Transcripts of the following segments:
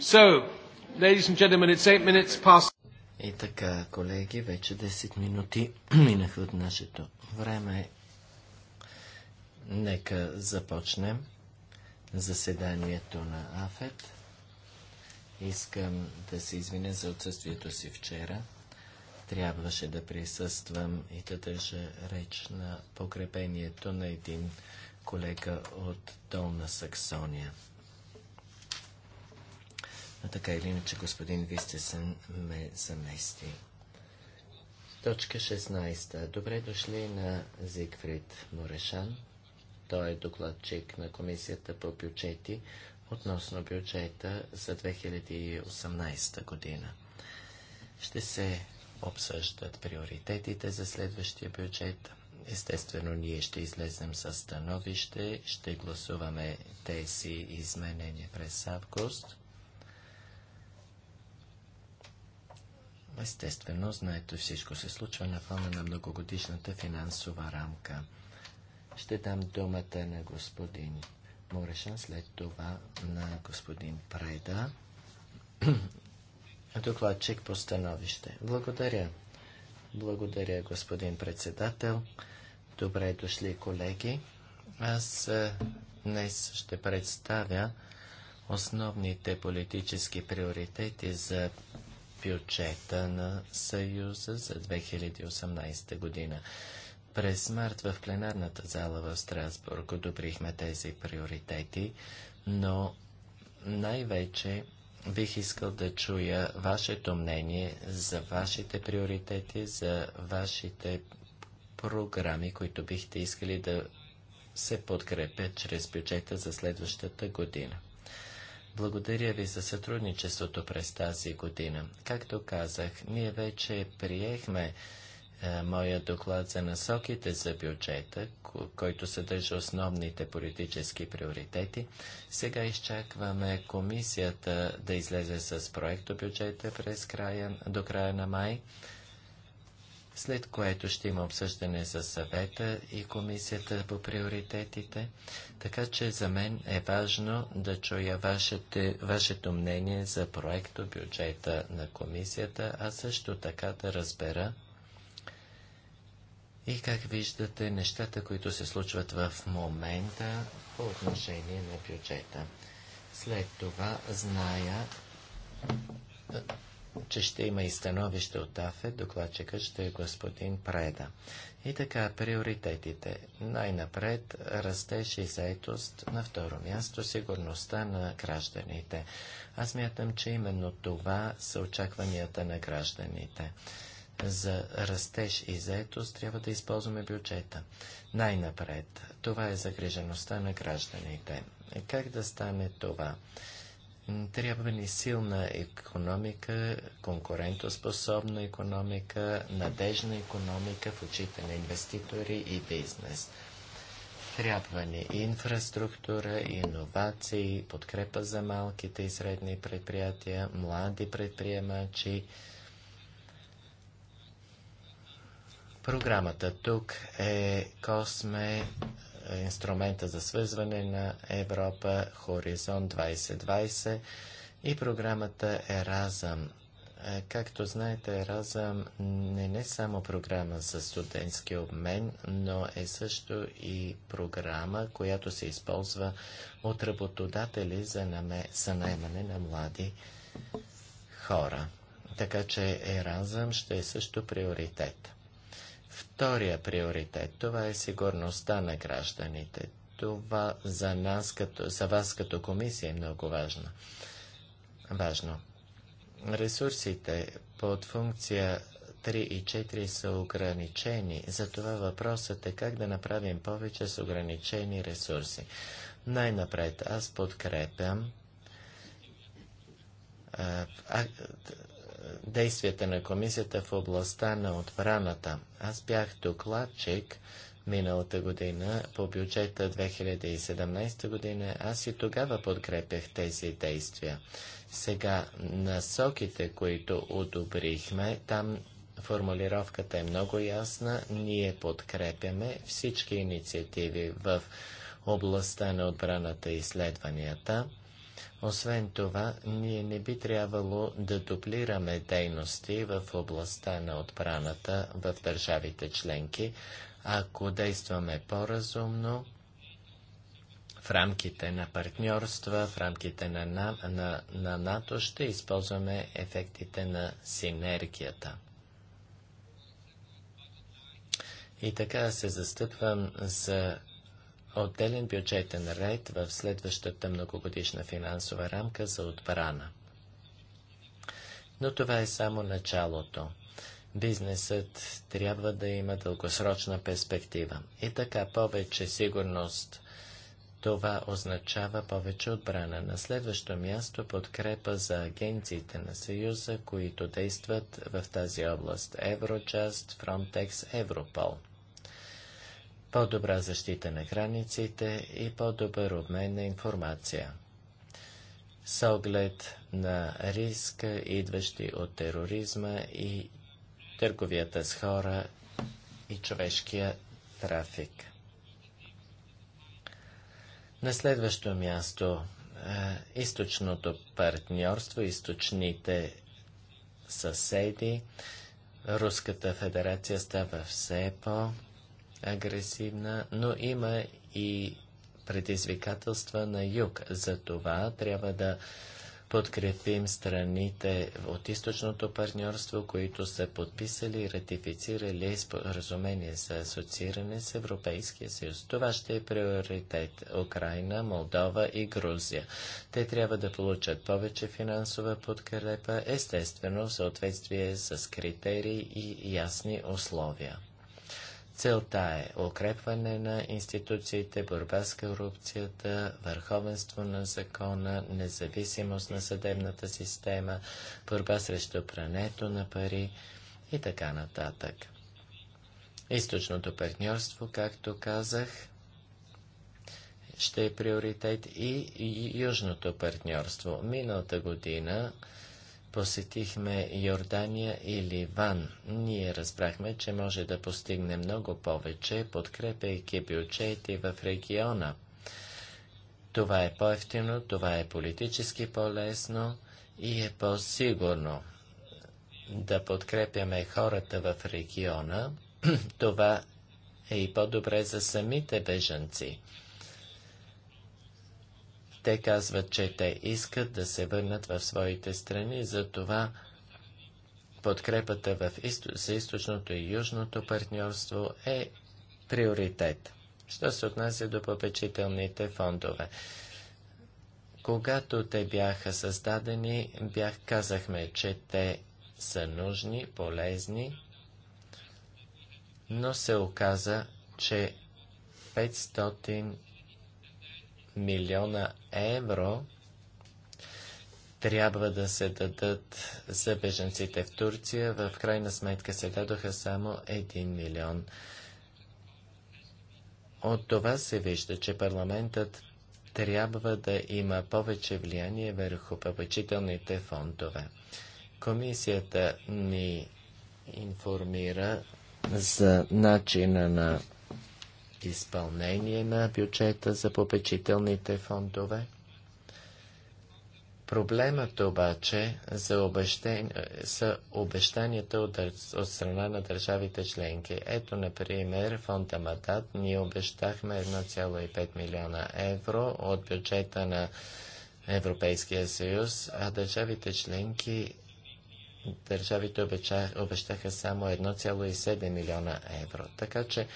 So, ladies and gentlemen, it's eight minutes past. И така, колеги, вече 10 минути минаха от нашето време. Нека започнем заседанието на АФЕТ. Искам да се извиня за отсъствието си вчера. Трябваше да присъствам и да държа реч на покрепението на един колега от Долна Саксония но така или иначе господин Вистесен ме замести. Точка 16. Добре дошли на Зигфрид Морешан. Той е докладчик на Комисията по бюджети относно бюджета за 2018 година. Ще се обсъждат приоритетите за следващия бюджет. Естествено, ние ще излезем със становище, ще гласуваме тези изменения през август. Естествено, знаете, всичко се случва на фона на многогодишната финансова рамка. Ще дам думата на господин Морешан, след това на господин Прайда. Докладчик по становище. Благодаря. Благодаря, господин председател. Добре дошли, колеги. Аз е, днес ще представя основните политически приоритети за бюджета на Съюза за 2018 година. През март в пленарната зала в Страсбург одобрихме тези приоритети, но най-вече бих искал да чуя вашето мнение за вашите приоритети, за вашите програми, които бихте искали да се подкрепят чрез бюджета за следващата година. Благодаря ви за сътрудничеството през тази година. Както казах, ние вече приехме е, моя доклад за насоките за бюджета, който съдържа основните политически приоритети. Сега изчакваме комисията да излезе с проекто бюджета през края, до края на май след което ще има обсъждане за съвета и комисията по приоритетите. Така че за мен е важно да чуя вашето, вашето мнение за проекто бюджета на комисията, а също така да разбера и как виждате нещата, които се случват в момента по отношение на бюджета. След това зная че ще има и становище от АФЕ, докладчика ще е господин Преда. И така, приоритетите. Най-напред растеж и заетост, на второ място сигурността на гражданите. Аз мятам, че именно това са очакванията на гражданите. За растеж и заетост трябва да използваме бюджета. Най-напред, това е загрижеността на гражданите. Как да стане това? Трябва ни силна економика, конкурентоспособна економика, надежна економика в очите на инвеститори и бизнес. Трябва ни инфраструктура, иновации, подкрепа за малките и средни предприятия, млади предприемачи. Програмата тук е Косме е, инструмента за свързване на Европа, Хоризонт 2020 и програмата Еразъм. Е, както знаете, Еразъм не е не само програма за студентски обмен, но е също и програма, която се използва от работодатели за, наме, за наймане на млади хора. Така че Еразъм ще е също приоритет. Втория приоритет – това е сигурността на гражданите. Това за нас, като, за вас като комисия е много важно. важно. Ресурсите под функция 3 и 4 са ограничени, затова въпросът е как да направим повече с ограничени ресурси. Най-напред аз подкрепям действията на комисията в областта на отбраната. Аз бях докладчик миналата година по бюджета 2017 година. Аз и тогава подкрепях тези действия. Сега насоките, които одобрихме, там формулировката е много ясна. Ние подкрепяме всички инициативи в областта на отбраната и изследванията. Освен това, ние не би трябвало да дуплираме дейности в областта на отбраната в държавите членки, ако действаме по-разумно в рамките на партньорства, в рамките на, на, на, на НАТО ще използваме ефектите на синергията. И така се застъпвам за отделен бюджетен ред в следващата многогодишна финансова рамка за отбрана. Но това е само началото. Бизнесът трябва да има дългосрочна перспектива. И така повече сигурност. Това означава повече отбрана. На следващо място подкрепа за агенциите на Съюза, които действат в тази област. Еврочаст, Фронтекс, Европол – по-добра защита на границите и по-добър обмен на информация. С оглед на риска, идващи от тероризма и търговията с хора и човешкия трафик. На следващо място е, източното партньорство, източните съседи. Руската федерация става все по- агресивна, но има и предизвикателства на юг. За това трябва да подкрепим страните от източното партньорство, които са подписали и ратифицирали споразумение за асоцииране с Европейския съюз. Това ще е приоритет Украина, Молдова и Грузия. Те трябва да получат повече финансова подкрепа, естествено в съответствие с критерии и ясни условия. Целта е укрепване на институциите, борба с корупцията, върховенство на закона, независимост на съдебната система, борба срещу прането на пари и така нататък. Източното партньорство, както казах, ще е приоритет и южното партньорство. Миналата година посетихме Йордания и Ливан. Ние разбрахме, че може да постигне много повече, подкрепяйки бюджети в региона. Това е по-ефтино, това е политически по-лесно и е по-сигурно. Да подкрепяме хората в региона, това е и по-добре за самите бежанци. Те казват, че те искат да се върнат в своите страни, затова подкрепата в изто... за източното и южното партньорство е приоритет. Що се отнася до попечителните фондове? Когато те бяха създадени, бях, казахме, че те са нужни, полезни, но се оказа, че 500 милиона евро трябва да се дадат за беженците в Турция. В крайна сметка се дадоха само 1 милион. От това се вижда, че парламентът трябва да има повече влияние върху попечителните фондове. Комисията ни информира за начина на изпълнение на бюджета за попечителните фондове. Проблемът обаче за обещен... са обещанията от, дър... от страна на държавите членки. Ето, например, фонда Матат Ние обещахме 1,5 милиона евро от бюджета на Европейския съюз, а държавите членки държавите обещаха само 1,7 милиона евро. Така че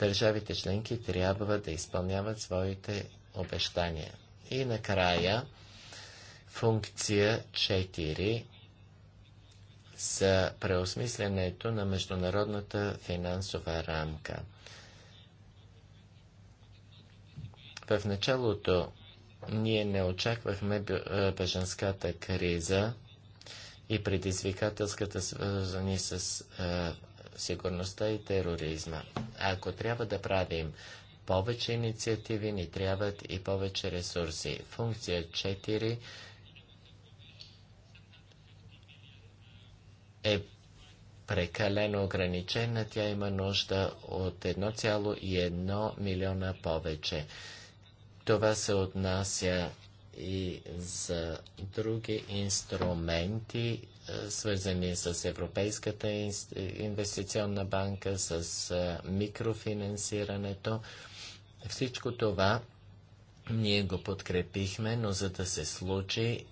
Държавите членки трябва да изпълняват своите обещания. И накрая, функция 4 за преосмисленето на международната финансова рамка. В началото ние не очаквахме е, беженската криза и предизвикателската свързани с е, сигурността и тероризма. Ако трябва да правим повече инициативи, ни трябват и повече ресурси. Функция 4 е прекалено ограничена, тя има нужда от 1,1 милиона повече. Това се отнася и за други инструменти, е, свързани с Европейската инвестиционна банка, с е, микрофинансирането. Всичко това ние го подкрепихме, но за да се случи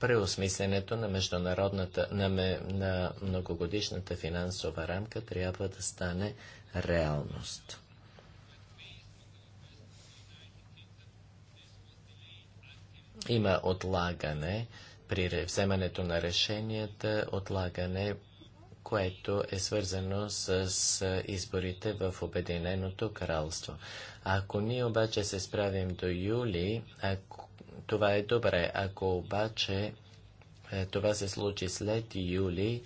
преосмисленето на международната, на, на многогодишната финансова рамка трябва да стане реалност. Има отлагане при вземането на решенията, отлагане, което е свързано с изборите в Обединеното кралство. Ако ние обаче се справим до юли, ако, това е добре. Ако обаче е, това се случи след юли,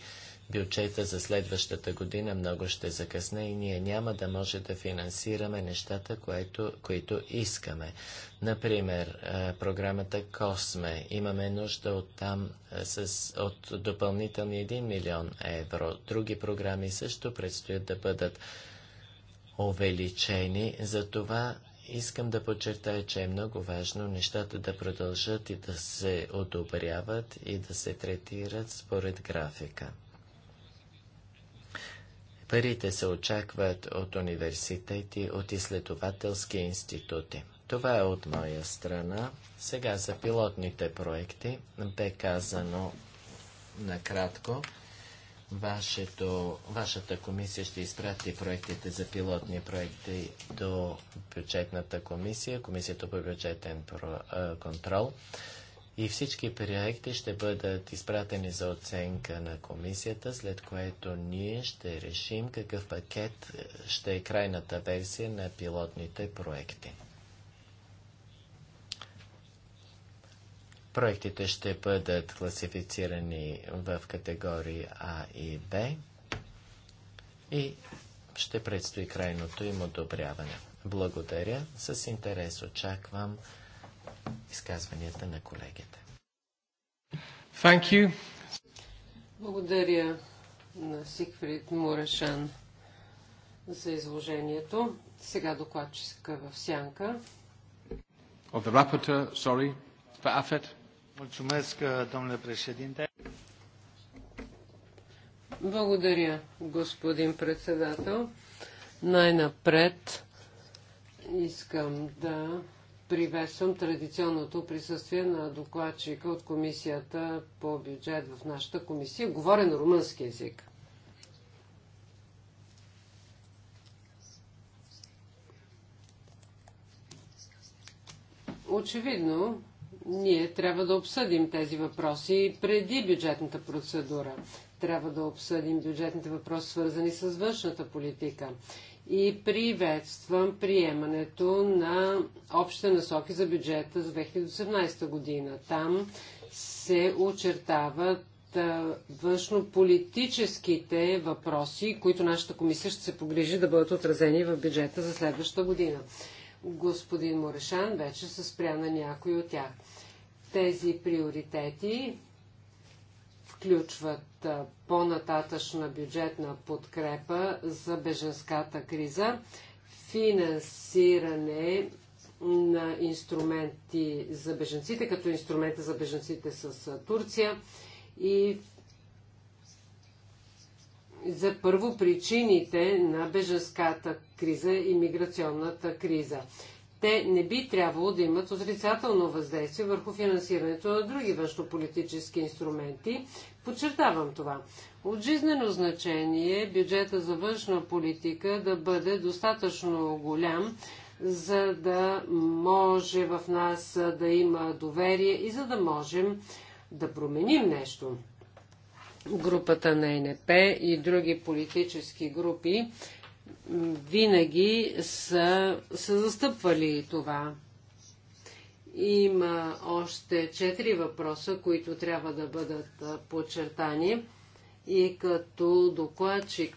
бюджета за следващата година много ще закъсне и ние няма да може да финансираме нещата, което, които искаме. Например, програмата Косме. Имаме нужда от там с, от допълнителни 1 милион евро. Други програми също предстоят да бъдат увеличени. Затова искам да подчертая, че е много важно нещата да продължат и да се одобряват и да се третират според графика. Парите се очакват от университети, от изследователски институти. Това е от моя страна. Сега за пилотните проекти бе казано накратко. Вашето, вашата комисия ще изпрати проектите за пилотни проекти до бюджетната комисия, комисията по бюджетен контрол и всички проекти ще бъдат изпратени за оценка на комисията, след което ние ще решим какъв пакет е, ще е крайната версия на пилотните проекти. Проектите ще бъдат класифицирани в категории А и Б и ще предстои крайното им одобряване. Благодаря. С интерес очаквам изказванията на колегите. Thank you. Благодаря на Сигфрид Мурашан за изложението. Сега докладчика в сянка. Of the rapporteur, sorry, for AFET. Благодаря, господин председател. Най-напред искам да приветствам традиционното присъствие на докладчика от комисията по бюджет в нашата комисия. Говоря на румънски язик. Очевидно, ние трябва да обсъдим тези въпроси преди бюджетната процедура. Трябва да обсъдим бюджетните въпроси, свързани с външната политика и приветствам приемането на общите насоки за бюджета за 2018 година. Там се очертават външнополитическите въпроси, които нашата комисия ще се погрижи да бъдат отразени в бюджета за следващата година. Господин Морешан вече се спря на някой от тях. Тези приоритети включват по-нататъчна бюджетна подкрепа за беженската криза, финансиране на инструменти за беженците, като инструмента за беженците с Турция и за първо причините на беженската криза и миграционната криза те не би трябвало да имат отрицателно въздействие върху финансирането на други външнополитически инструменти. Подчертавам това. От жизнено значение бюджета за външна политика да бъде достатъчно голям, за да може в нас да има доверие и за да можем да променим нещо групата на НП и други политически групи винаги са, са застъпвали това. Има още четири въпроса, които трябва да бъдат подчертани. И като докладчик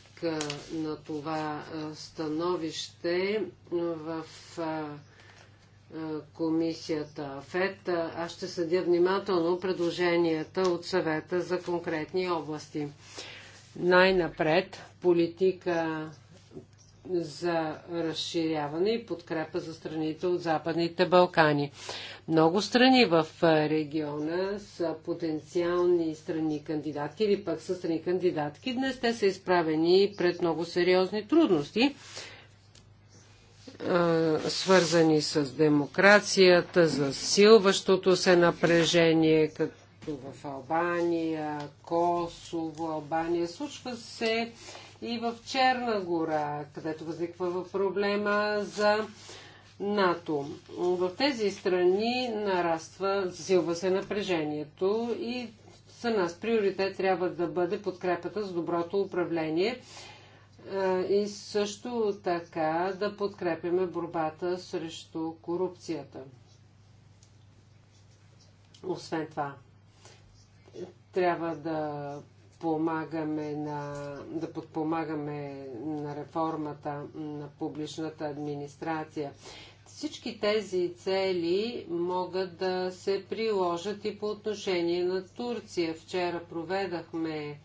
на това становище в комисията ФЕТ, аз ще съдя внимателно предложенията от съвета за конкретни области. Най-напред политика за разширяване и подкрепа за страните от Западните Балкани. Много страни в региона са потенциални страни кандидатки или пък са страни кандидатки. Днес те са изправени пред много сериозни трудности, свързани с демокрацията, засилващото се напрежение, като в Албания, Косово, Албания. Случва се и в Черна гора, където възниква проблема за НАТО. В тези страни нараства, засилва се напрежението и за нас приоритет трябва да бъде подкрепата за доброто управление и също така да подкрепяме борбата срещу корупцията. Освен това, трябва да помагаме на, да подпомагаме на реформата на публичната администрация. Всички тези цели могат да се приложат и по отношение на Турция. Вчера проведахме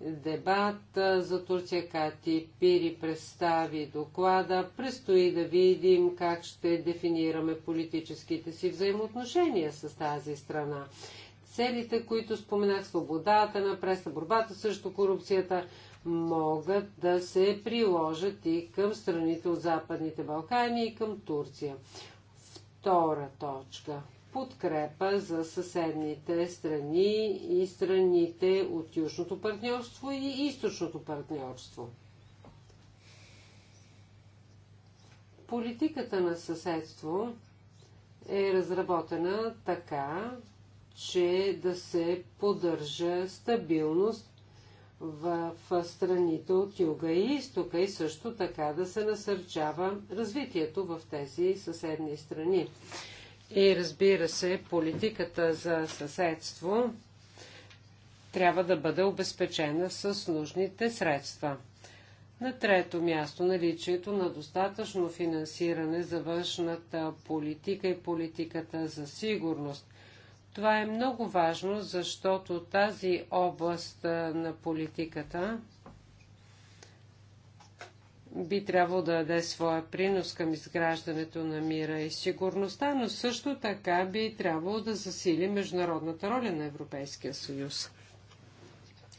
дебат за Турция. Кати Пири представи доклада. Престои да видим как ще дефинираме политическите си взаимоотношения с тази страна целите, които споменах, свободата на преса, борбата срещу корупцията, могат да се приложат и към страните от Западните Балкани и към Турция. Втора точка. Подкрепа за съседните страни и страните от Южното партньорство и Източното партньорство. Политиката на съседство е разработена така, че да се поддържа стабилност в страните от юга и изтока и също така да се насърчава развитието в тези съседни страни. И разбира се, политиката за съседство трябва да бъде обезпечена с нужните средства. На трето място наличието на достатъчно финансиране за външната политика и политиката за сигурност. Това е много важно, защото тази област на политиката би трябвало да даде своя принос към изграждането на мира и сигурността, но също така би трябвало да засили международната роля на Европейския съюз.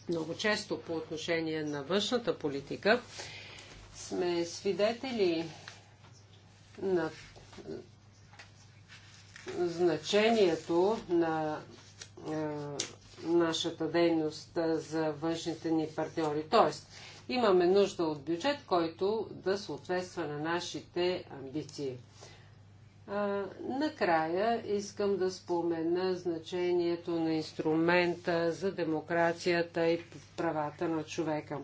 Много често по отношение на външната политика сме свидетели на значението на е, нашата дейност е, за външните ни партньори. Тоест, имаме нужда от бюджет, който да съответства на нашите амбиции. А, е, накрая искам да спомена значението на инструмента за демокрацията и правата на човека.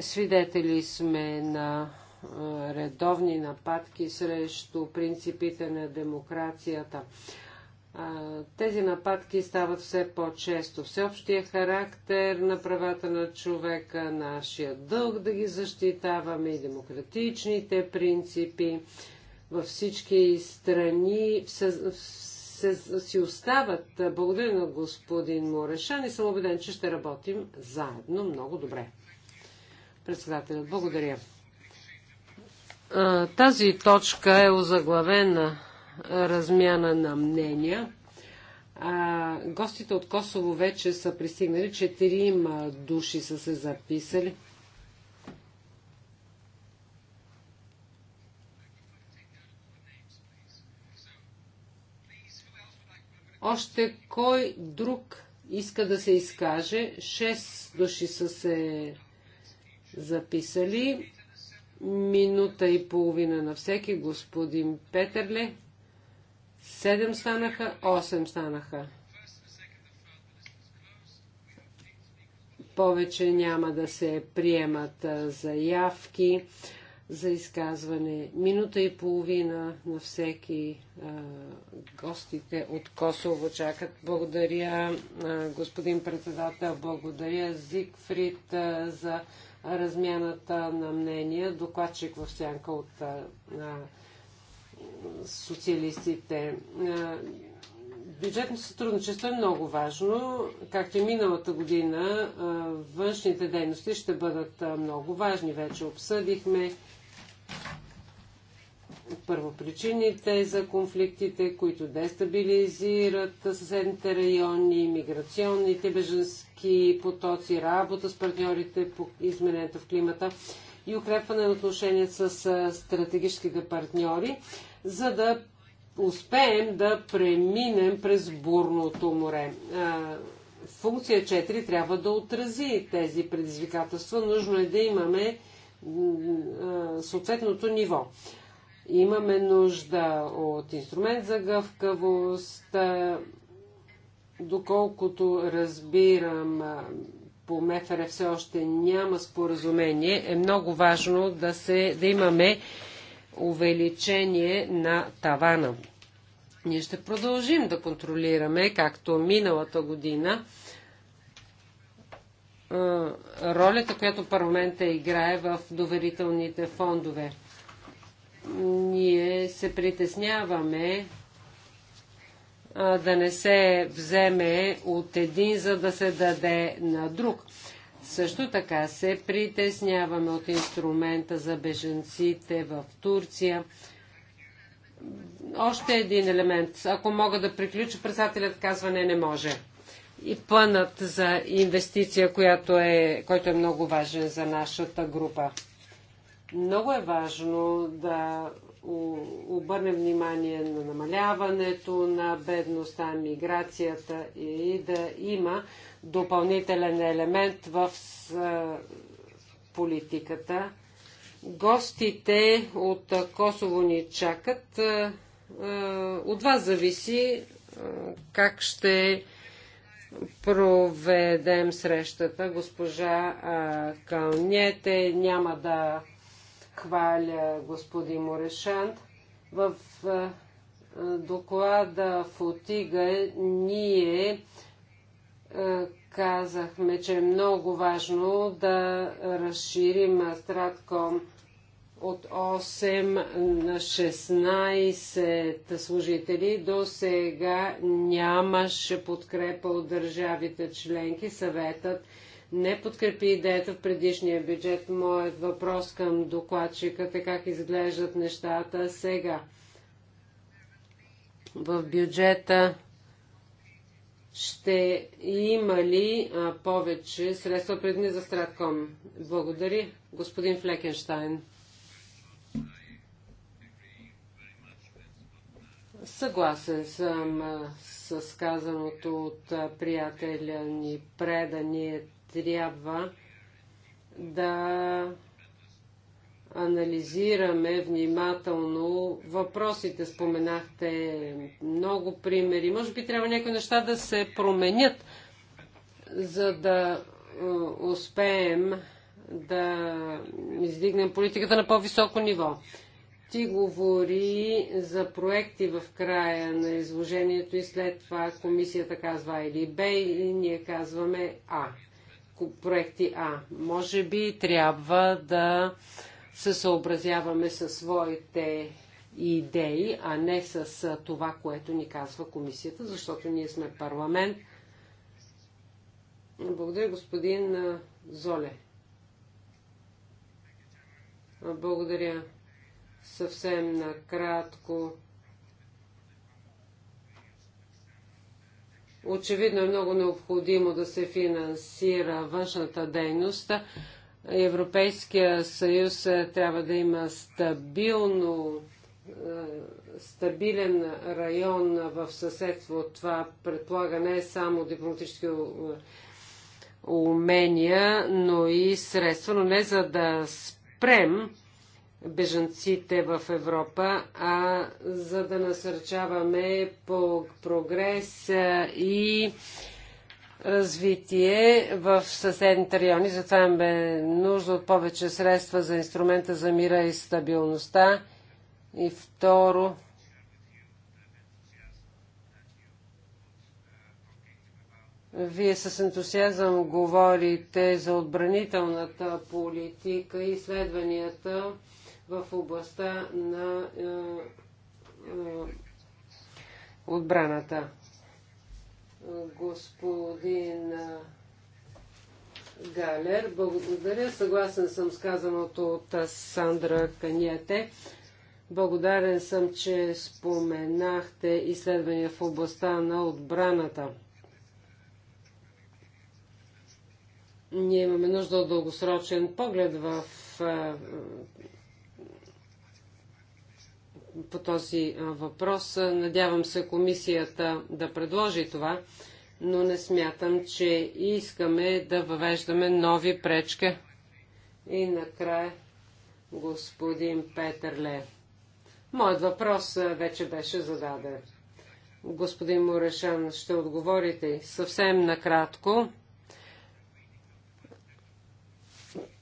Свидетели сме на е, редовни нападки срещу принципите на демокрацията. Тези нападки стават все по-често. Всеобщия характер на правата на човека, нашия дълг да ги защитаваме и демократичните принципи във всички страни се, се, си остават. Благодаря на господин Морешан и съм убеден, че ще работим заедно много добре. Председателят, благодаря. Тази точка е озаглавена размяна на мнения. А, гостите от Косово вече са пристигнали. Четирима души са се записали. Още кой друг иска да се изкаже? Шест души са се записали минута и половина на всеки. Господин Петърле, седем станаха, осем станаха. Повече няма да се приемат заявки за изказване. Минута и половина на всеки а, гостите от Косово чакат. Благодаря, а, господин председател, благодаря Зигфрид а, за размяната на мнения. Докладчик в сянка от а, социалистите. А, бюджетно сътрудничество е много важно. Както и миналата година, а, външните дейности ще бъдат много важни. Вече обсъдихме първопричините за конфликтите, които дестабилизират съседните райони, миграционните беженски потоци, работа с партньорите по изменението в климата и укрепване на отношения с стратегическите партньори, за да успеем да преминем през бурното море. Функция 4 трябва да отрази тези предизвикателства. Нужно е да имаме съответното ниво. Имаме нужда от инструмент за гъвкавост. Е, доколкото разбирам, е, по МФР все още няма споразумение, е много важно да, се, да имаме увеличение на тавана. Ние ще продължим да контролираме, както миналата година, е, ролята, която парламента играе в доверителните фондове. Ние се притесняваме а, да не се вземе от един, за да се даде на друг. Също така се притесняваме от инструмента за беженците в Турция. Още един елемент. Ако мога да приключа, председателят казва не, не може. И пънат за инвестиция, която е, който е много важен за нашата група. Много е важно да обърнем внимание на намаляването на бедността, миграцията и да има допълнителен елемент в политиката. Гостите от Косово ни чакат. От вас зависи как ще проведем срещата. Госпожа Кълнете няма да хваля господин Морешант. В е, е, доклада Фотига ние е, казахме, че е много важно да разширим Стратком от 8 на 16 служители. До сега нямаше подкрепа от държавите членки. Съветът не подкрепи идеята в предишния бюджет. Моят въпрос към докладчикът е как изглеждат нещата сега. В бюджета ще има ли а, повече средства ни за Стратком? Благодаря, господин Флекенштайн. Съгласен съм с казаното от приятеля ни преда. Ние трябва да анализираме внимателно въпросите. Споменахте много примери. Може би трябва някои неща да се променят, за да е, успеем да издигнем политиката на по-високо ниво. Ти говори за проекти в края на изложението и след това комисията казва или Б и ние казваме А проекти А. Може би трябва да се съобразяваме със своите идеи, а не с това, което ни казва комисията, защото ние сме парламент. Благодаря, господин Золе. Благодаря. Съвсем накратко Очевидно е много необходимо да се финансира външната дейност. Европейския съюз е, трябва да има стабилно, е, стабилен район в съседство. Това предполага не само дипломатически е, умения, но и средства, но не за да спрем бежанците в Европа, а за да насърчаваме по прогрес и развитие в съседните райони. Затова имаме нужда от повече средства за инструмента за мира и стабилността. И второ, Вие с ентусиазъм говорите за отбранителната политика и изследванията в областта на е, е, отбраната. Господин е, Галер, благодаря. Съгласен съм с казаното от Сандра Каниете. Благодарен съм, че споменахте изследвания в областта на отбраната. Ние имаме нужда от дългосрочен поглед в по този въпрос. Надявам се комисията да предложи това, но не смятам, че искаме да въвеждаме нови пречки. И накрая господин Петърле. Моят въпрос вече беше зададен. Господин Морешан, ще отговорите съвсем накратко.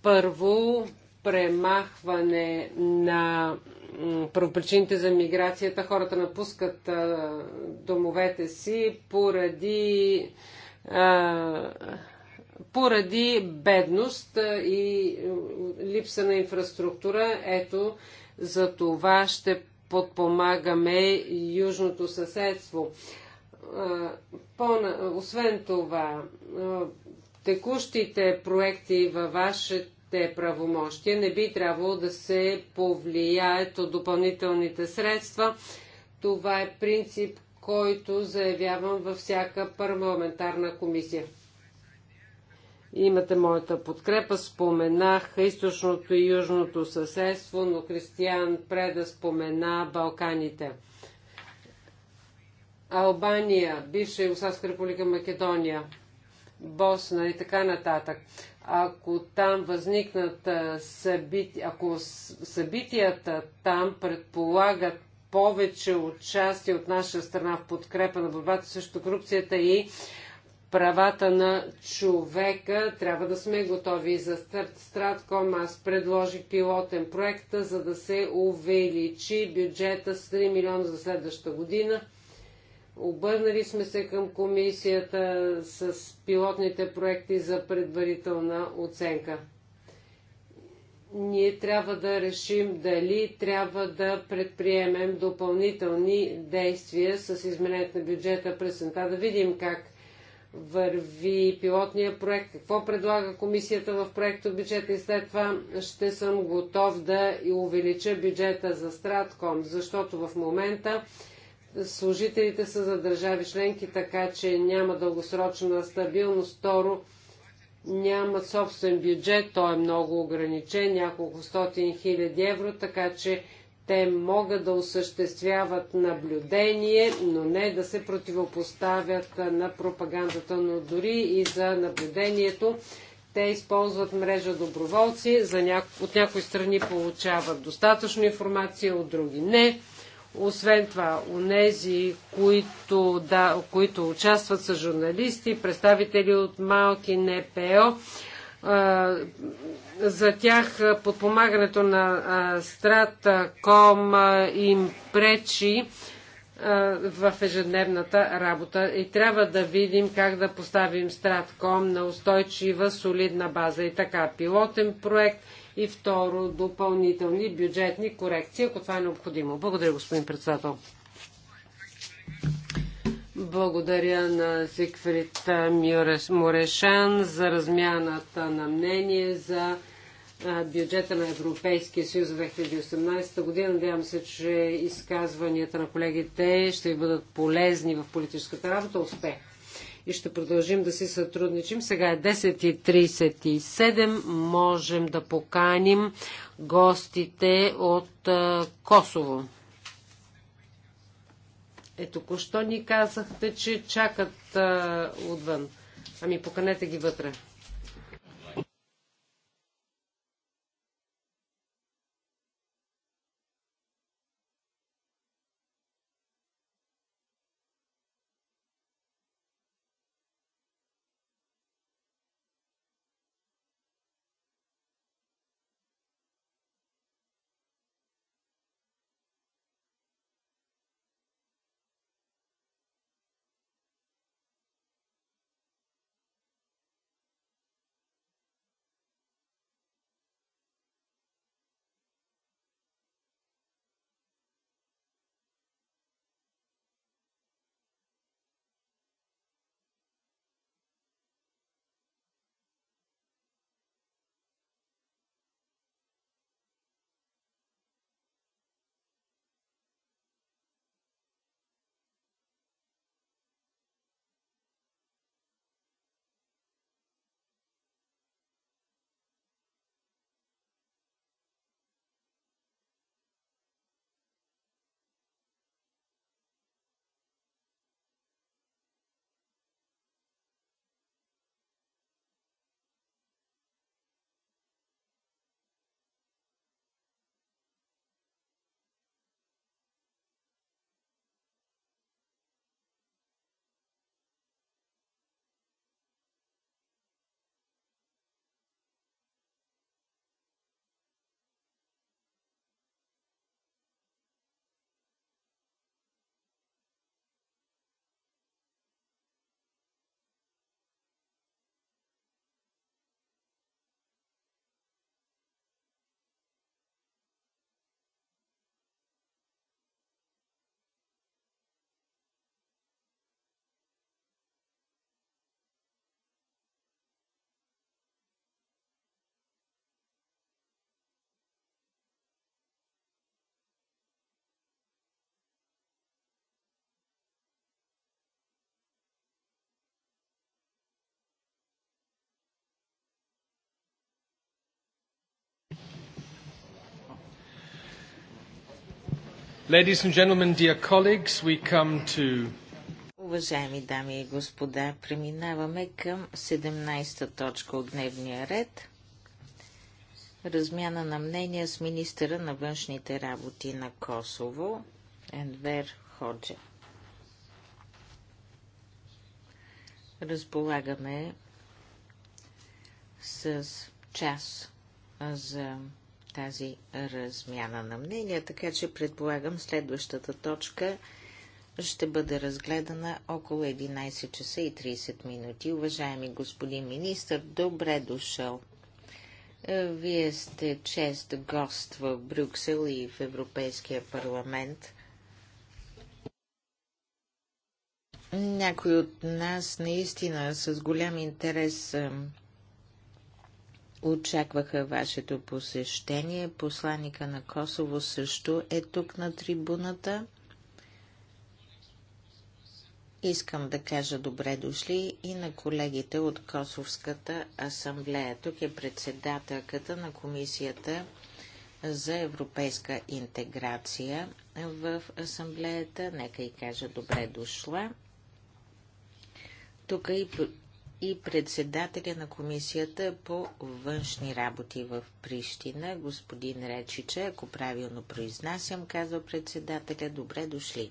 Първо, премахване на първопричините за миграцията. Хората напускат а, домовете си поради, а, поради бедност и липса на инфраструктура. Ето, за това ще подпомагаме южното съседство. По освен това, текущите проекти във вашето те правомощия не би трябвало да се повлияят от допълнителните средства. Това е принцип, който заявявам във всяка парламентарна комисия. Имате моята подкрепа. Споменах източното и южното съседство, но Кристиян преда спомена Балканите. Албания, бивша Югославска република Македония, Босна и така нататък. Ако там възникнат събития, ако събитията там предполагат повече участие от наша страна в подкрепа на борбата срещу корупцията и правата на човека. Трябва да сме готови за Стратком. Аз предложих пилотен проект, за да се увеличи бюджета с 3 милиона за следващата година. Обърнали сме се към комисията с пилотните проекти за предварителна оценка. Ние трябва да решим дали трябва да предприемем допълнителни действия с изменението на бюджета през сента, да видим как върви пилотния проект, какво предлага комисията в проекта бюджета и след това ще съм готов да увелича бюджета за Стратком, защото в момента служителите са за държави членки, така че няма дългосрочна стабилност. Второ, нямат собствен бюджет, той е много ограничен, няколко стотин хиляди евро, така че те могат да осъществяват наблюдение, но не да се противопоставят на пропагандата, но дори и за наблюдението. Те използват мрежа доброволци, за няко... от някои страни получават достатъчно информация, от други не. Освен това, нези, които, да, които участват са журналисти, представители от малки НПО, за тях подпомагането на Стратаком им пречи в ежедневната работа и трябва да видим как да поставим Стратком на устойчива, солидна база и така. Пилотен проект – и второ допълнителни бюджетни корекции, ако това е необходимо. Благодаря, господин председател. Благодаря на Зигфрид Морешан за размяната на мнение за бюджета на Европейския съюз за 2018 година. Надявам се, че изказванията на колегите ще ви бъдат полезни в политическата работа. Успех! и ще продължим да си сътрудничим. Сега е 10.37. Можем да поканим гостите от Косово. Ето, кощо що ни казахте, че чакат а, отвън. Ами поканете ги вътре. Ladies and gentlemen, dear colleagues, we come to... Уважаеми дами и господа, преминаваме към 17-та точка от дневния ред. Размяна на мнения с министъра на външните работи на Косово, Енвер Ходжа. Разполагаме с час за тази размяна на мнения, така че предполагам следващата точка ще бъде разгледана около 11 часа и 30 минути. Уважаеми господин министр, добре дошъл. Е, вие сте чест гост в Брюксел и в Европейския парламент. Някои от нас наистина с голям интерес очакваха вашето посещение. Посланника на Косово също е тук на трибуната. Искам да кажа добре дошли и на колегите от Косовската асамблея. Тук е председателката на Комисията за европейска интеграция в асамблеята. Нека и кажа добре дошла. Тук е и и председателя на комисията по външни работи в Прищина, господин Речиче, ако правилно произнасям, казва председателя, добре дошли.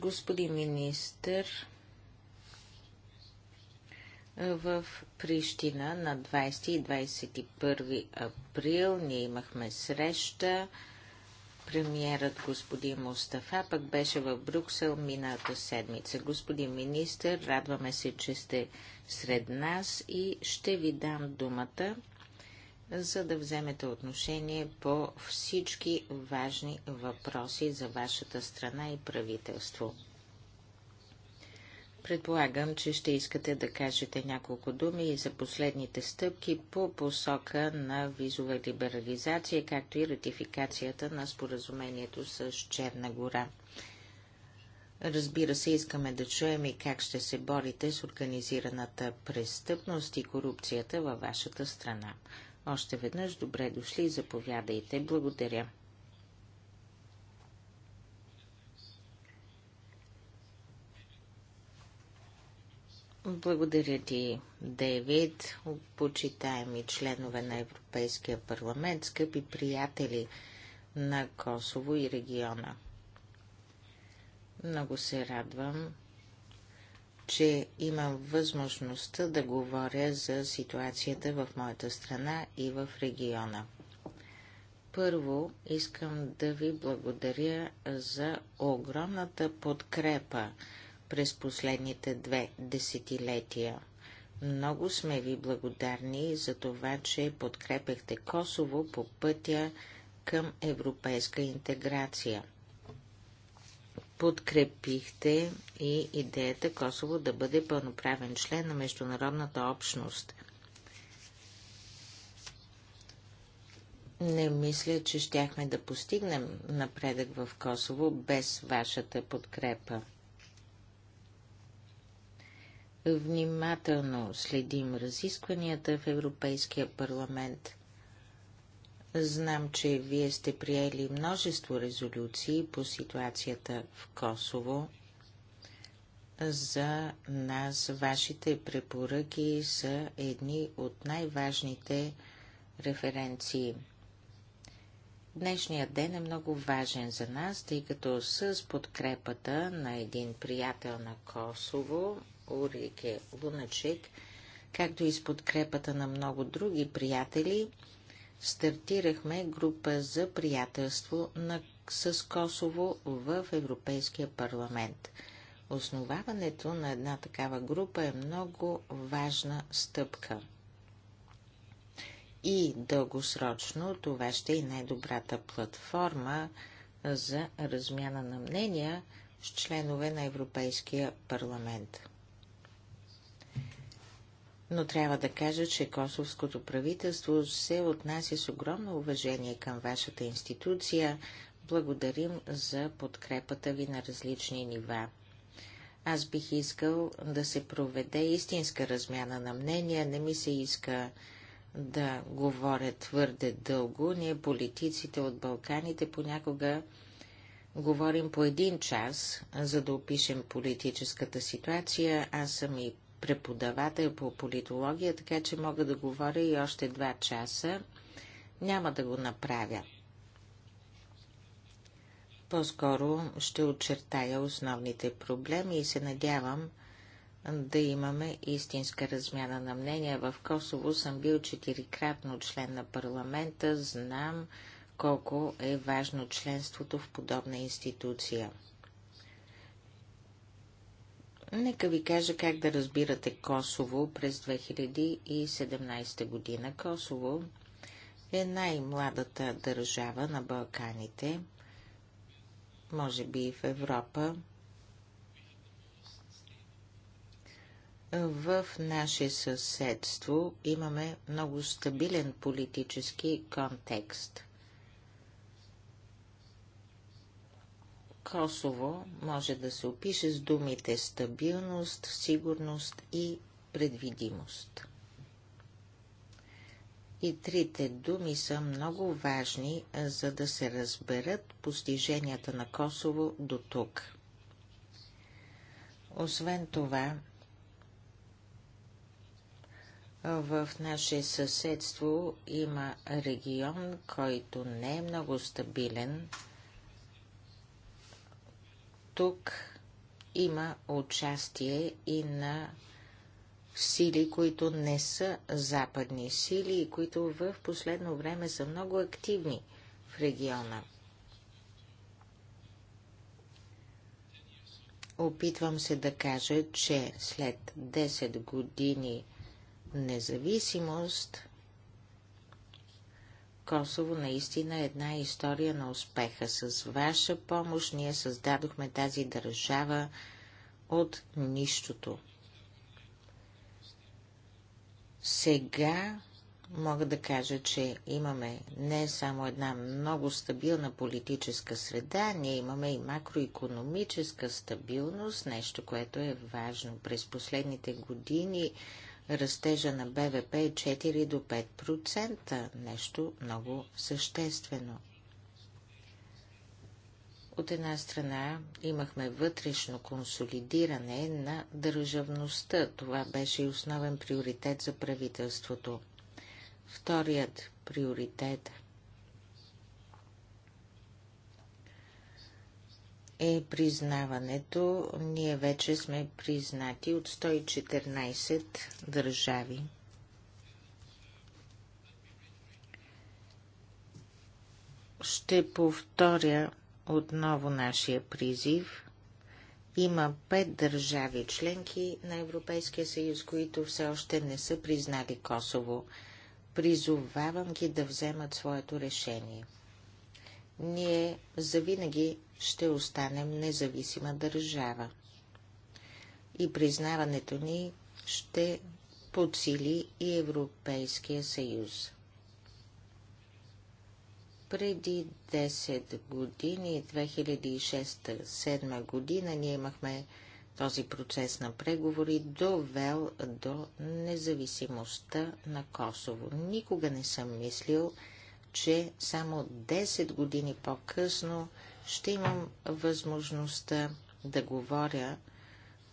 Господин министър, в Прищина на 20 и 21 април ние имахме среща Премиерът господин Мустафа пък беше в Брюксел миналата седмица. Господин министр, радваме се, че сте сред нас и ще ви дам думата, за да вземете отношение по всички важни въпроси за вашата страна и правителство. Предполагам, че ще искате да кажете няколко думи и за последните стъпки по посока на визова либерализация, както и ратификацията на споразумението с Черна гора. Разбира се, искаме да чуем и как ще се борите с организираната престъпност и корупцията във вашата страна. Още веднъж добре дошли и заповядайте. Благодаря. Благодаря ти, Дейвид, почитаеми членове на Европейския парламент, скъпи приятели на Косово и региона. Много се радвам, че имам възможността да говоря за ситуацията в моята страна и в региона. Първо искам да ви благодаря за огромната подкрепа, през последните две десетилетия. Много сме ви благодарни за това, че подкрепяхте Косово по пътя към европейска интеграция. Подкрепихте и идеята Косово да бъде пълноправен член на международната общност. Не мисля, че щяхме да постигнем напредък в Косово без вашата подкрепа. Внимателно следим разискванията в Европейския парламент. Знам, че вие сте приели множество резолюции по ситуацията в Косово. За нас вашите препоръки са едни от най-важните референции. Днешният ден е много важен за нас, тъй като с подкрепата на един приятел на Косово Урике Луначек, както и с подкрепата на много други приятели, стартирахме група за приятелство на, с Косово в Европейския парламент. Основаването на една такава група е много важна стъпка. И дългосрочно това ще е най-добрата платформа за размяна на мнения с членове на Европейския парламент но трябва да кажа, че косовското правителство се отнася с огромно уважение към вашата институция. Благодарим за подкрепата ви на различни нива. Аз бих искал да се проведе истинска размяна на мнения. Не ми се иска да говоря твърде дълго. Ние, политиците от Балканите, понякога говорим по един час, за да опишем политическата ситуация. Аз съм и преподавател по политология, така че мога да говоря и още два часа. Няма да го направя. По-скоро ще очертая основните проблеми и се надявам да имаме истинска размяна на мнения. В Косово съм бил четирикратно член на парламента, знам колко е важно членството в подобна институция – Нека ви кажа как да разбирате Косово през 2017 година. Косово е най-младата държава на Балканите, може би и в Европа. В наше съседство имаме много стабилен политически контекст – Косово може да се опише с думите стабилност, сигурност и предвидимост. И трите думи са много важни, за да се разберат постиженията на Косово до тук. Освен това, в наше съседство има регион, който не е много стабилен – тук има участие и на сили, които не са западни сили и които в последно време са много активни в региона. Опитвам се да кажа, че след 10 години независимост Косово наистина е една история на успеха. С ваша помощ ние създадохме тази държава от нищото. Сега мога да кажа, че имаме не само една много стабилна политическа среда, ние имаме и макроекономическа стабилност, нещо, което е важно. През последните години растежа на БВП е 4 до 5%, нещо много съществено. От една страна имахме вътрешно консолидиране на държавността. Това беше и основен приоритет за правителството. Вторият приоритет – е признаването. Ние вече сме признати от 114 държави. Ще повторя отново нашия призив. Има пет държави членки на Европейския съюз, които все още не са признали Косово. Призовавам ги да вземат своето решение ние завинаги ще останем независима държава. И признаването ни ще подсили и Европейския съюз. Преди 10 години, 2006-2007 година, ние имахме този процес на преговори, довел до независимостта на Косово. Никога не съм мислил, че само 10 години по-късно ще имам възможността да говоря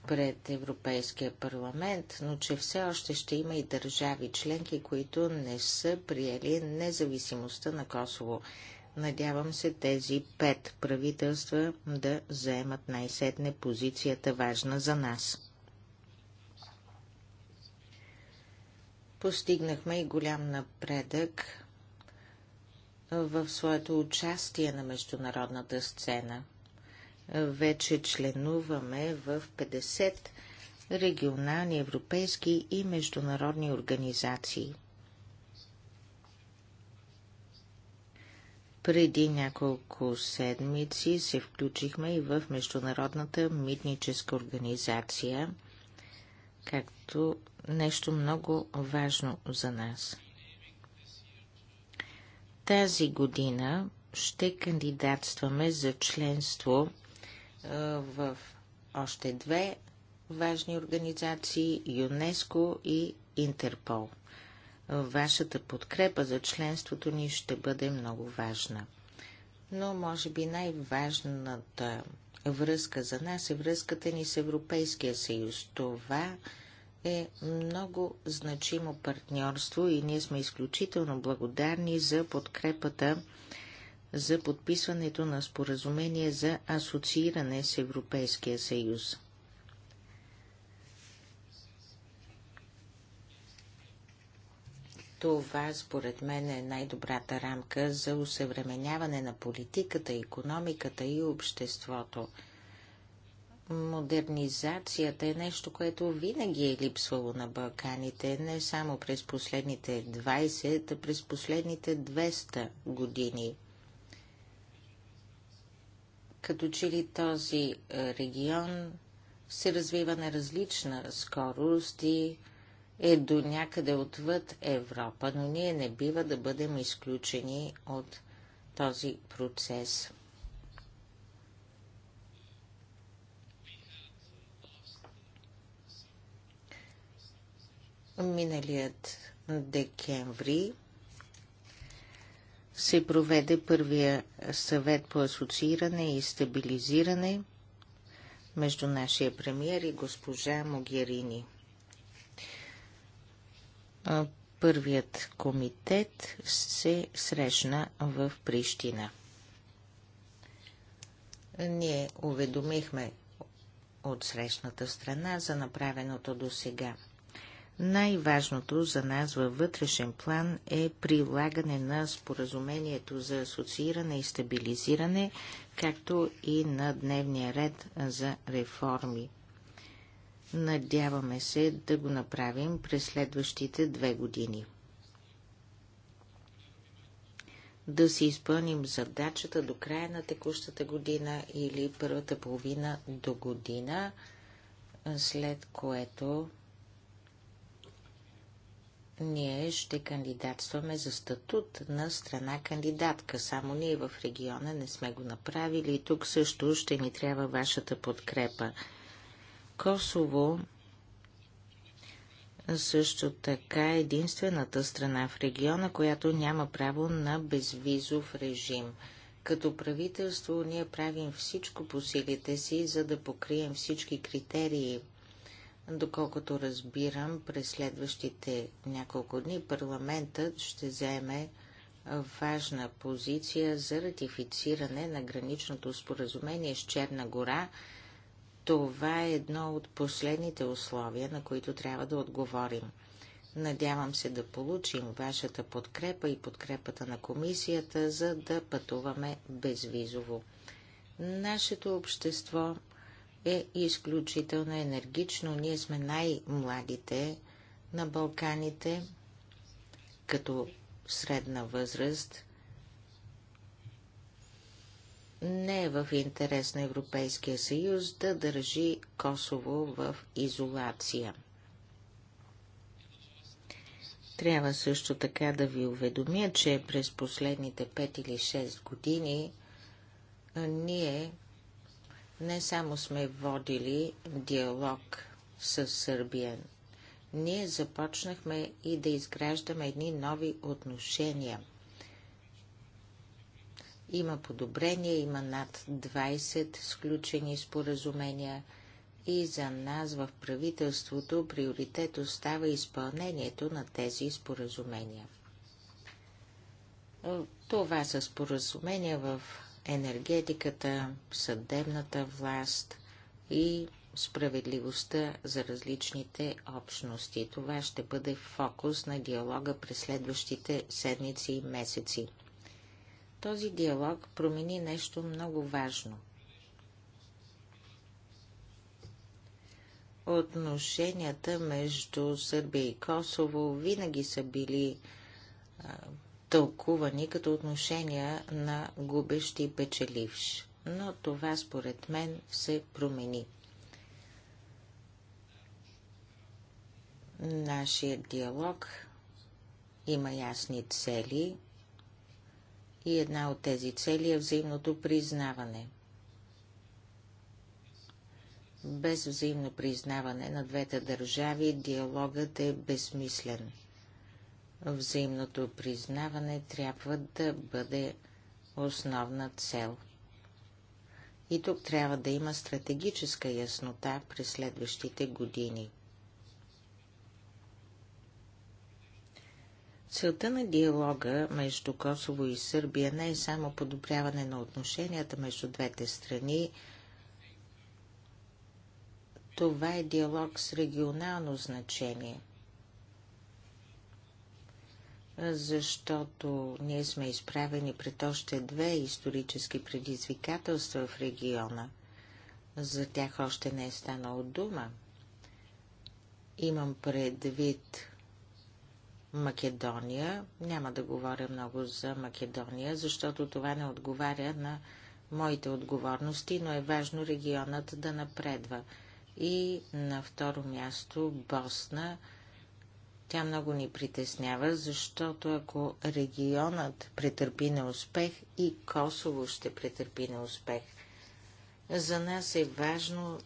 пред Европейския парламент, но че все още ще има и държави членки, които не са приели независимостта на Косово. Надявам се тези пет правителства да заемат най-сетне позицията важна за нас. Постигнахме и голям напредък в своето участие на международната сцена. Вече членуваме в 50 регионални, европейски и международни организации. Преди няколко седмици се включихме и в Международната митническа организация, както нещо много важно за нас – тази година ще кандидатстваме за членство в още две важни организации ЮНЕСКО и Интерпол. Вашата подкрепа за членството ни ще бъде много важна. Но, може би, най-важната връзка за нас е връзката ни с Европейския съюз. Това е много значимо партньорство и ние сме изключително благодарни за подкрепата за подписването на споразумение за асоцииране с Европейския съюз. Това, според мен, е най-добрата рамка за усъвременяване на политиката, економиката и обществото – Модернизацията е нещо, което винаги е липсвало на Балканите, не само през последните 20, а през последните 200 години. Като че ли този регион се развива на различна скорост и е до някъде отвъд Европа, но ние не бива да бъдем изключени от този процес. Миналият декември се проведе първия съвет по асоцииране и стабилизиране между нашия премиер и госпожа Могерини. Първият комитет се срещна в Прищина. Ние уведомихме от срещната страна за направеното до сега – най-важното за нас във вътрешен план е прилагане на споразумението за асоцииране и стабилизиране, както и на дневния ред за реформи. Надяваме се да го направим през следващите две години. Да си изпълним задачата до края на текущата година или първата половина до година, след което ние ще кандидатстваме за статут на страна кандидатка. Само ние в региона не сме го направили и тук също ще ни трябва вашата подкрепа. Косово също така е единствената страна в региона, която няма право на безвизов режим. Като правителство ние правим всичко по силите си, за да покрием всички критерии Доколкото разбирам, през следващите няколко дни парламентът ще вземе важна позиция за ратифициране на граничното споразумение с Черна гора. Това е едно от последните условия, на които трябва да отговорим. Надявам се да получим вашата подкрепа и подкрепата на комисията, за да пътуваме безвизово. Нашето общество е изключително енергично. Ние сме най-младите на Балканите като средна възраст. Не е в интерес на Европейския съюз да държи Косово в изолация. Трябва също така да ви уведомя, че през последните 5 или 6 години ние не само сме водили диалог с Сърбия, ние започнахме и да изграждаме едни нови отношения. Има подобрения, има над 20 сключени споразумения и за нас в правителството приоритет остава изпълнението на тези споразумения. Е, това са споразумения в енергетиката, съдебната власт и справедливостта за различните общности. Това ще бъде фокус на диалога през следващите седмици и месеци. Този диалог промени нещо много важно. Отношенията между Сърбия и Косово винаги са били тълкувани като отношения на губещ и печеливш. Но това според мен се промени. Нашия диалог има ясни цели и една от тези цели е взаимното признаване. Без взаимно признаване на двете държави диалогът е безсмислен – взаимното признаване трябва да бъде основна цел. И тук трябва да има стратегическа яснота през следващите години. Целта на диалога между Косово и Сърбия не е само подобряване на отношенията между двете страни. Това е диалог с регионално значение – защото ние сме изправени пред още две исторически предизвикателства в региона. За тях още не е станало дума. Имам предвид Македония. Няма да говоря много за Македония, защото това не отговаря на моите отговорности, но е важно регионът да напредва. И на второ място Босна – тя много ни притеснява, защото ако регионът претърпи неуспех, и Косово ще претърпи неуспех. За нас е важно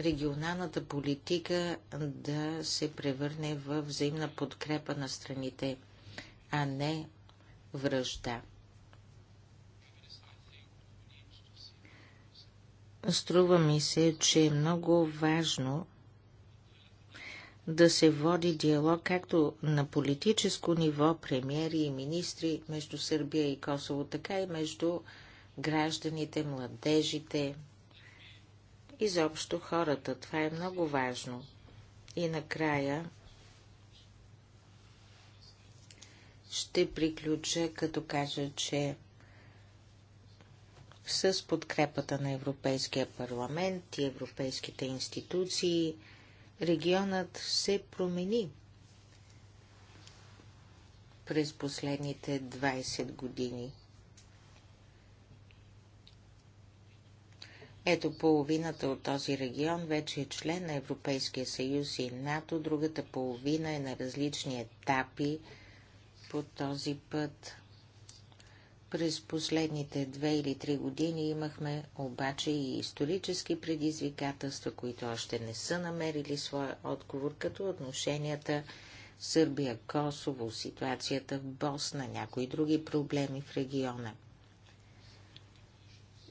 регионалната политика да се превърне в взаимна подкрепа на страните, а не връжда. Струва ми се, че е много важно да се води диалог както на политическо ниво, премиери и министри между Сърбия и Косово, така и между гражданите, младежите, изобщо хората. Това е много важно. И накрая ще приключа, като кажа, че с подкрепата на Европейския парламент и европейските институции – регионът се промени през последните 20 години. Ето половината от този регион вече е член на Европейския съюз и НАТО, другата половина е на различни етапи по този път. През последните две или три години имахме обаче и исторически предизвикателства, които още не са намерили своя отговор, като отношенията Сърбия-Косово, ситуацията в Босна, някои други проблеми в региона.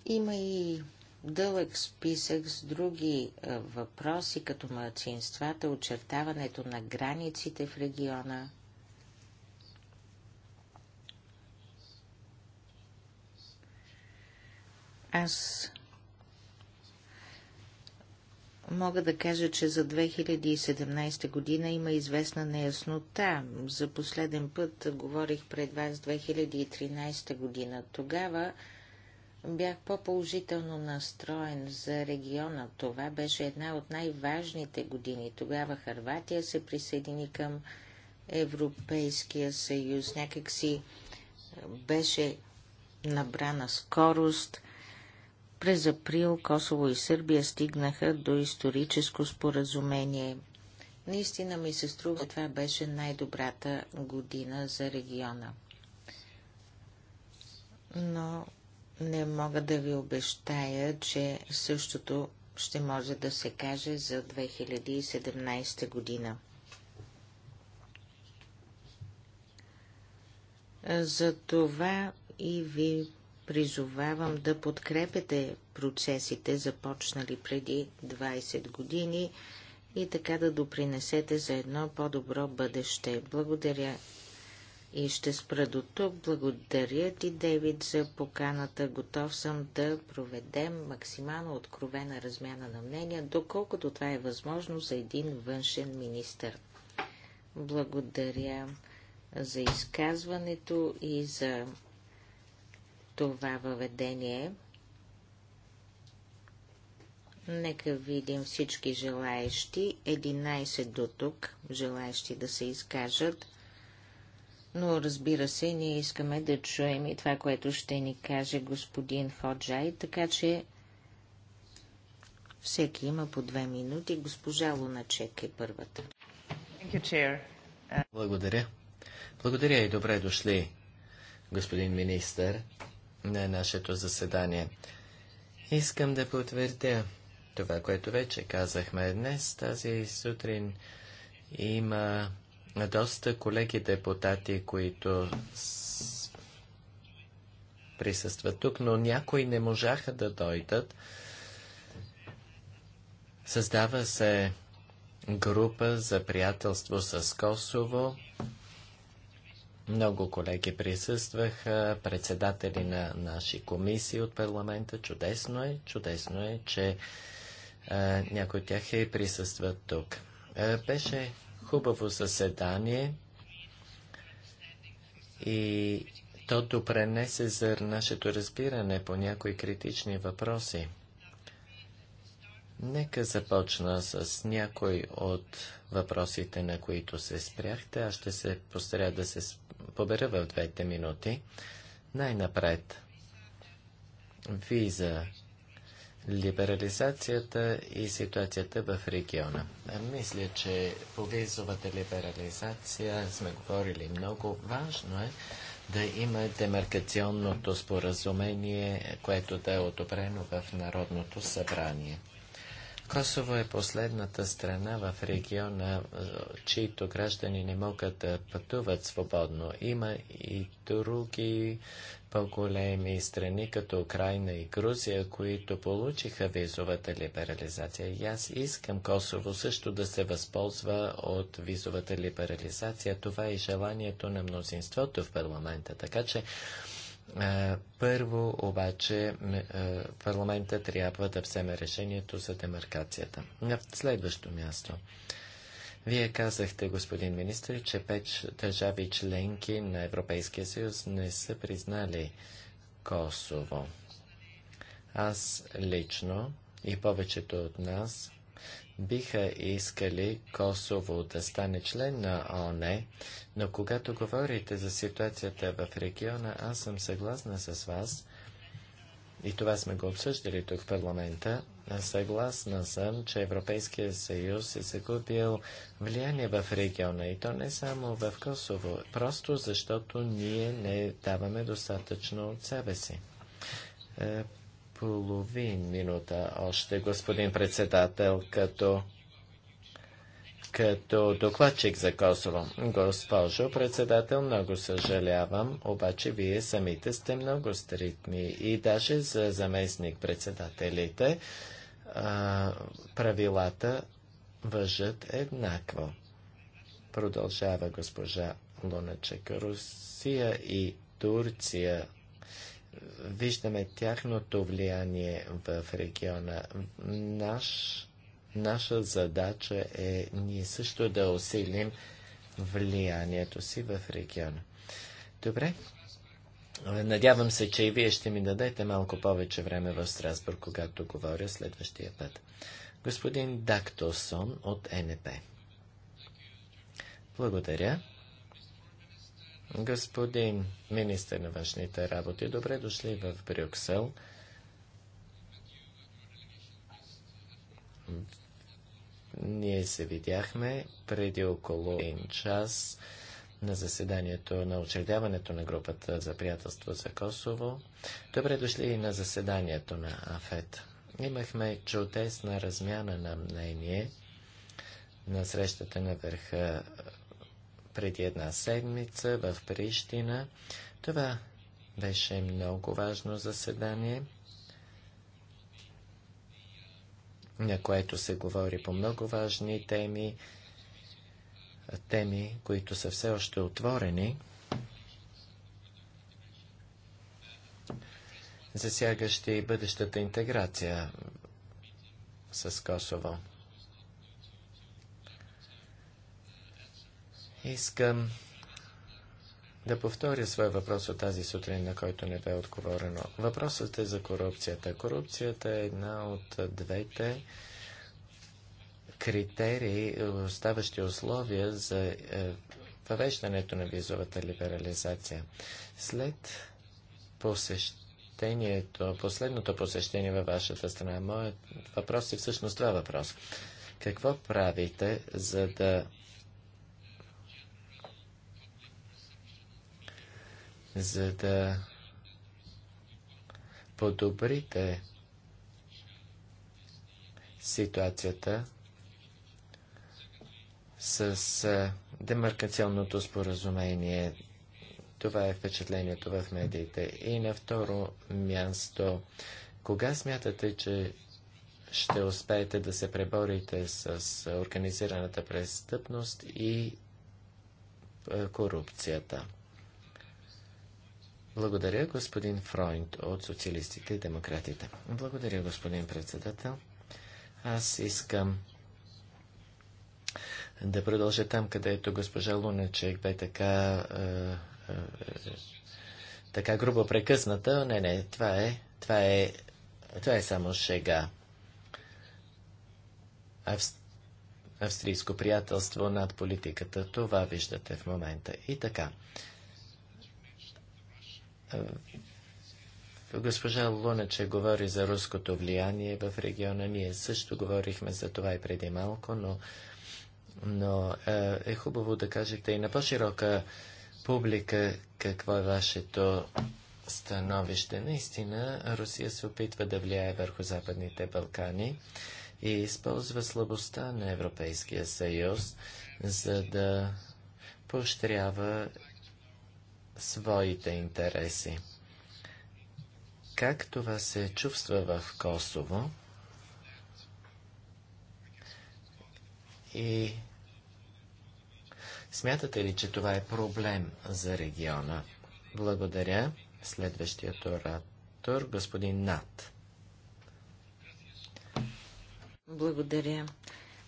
Има и дълъг списък с други въпроси, като младсинствата, очертаването на границите в региона, Аз мога да кажа, че за 2017 година има известна неяснота. За последен път говорих пред вас 2013 година. Тогава бях по-положително настроен за региона. Това беше една от най-важните години. Тогава Харватия се присъедини към Европейския съюз. някакси беше набрана скорост – през април Косово и Сърбия стигнаха до историческо споразумение. Наистина ми се струва, това беше най-добрата година за региона. Но не мога да ви обещая, че същото ще може да се каже за 2017 година. За това и ви призовавам да подкрепете процесите, започнали преди 20 години и така да допринесете за едно по-добро бъдеще. Благодаря и ще спра до тук. Благодаря ти, Дейвид, за поканата. Готов съм да проведем максимално откровена размяна на мнения, доколкото това е възможно за един външен министр. Благодаря за изказването и за това въведение. Нека видим всички желаещи. 11 до тук желаещи да се изкажат. Но разбира се, ние искаме да чуем и това, което ще ни каже господин Ходжай, така че всеки има по две минути. Госпожа Луначек е първата. Благодаря. Благодаря и добре дошли, господин министър на нашето заседание. Искам да потвърдя това, което вече казахме днес. Тази сутрин има доста колеги депутати, които присъстват тук, но някои не можаха да дойдат. Създава се група за приятелство с Косово. Много колеги присъстваха, председатели на наши комисии от парламента. Чудесно е, чудесно е, че е, някои от тях е и присъстват тук. Е, беше хубаво заседание и то допренесе за нашето разбиране по някои критични въпроси. Нека започна с някой от въпросите, на които се спряхте. Аз ще се постаря да се побера в двете минути. Най-напред, виза, либерализацията и ситуацията в региона. Мисля, че по визовата либерализация сме говорили много. Важно е да има демаркационното споразумение, което да е одобрено в Народното събрание. Косово е последната страна в региона, е, чието граждани не могат да пътуват свободно. Има и други по-големи страни, като Украина и Грузия, които получиха визовата либерализация. И аз искам Косово също да се възползва от визовата либерализация. Това е желанието на мнозинството в парламента. Така че е, първо обаче е, парламента трябва да вземе решението за демаркацията. На следващо място. Вие казахте, господин министр, че пет държави членки на Европейския съюз не са признали Косово. Аз лично и повечето от нас биха искали Косово да стане член на ОНЕ, но когато говорите за ситуацията в региона, аз съм съгласна с вас, и това сме го обсъждали тук в парламента, съгласна съм, че Европейския съюз е загубил влияние в региона и то не само в Косово, просто защото ние не даваме достатъчно от себе си. Е, половин минута още, господин председател, като, като докладчик за Косово. Госпожо председател, много съжалявам, обаче вие самите сте много стритни и даже за заместник председателите а, правилата въжат еднакво. Продължава госпожа Луначек. Русия и Турция виждаме тяхното влияние в региона. Наш, наша задача е ние също да усилим влиянието си в региона. Добре. Надявам се, че и вие ще ми дадете малко повече време в Страсбург, когато говоря следващия път. Господин Дактосон от НП. Благодаря. Господин министр на външните работи, добре дошли в Брюксел. Ние се видяхме преди около 1 час на заседанието на учредяването на групата за приятелство за Косово. Добре дошли и на заседанието на АФЕТ. Имахме чудесна размяна на мнение на срещата на върха преди една седмица в Прищина. Това беше много важно заседание, на което се говори по много важни теми, теми, които са все още отворени, засягащи бъдещата интеграция с Косово. Искам да повторя своя въпрос от тази сутрин, на който не бе отговорено. Въпросът е за корупцията. Корупцията е една от двете критерии, оставащи условия за е, въвеждането на визовата либерализация. След посещението, последното посещение във вашата страна, моят въпрос е всъщност това въпрос. Какво правите, за да за да подобрите ситуацията с демаркационното споразумение. Това е впечатлението в медиите. И на второ място, кога смятате, че ще успеете да се преборите с организираната престъпност и корупцията? Благодаря, господин Фройнд от Социалистите и Демократите. Благодаря, господин председател. Аз искам да продължа там, където госпожа Луначек бе така, е, е така грубо прекъсната. Не, не, това е, това е, това е само шега. Австрийско приятелство над политиката. Това виждате в момента. И така. Е, госпожа Луначе говори за руското влияние в региона. Ние също говорихме за това и преди малко, но, но е, е хубаво да кажете и на по-широка публика какво е вашето становище. Наистина, Русия се опитва да влияе върху Западните Балкани и използва слабостта на Европейския съюз, за да поощрява своите интереси. Как това се чувства в Косово? И смятате ли, че това е проблем за региона? Благодаря. Следващият оратор, господин Нат. Благодаря.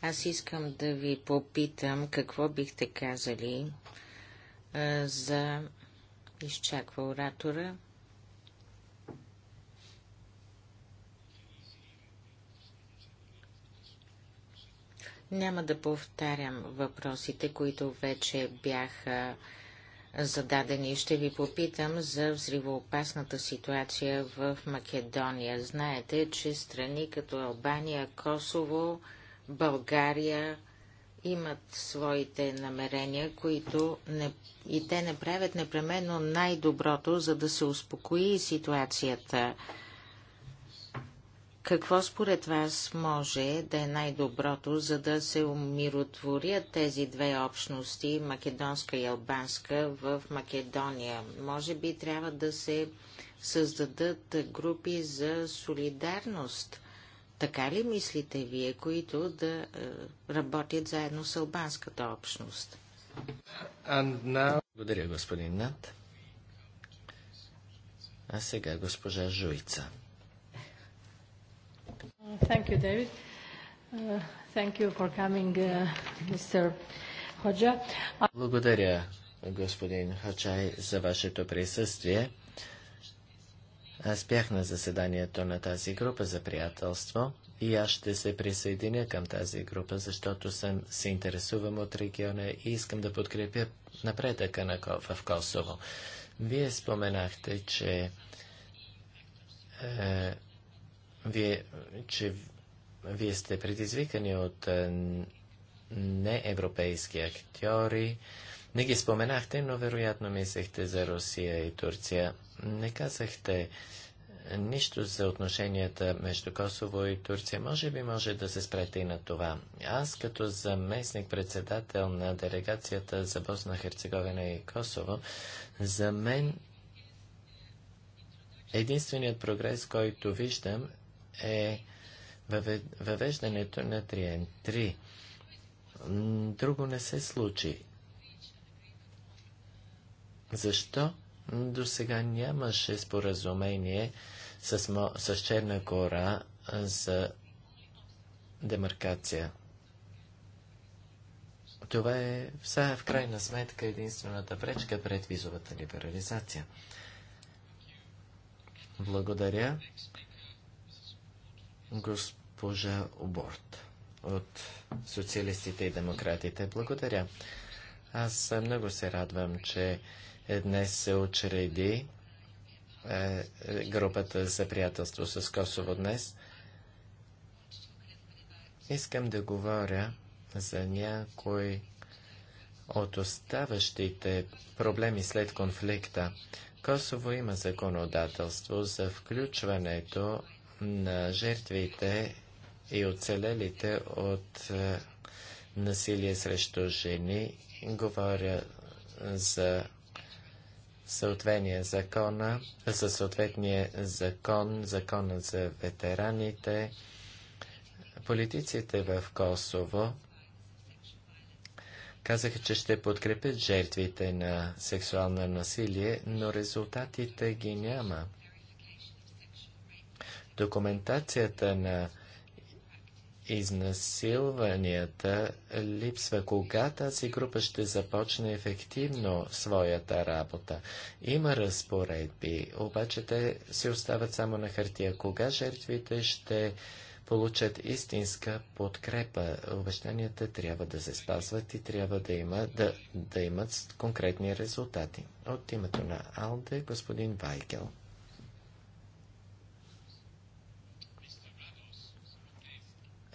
Аз искам да ви попитам какво бихте казали за Изчаква оратора. Няма да повтарям въпросите, които вече бяха зададени. Ще ви попитам за взривоопасната ситуация в Македония. Знаете, че страни като Албания, Косово, България, имат своите намерения, които не, и те не правят непременно най-доброто, за да се успокои ситуацията. Какво според вас може да е най-доброто, за да се умиротворят тези две общности, македонска и албанска, в Македония? Може би трябва да се създадат групи за солидарност – така ли мислите вие, които да е, работят заедно с албанската общност? Now... Благодаря, господин Нат. А сега госпожа Жуйца. Thank you, David. Uh, thank you for coming, uh, Mr. Благодаря, господин Хачай, за вашето присъствие. Аз бях на заседанието на тази група за приятелство и аз ще се присъединя към тази група, защото съм, се интересувам от региона и искам да подкрепя напредъка на, в Косово. Вие споменахте, че, е, вие, че вие сте предизвикани от е, неевропейски актьори, е, не ги споменахте, но вероятно мислехте за Русия и Турция. Не казахте е, нищо за отношенията между Косово и Турция. Може би може да се спрете и на това. Аз като заместник-председател на делегацията за Босна, Херцеговина и Косово, за мен единственият прогрес, който виждам е въвеждането на 3 3 Друго не се случи. Защо до сега нямаше споразумение с, с Черна гора за демаркация? Това е вся в крайна сметка единствената пречка пред визовата либерализация. Благодаря госпожа Оборт от социалистите и демократите. Благодаря. Аз много се радвам, че е днес се очреди е, е, групата за приятелство с Косово днес. Искам да говоря за някой от оставащите проблеми след конфликта. Косово има законодателство за включването на жертвите и оцелелите от насилие срещу жени. Говоря за съответния закона, за съответния закон, закона за ветераните, политиците в Косово казаха, че ще подкрепят жертвите на сексуално насилие, но резултатите ги няма. Документацията на изнасилванията липсва. Кога тази група ще започне ефективно своята работа? Има разпоредби, обаче те се остават само на хартия. Кога жертвите ще получат истинска подкрепа? Обещанията трябва да се спазват и трябва да, има, да, да имат конкретни резултати. От името на Алде, господин Вайкел.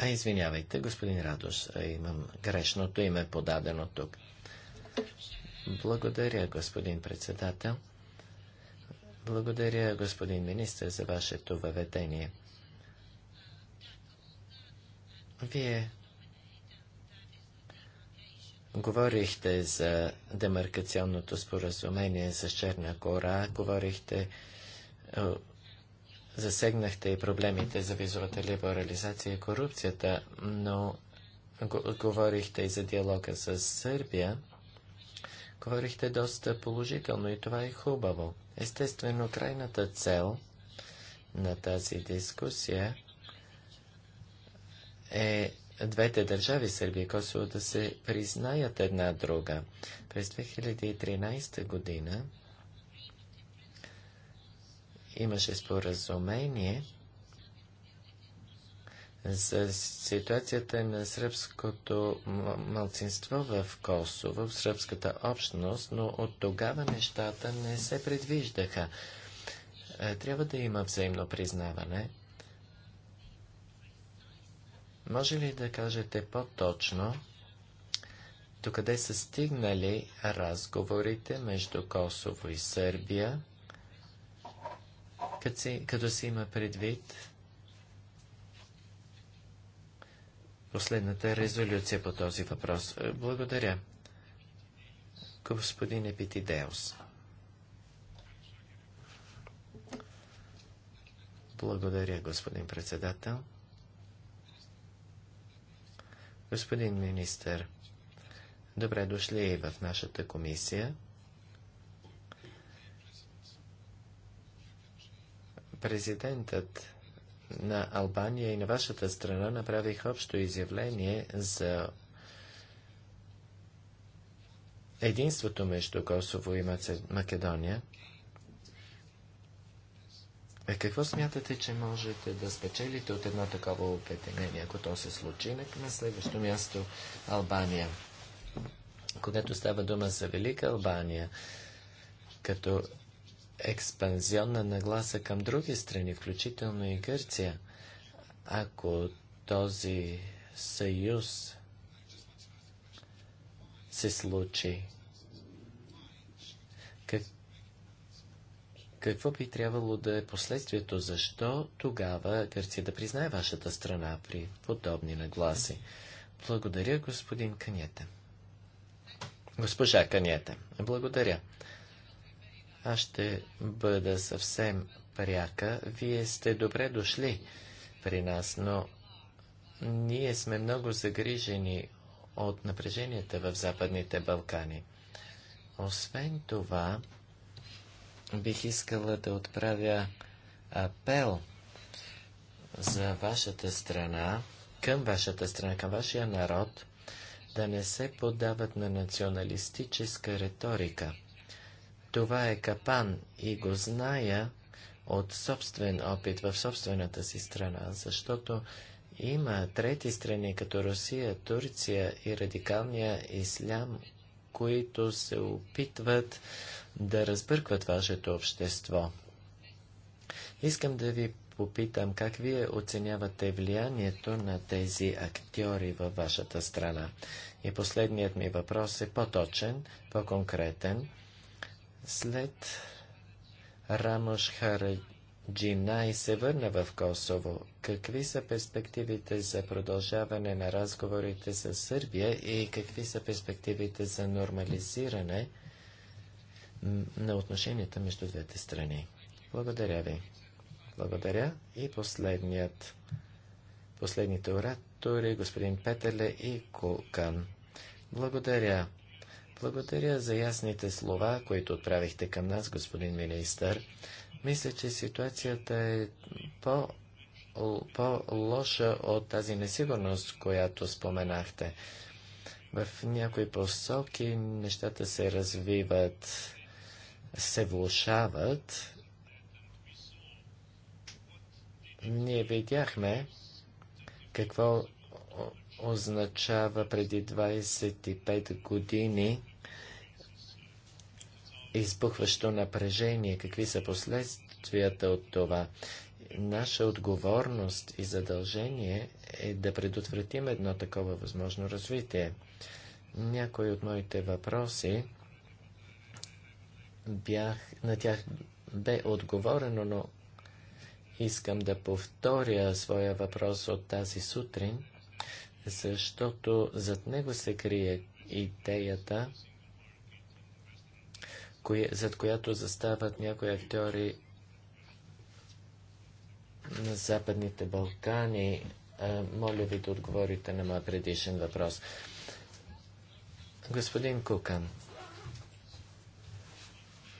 А, извинявайте, господин Радош, имам грешното име подадено тук. Благодаря, господин председател. Благодаря, господин министр, за вашето въведение. Вие говорихте за демаркационното споразумение с Черна гора, говорихте Засегнахте и проблемите за визовата либерализация и корупцията, но говорихте и за диалога с Сърбия. Говорихте доста положително и това е хубаво. Естествено, крайната цел на тази дискусия е двете държави Сърбия и Косово да се признаят една друга. През 2013 година Имаше споразумение за ситуацията на сръбското малцинство в Косово, в сръбската общност, но от тогава нещата не се предвиждаха. Е, трябва да има взаимно признаване. Може ли да кажете по-точно докъде са стигнали разговорите между Косово и Сърбия? като се, като се има предвид последната резолюция по този въпрос. Е, благодаря. Господин Епитидеус. Благодаря, господин председател. Господин министър, добре дошли в нашата комисия. Президентът на Албания и на вашата страна направих общо изявление за единството между Косово и Македония. А е, какво смятате, че можете да спечелите от едно такова обединение, ако то се случи? На следващо място Албания. Когато става дума за Велика Албания, като експанзионна нагласа към други страни, включително и Гърция. Ако този съюз се случи, как... какво би трябвало да е последствието? Защо тогава Гърция да признае вашата страна при подобни нагласи? Благодаря, господин Канете. Госпожа Канете, благодаря. Аз ще бъда съвсем пряка. Вие сте добре дошли при нас, но ние сме много загрижени от напреженията в Западните Балкани. Освен това, бих искала да отправя апел за вашата страна, към вашата страна, към вашия народ, да не се подават на националистическа риторика – това е капан и го зная от собствен опит в собствената си страна, защото има трети страни, като Русия, Турция и радикалния ислям, които се опитват да разбъркват вашето общество. Искам да ви попитам, как вие оценявате влиянието на тези актьори във вашата страна? И последният ми въпрос е по-точен, по-конкретен – след Рамош и се върна в Косово. Какви са перспективите за продължаване на разговорите с Сърбия и какви са перспективите за нормализиране на отношенията между двете страни? Благодаря ви. Благодаря. И последният, последните оратори, господин Петеле и Кулкан. Благодаря. Благодаря за ясните слова, които отправихте към нас, господин министър. Мисля, че ситуацията е по по-лоша от тази несигурност, която споменахте. В някои посоки нещата се развиват, се влушават. Ние видяхме какво означава преди 25 години избухващо напрежение, какви са последствията от това. Наша отговорност и задължение е да предотвратим едно такова възможно развитие. Някои от моите въпроси бях, на тях бе отговорено, но искам да повторя своя въпрос от тази сутрин, защото зад него се крие идеята коя, зад която застават някои актьори на Западните Балкани. А, моля ви да отговорите на моя предишен въпрос. Господин Кукан.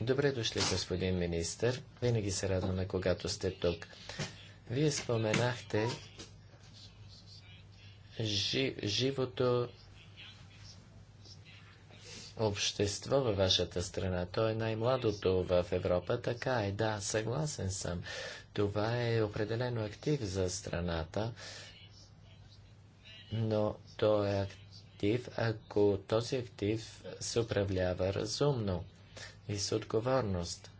Добре дошли, господин министр. Винаги се радваме, когато сте тук. Вие споменахте живото общество във вашата страна. То е най-младото в Европа, така е, да, съгласен съм. Това е определено актив за страната, но то е актив, ако този актив се управлява разумно и с отговорност.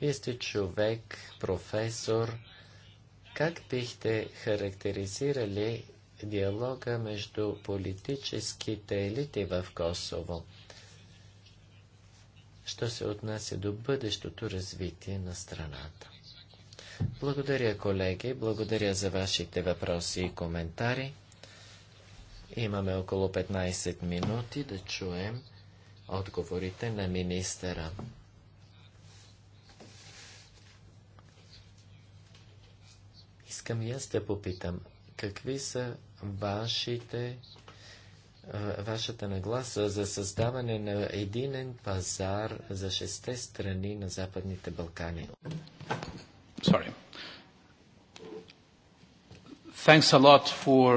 Вие сте човек, професор. Как бихте характеризирали диалога между политическите елити в Косово, що се отнася до бъдещото развитие на страната. Благодаря, колеги, благодаря за вашите въпроси и коментари. Имаме около 15 минути да чуем отговорите на министъра. Искам и аз да попитам, какви са вашите, вашата нагласа за създаване на единен пазар за шесте страни на Западните Балкани? Sorry. Thanks a lot for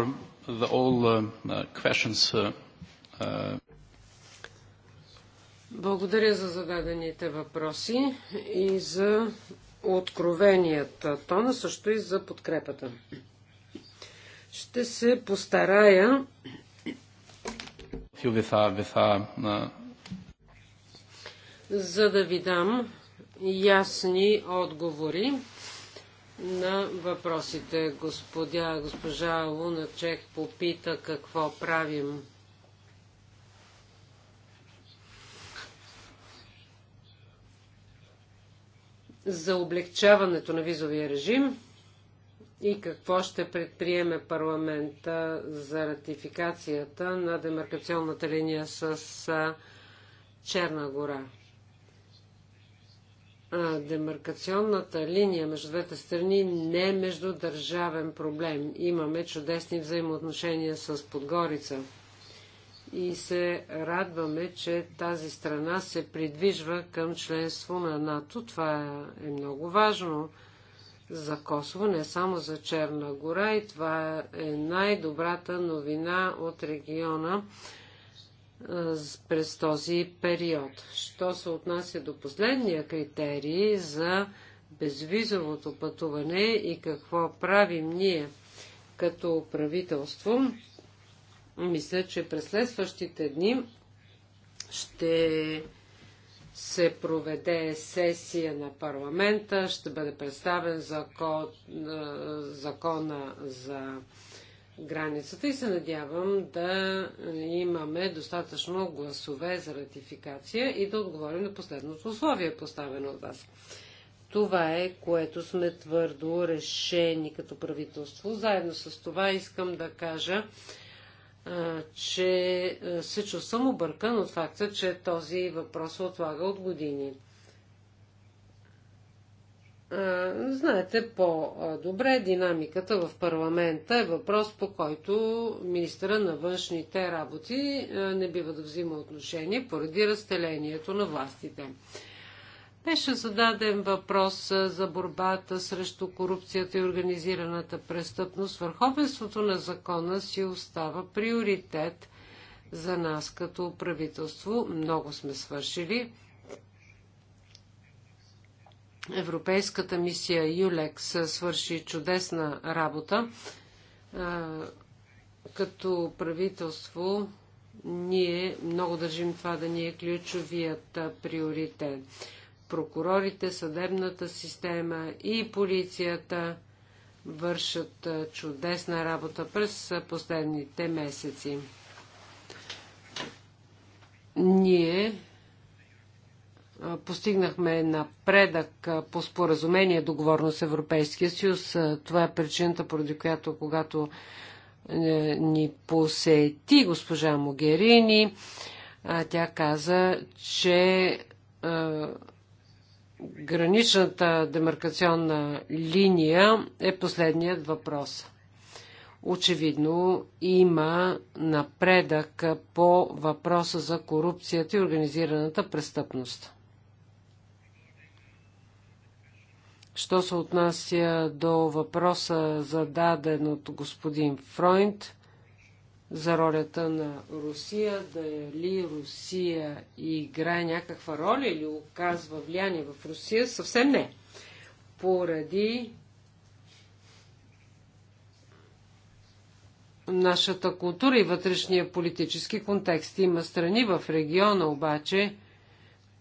the all uh, questions. Uh, uh... Благодаря за зададените въпроси и за откровенията тона, също и за подкрепата. Ще се постарая за да ви дам ясни отговори на въпросите. Господя, госпожа Луначек попита какво правим. за облегчаването на визовия режим и какво ще предприеме парламента за ратификацията на демаркационната линия с Черна гора. Демаркационната линия между двете страни не е междудържавен проблем. Имаме чудесни взаимоотношения с Подгорица и се радваме, че тази страна се придвижва към членство на НАТО. Това е много важно за Косово, не само за Черна гора и това е най-добрата новина от региона през този период. Що се отнася до последния критерий за безвизовото пътуване и какво правим ние като правителство, мисля, че през следващите дни ще се проведе сесия на парламента, ще бъде представен закон, закона за границата и се надявам да имаме достатъчно гласове за ратификация и да отговорим на последното условие, поставено от вас. Това е, което сме твърдо решени като правителство. Заедно с това искам да кажа, че се чувствам объркан от факта, че този въпрос се отлага от години. Знаете по-добре, динамиката в парламента е въпрос, по който министра на външните работи не бива да взима отношение поради разделението на властите. Беше зададен въпрос за борбата срещу корупцията и организираната престъпност. Върховенството на закона си остава приоритет за нас като правителство. Много сме свършили. Европейската мисия ЮЛЕКС свърши чудесна работа. Като правителство ние много държим това да ни е ключовият приоритет прокурорите, съдебната система и полицията вършат чудесна работа през последните месеци. Ние постигнахме напредък по споразумение договорно с Европейския съюз. Това е причината, поради която когато ни посети госпожа Могерини, тя каза, че граничната демаркационна линия е последният въпрос. Очевидно има напредък по въпроса за корупцията и организираната престъпност. Що се отнася до въпроса зададен от господин Фройнд, за ролята на Русия, дали Русия играе някаква роля или оказва влияние в Русия, съвсем не. Поради нашата култура и вътрешния политически контекст. Има страни в региона обаче,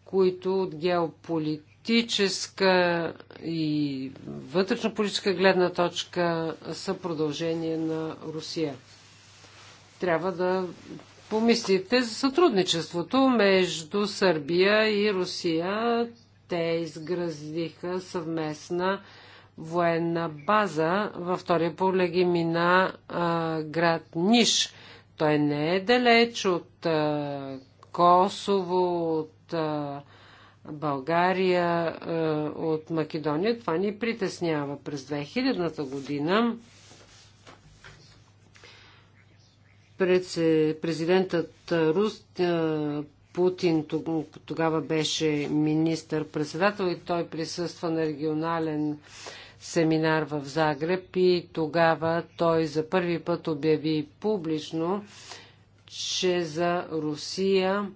които от геополитическа и вътрешно-политическа гледна точка са продължение на Русия трябва да помислите за сътрудничеството между Сърбия и Русия. Те изградиха съвместна военна база във втория по легимина град Ниш. Той не е далеч от а, Косово, от а, България, а, от Македония. Това ни притеснява. През 2000-та година Президентът Рус Путин тогава беше министър-председател и той присъства на регионален семинар в Загреб и тогава той за първи път обяви публично, че за Русия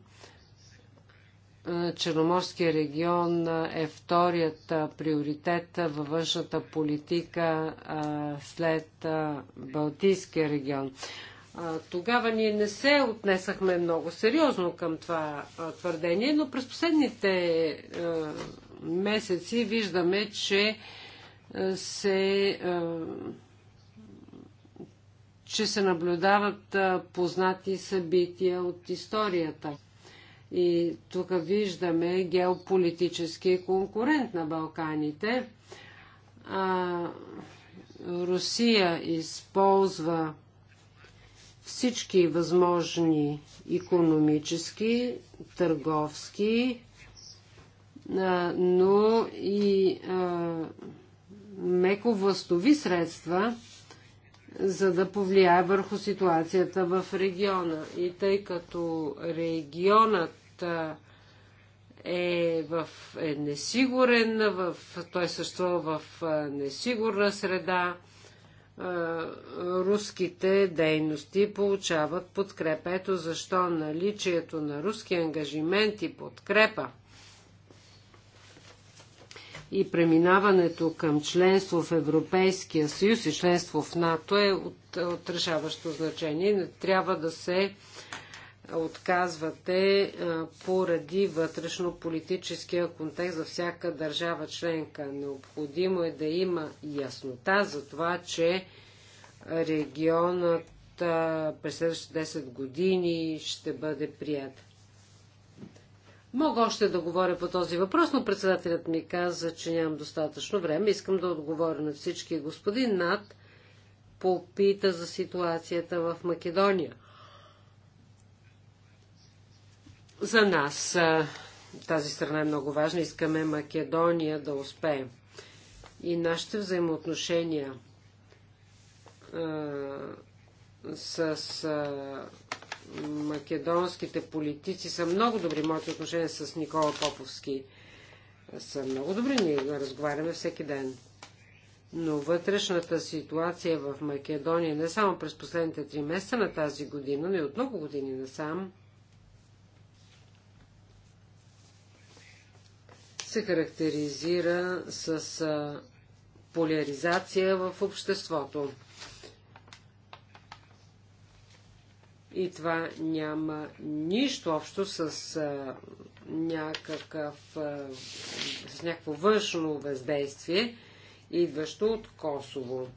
Черноморския регион е вторият приоритет във външната политика след Балтийския регион. Тогава ние не се отнесахме много сериозно към това твърдение, но през последните месеци виждаме, че се, че се наблюдават познати събития от историята. И тук виждаме геополитически конкурент на Балканите. Русия използва всички възможни економически, търговски, но и меко властови средства, за да повлияе върху ситуацията в региона. И тъй като регионът е, в, е несигурен, в, той съществува в несигурна среда, руските дейности получават подкрепа. Ето защо наличието на руски ангажимент и подкрепа и преминаването към членство в Европейския съюз и членство в НАТО е от, от решаващо значение. Не трябва да се отказвате поради вътрешно-политическия контекст за всяка държава членка. Необходимо е да има яснота за това, че регионът през следващите 10 години ще бъде прият. Мога още да говоря по този въпрос, но председателят ми каза, че нямам достатъчно време. Искам да отговоря на всички. Господин Над попита за ситуацията в Македония – За нас тази страна е много важна. Искаме Македония да успее. И нашите взаимоотношения с македонските политици са много добри. Моите отношения с Никола Поповски са много добри. Ние разговаряме всеки ден. Но вътрешната ситуация в Македония не само през последните три месеца на тази година, но и от много години насам – се характеризира с а, поляризация в обществото. И това няма нищо общо с, а, някакъв, а, с някакво външно въздействие, идващо от Косово.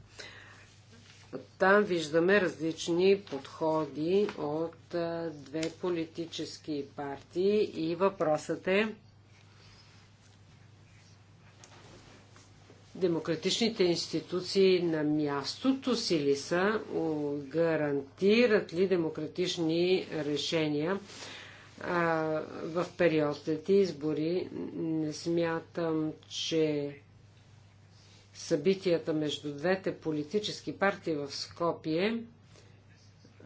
Там виждаме различни подходи от а, две политически партии и въпросът е демократичните институции на мястото си ли са, гарантират ли демократични решения в период след избори. Не смятам, че събитията между двете политически партии в Скопие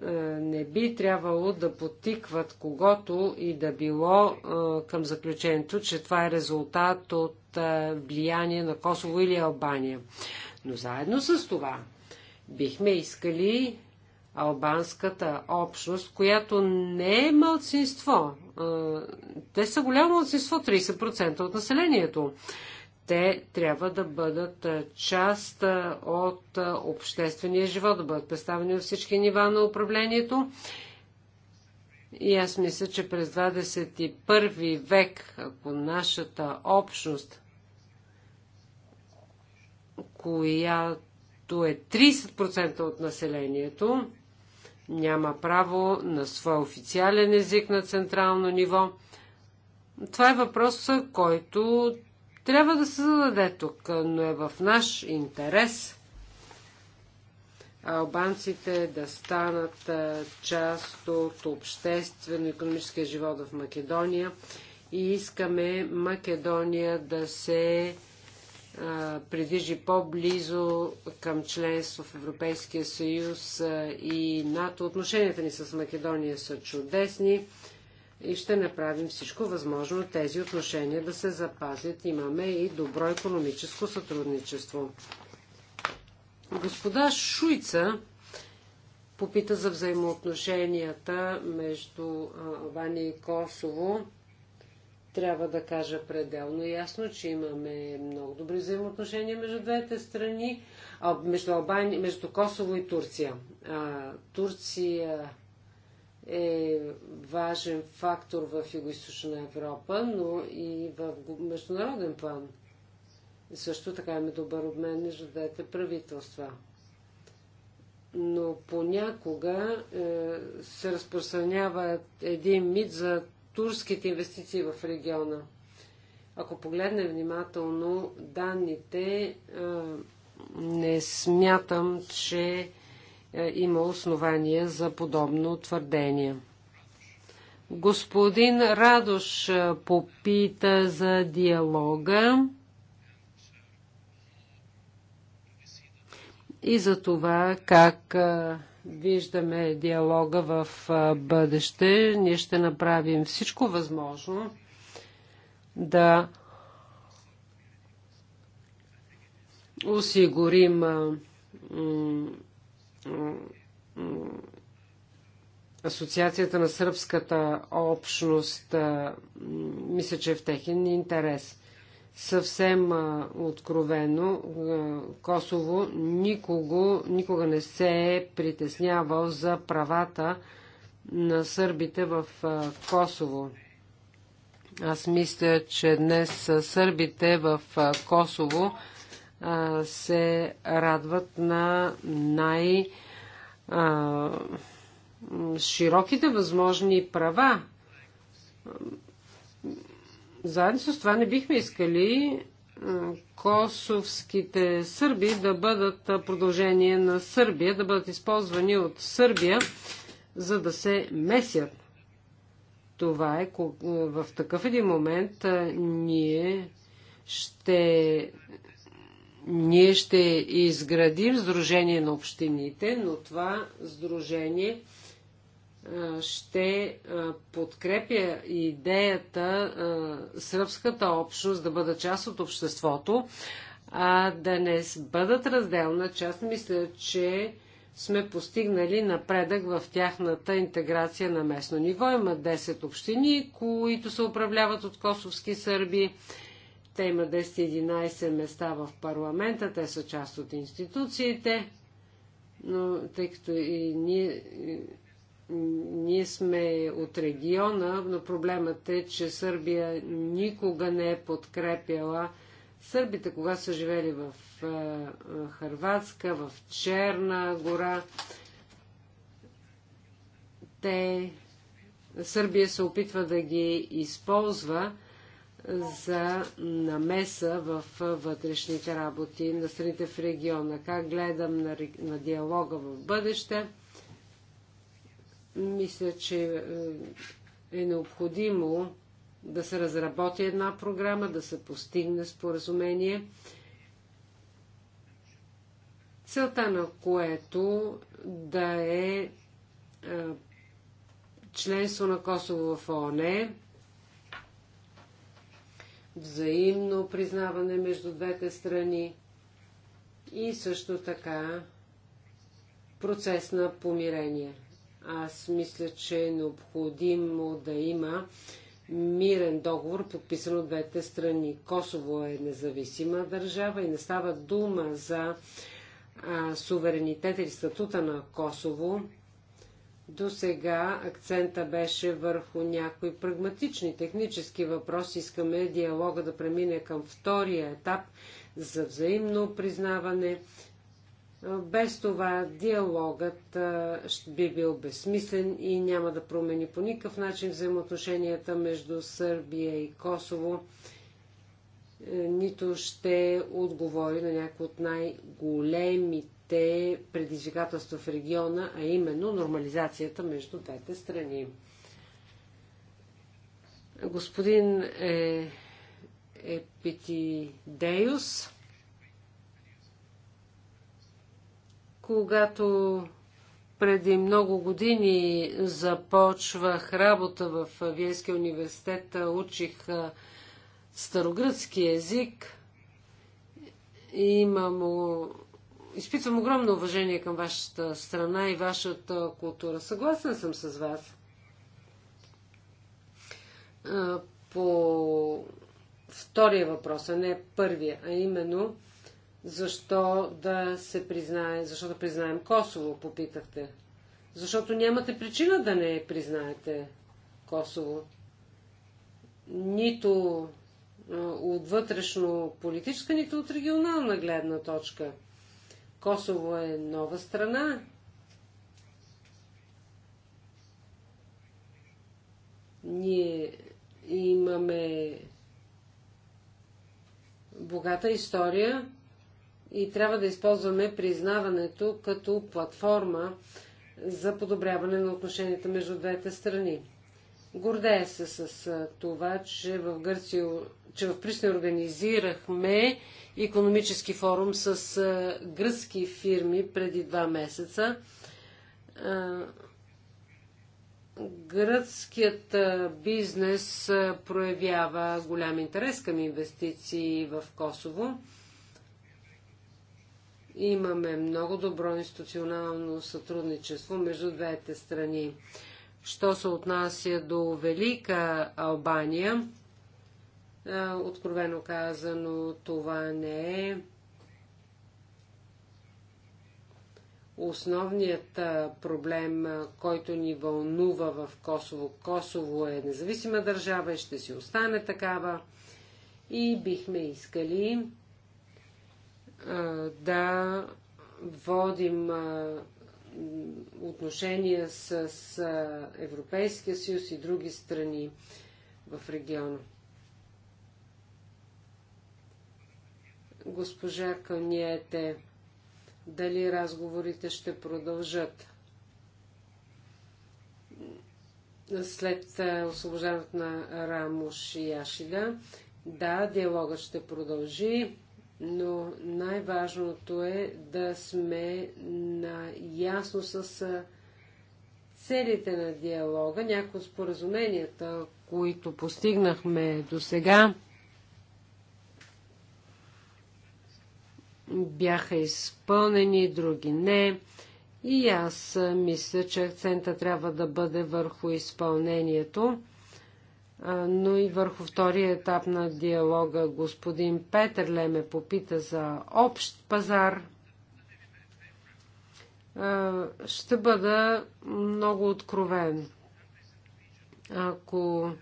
е, не би трябвало да потикват когото и да било е, към заключението, че това е резултат от е, влияние на Косово или Албания. Но заедно с това бихме искали албанската общност, която не е мълцинство. Те са голямо мълцинство, 30% от населението те трябва да бъдат част от обществения живот, да бъдат представени във всички нива на управлението. И аз мисля, че през 21 век, ако нашата общност, която е 30% от населението, няма право на свой официален език на централно ниво, това е въпрос, който трябва да се зададе тук, но е в наш интерес албанците да станат част от обществено-економическия живот в Македония и искаме Македония да се придвижи по-близо към членство в Европейския съюз и НАТО. Отношенията ни с Македония са чудесни и ще направим всичко възможно тези отношения да се запазят. Имаме и добро економическо сътрудничество. Господа Шуйца попита за взаимоотношенията между Вани и Косово. Трябва да кажа пределно ясно, че имаме много добри взаимоотношения между двете страни, между, Албани, между Косово и Турция. Турция е важен фактор в Юго-Источна Европа, но и в международен план. Също така има добър обмен между двете правителства. Но понякога е, се разпространява един мит за турските инвестиции в региона. Ако погледнем внимателно данните, е, не смятам, че е, има основания за подобно твърдение. Господин Радош е, попита за диалога и за това как е, виждаме диалога в бъдеще. Ние ще направим всичко възможно да осигурим Асоциацията на сръбската общност, мисля, че е в техен интерес. Съвсем откровено, Косово никого, никога не се е притеснявал за правата на сърбите в Косово. Аз мисля, че днес сърбите в Косово се радват на най- широките възможни права. Заедно с това не бихме искали косовските сърби да бъдат продължение на Сърбия, да бъдат използвани от Сърбия, за да се месят. Това е в такъв един момент ние ще ние ще изградим Сдружение на общините, но това Сдружение ще подкрепя идеята сръбската общност да бъде част от обществото, а да не бъдат разделна част. Мисля, че сме постигнали напредък в тяхната интеграция на местно ниво. Има 10 общини, които се управляват от косовски сърби. Те има 10-11 места в парламента, те са част от институциите, но тъй като и ние, ние сме от региона, но проблемът е, че Сърбия никога не е подкрепяла сърбите, кога са живели в е, Харватска, в Черна гора. Те Сърбия се опитва да ги използва за намеса в вътрешните работи на страните в региона. Как гледам на, на диалога в бъдеще? Мисля, че е, е необходимо да се разработи една програма, да се постигне споразумение, целта на което да е, е членство на Косово в ОНЕ взаимно признаване между двете страни и също така процес на помирение. Аз мисля, че е необходимо да има мирен договор, подписан от двете страни. Косово е независима държава и не става дума за а, суверенитет или статута на Косово. До сега акцента беше върху някои прагматични технически въпроси. Искаме диалога да премине към втория етап за взаимно признаване. Без това диалогът би бил безсмислен и няма да промени по никакъв начин взаимоотношенията между Сърбия и Косово, е, нито ще отговори на някои от най-големите те предизвикателства в региона, а именно нормализацията между двете страни. Господин е, Епитидеус, когато преди много години започвах работа в Виенския университет, учих старогръцки език. Имам изпитвам огромно уважение към вашата страна и вашата култура. Съгласен съм с вас. По втория въпрос, а не първия, а именно защо да се признае, защо да признаем Косово, попитахте. Защото нямате причина да не признаете Косово. Нито от вътрешно политическа, нито от регионална гледна точка – Косово е нова страна. Ние имаме богата история и трябва да използваме признаването като платформа за подобряване на отношенията между двете страни. Гордея се с това, че в Гърция че в Пришне организирахме економически форум с гръцки фирми преди два месеца. Гръцкият бизнес проявява голям интерес към инвестиции в Косово. Имаме много добро институционално сътрудничество между двете страни. Що се отнася до Велика Албания, Откровено казано, това не е основният проблем, който ни вълнува в Косово. Косово е независима държава и ще си остане такава. И бихме искали да водим отношения с Европейския съюз и други страни в региона. госпожа Каниете, дали разговорите ще продължат след е, освобождаването на Рамуш и Яшида. Да, диалогът ще продължи, но най-важното е да сме наясно с е, целите на диалога, някои от споразуменията, които постигнахме до сега, бяха изпълнени, други не. И аз мисля, че акцента трябва да бъде върху изпълнението, но и върху втория етап на диалога. Господин Петър ме попита за общ пазар. Ще бъда много откровен. Ако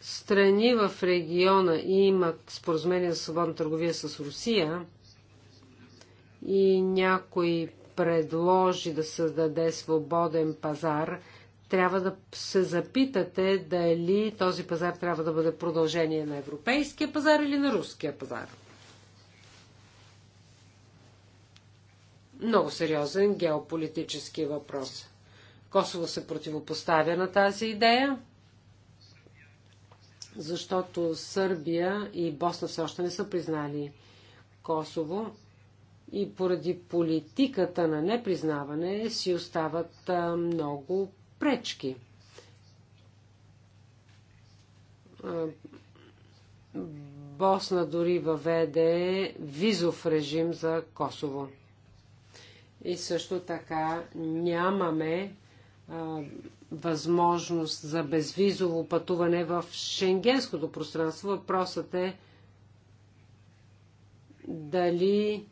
страни в региона имат споразумение за свободна търговия с Русия, и някой предложи да създаде свободен пазар, трябва да се запитате дали този пазар трябва да бъде продължение на европейския пазар или на руския пазар. Много сериозен геополитически въпрос. Косово се противопоставя на тази идея, защото Сърбия и Босна все още не са признали Косово и поради политиката на непризнаване си остават много пречки. Босна дори въведе визов режим за Косово. И също така нямаме а, възможност за безвизово пътуване в шенгенското пространство. Въпросът е дали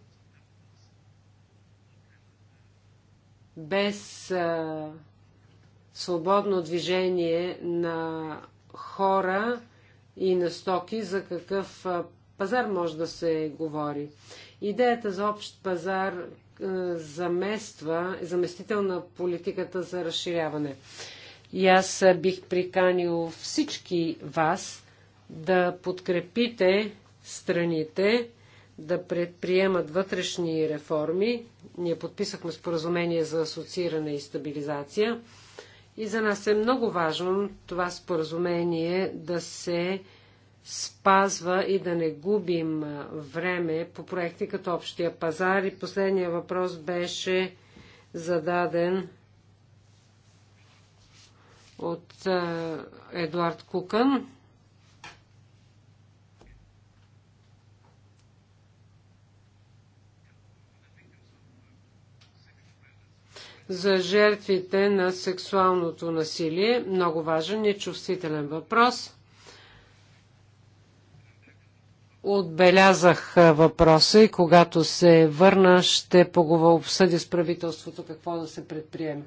без а, свободно движение на хора и на стоки, за какъв а, пазар може да се говори. Идеята за общ пазар а, замества, е заместител на политиката за разширяване. И аз бих приканил всички вас да подкрепите страните, да предприемат вътрешни реформи. Ние подписахме споразумение за асоцииране и стабилизация. И за нас е много важно това споразумение да се спазва и да не губим време по проекти като общия пазар. И последния въпрос беше зададен от Едуард Кукън. за жертвите на сексуалното насилие. Много важен и чувствителен въпрос. Отбелязах въпроса и когато се върна, ще поговор, обсъди с правителството какво да се предприеме.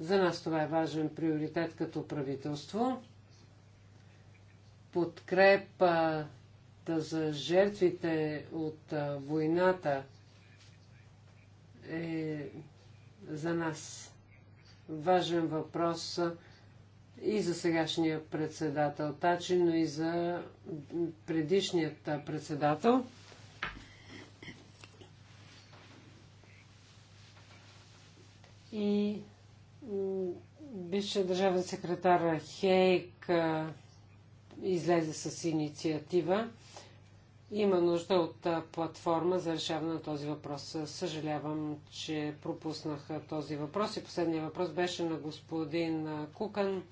За нас това е важен приоритет като правителство. Подкрепата за жертвите от войната е за нас важен въпрос и за сегашния председател Тачи, но и за предишният председател. И бившият държавен секретар Хейк излезе с инициатива има нужда от платформа за решаване на този въпрос. Съжалявам, че пропуснах този въпрос. И последният въпрос беше на господин Кукан.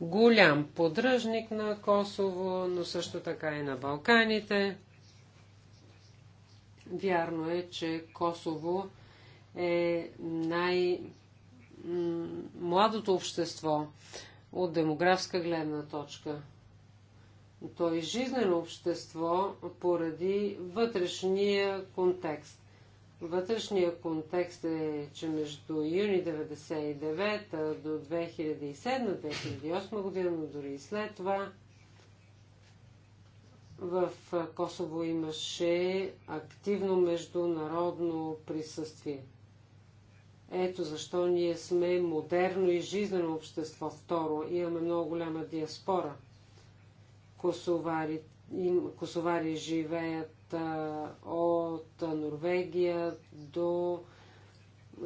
Голям подръжник на Косово, но също така и на Балканите. Вярно е, че Косово е най-младото общество от демографска гледна точка то е жизнено общество поради вътрешния контекст. Вътрешния контекст е, че между юни 1999 до 2007-2008 година, но дори и след това, в Косово имаше активно международно присъствие. Ето защо ние сме модерно и жизнено общество. Второ, имаме много голяма диаспора – Косовари, косовари живеят от Норвегия до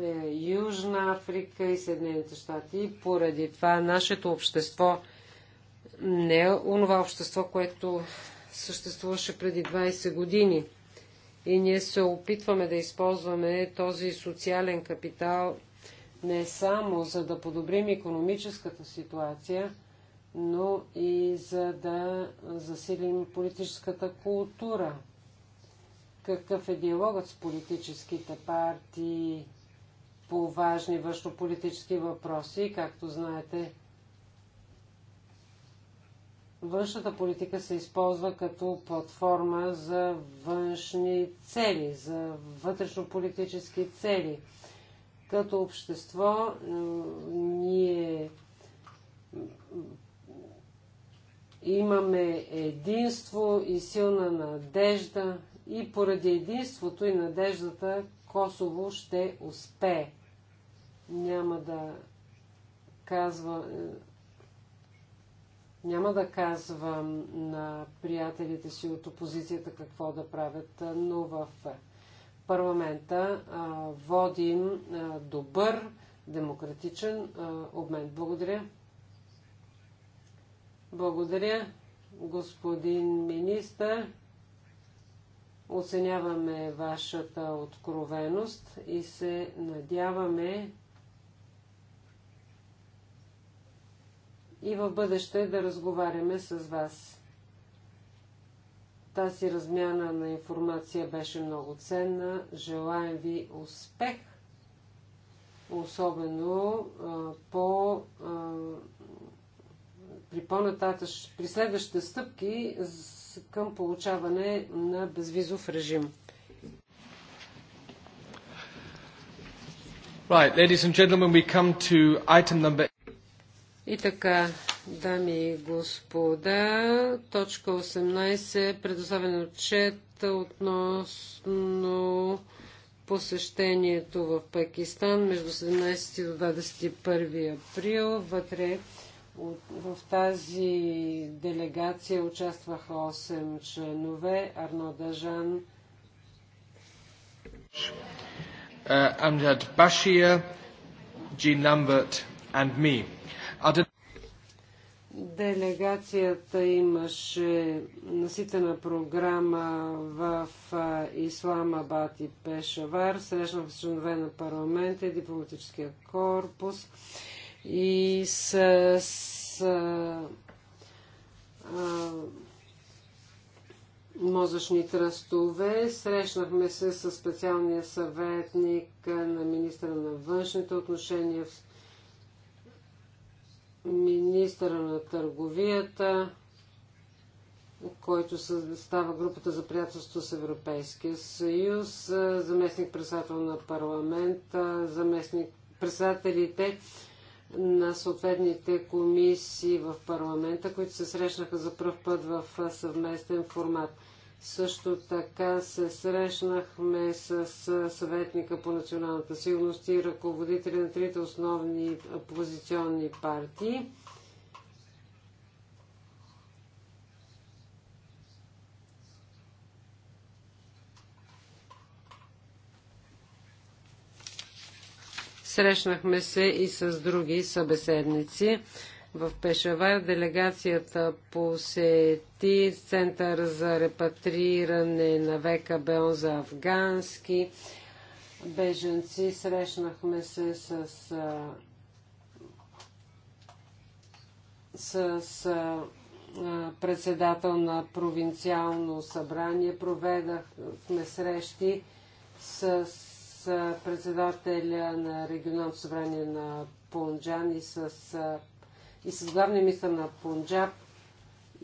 е, Южна Африка и Съединените щати. И поради това нашето общество не е онова общество, което съществуваше преди 20 години. И ние се опитваме да използваме този социален капитал не само за да подобрим економическата ситуация, но и за да засилим политическата култура. Какъв е диалогът с политическите партии по важни външнополитически въпроси, както знаете, външната политика се използва като платформа за външни цели, за вътрешнополитически цели. Като общество ние Имаме единство и силна надежда и поради единството и надеждата Косово ще успее. Няма да казва, е, няма да казвам на приятелите си от опозицията какво да правят, е, но в парламента а, е, водим а, добър демократичен а, обмен. Благодаря. Благодаря, господин министър. Оценяваме вашата откровеност и се надяваме и в бъдеще да разговаряме с вас. Тази размяна на информация беше много ценна. Желаем ви успех, особено а, по при, по-нататъч, при следващите стъпки към получаване на безвизов режим. Right, ladies and gentlemen, we come to item number... И така, дами и господа, точка 18, предоставен отчет относно посещението в Пакистан между 17 до 21 април. Вътре в тази делегация участваха 8 членове. Арно Дажан. Амджад Башия, Джин Ламбърт и Делегацията имаше наситена програма в Исламабад и Пешавар. Срещнах с членове на парламента и дипломатическия корпус и с, с а, мозъчни тръстове. Срещнахме се с специалния съветник на министра на външните отношения, министра на търговията, който става групата за приятелство с Европейския съюз, заместник председател на парламента, заместник председателите на съответните комисии в парламента, които се срещнаха за първ път в съвместен формат. Също така се срещнахме с съветника по националната сигурност и ръководители на трите основни опозиционни партии. Срещнахме се и с други събеседници. В Пешавар делегацията посети Център за репатриране на века Беон за афгански беженци. Срещнахме се с, с, с председател на провинциално събрание. Проведахме срещи с с председателя на регионалното събрание на Пунджан и с, и с главния мисъл на Пунджаб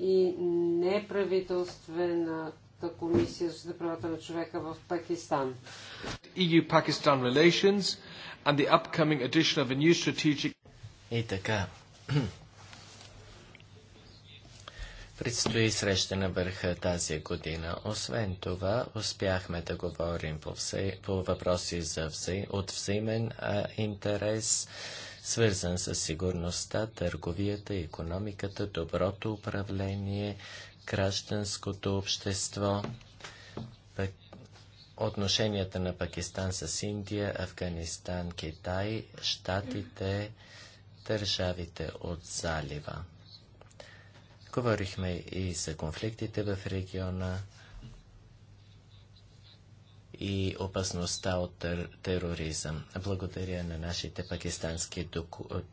и неправителствената комисия за правата на човека в Пакистан. EU-Pakistan relations and the upcoming addition of a new strategic... И така, Предстои среща на върха тази година. Освен това, успяхме да говорим по, все, по въпроси за все, от взаимен а, интерес, свързан с сигурността, търговията, економиката, доброто управление, гражданското общество, пък, отношенията на Пакистан с Индия, Афганистан, Китай, щатите, държавите от залива. Говорихме и за конфликтите в региона и опасността от тероризъм. Благодаря на нашите пакистански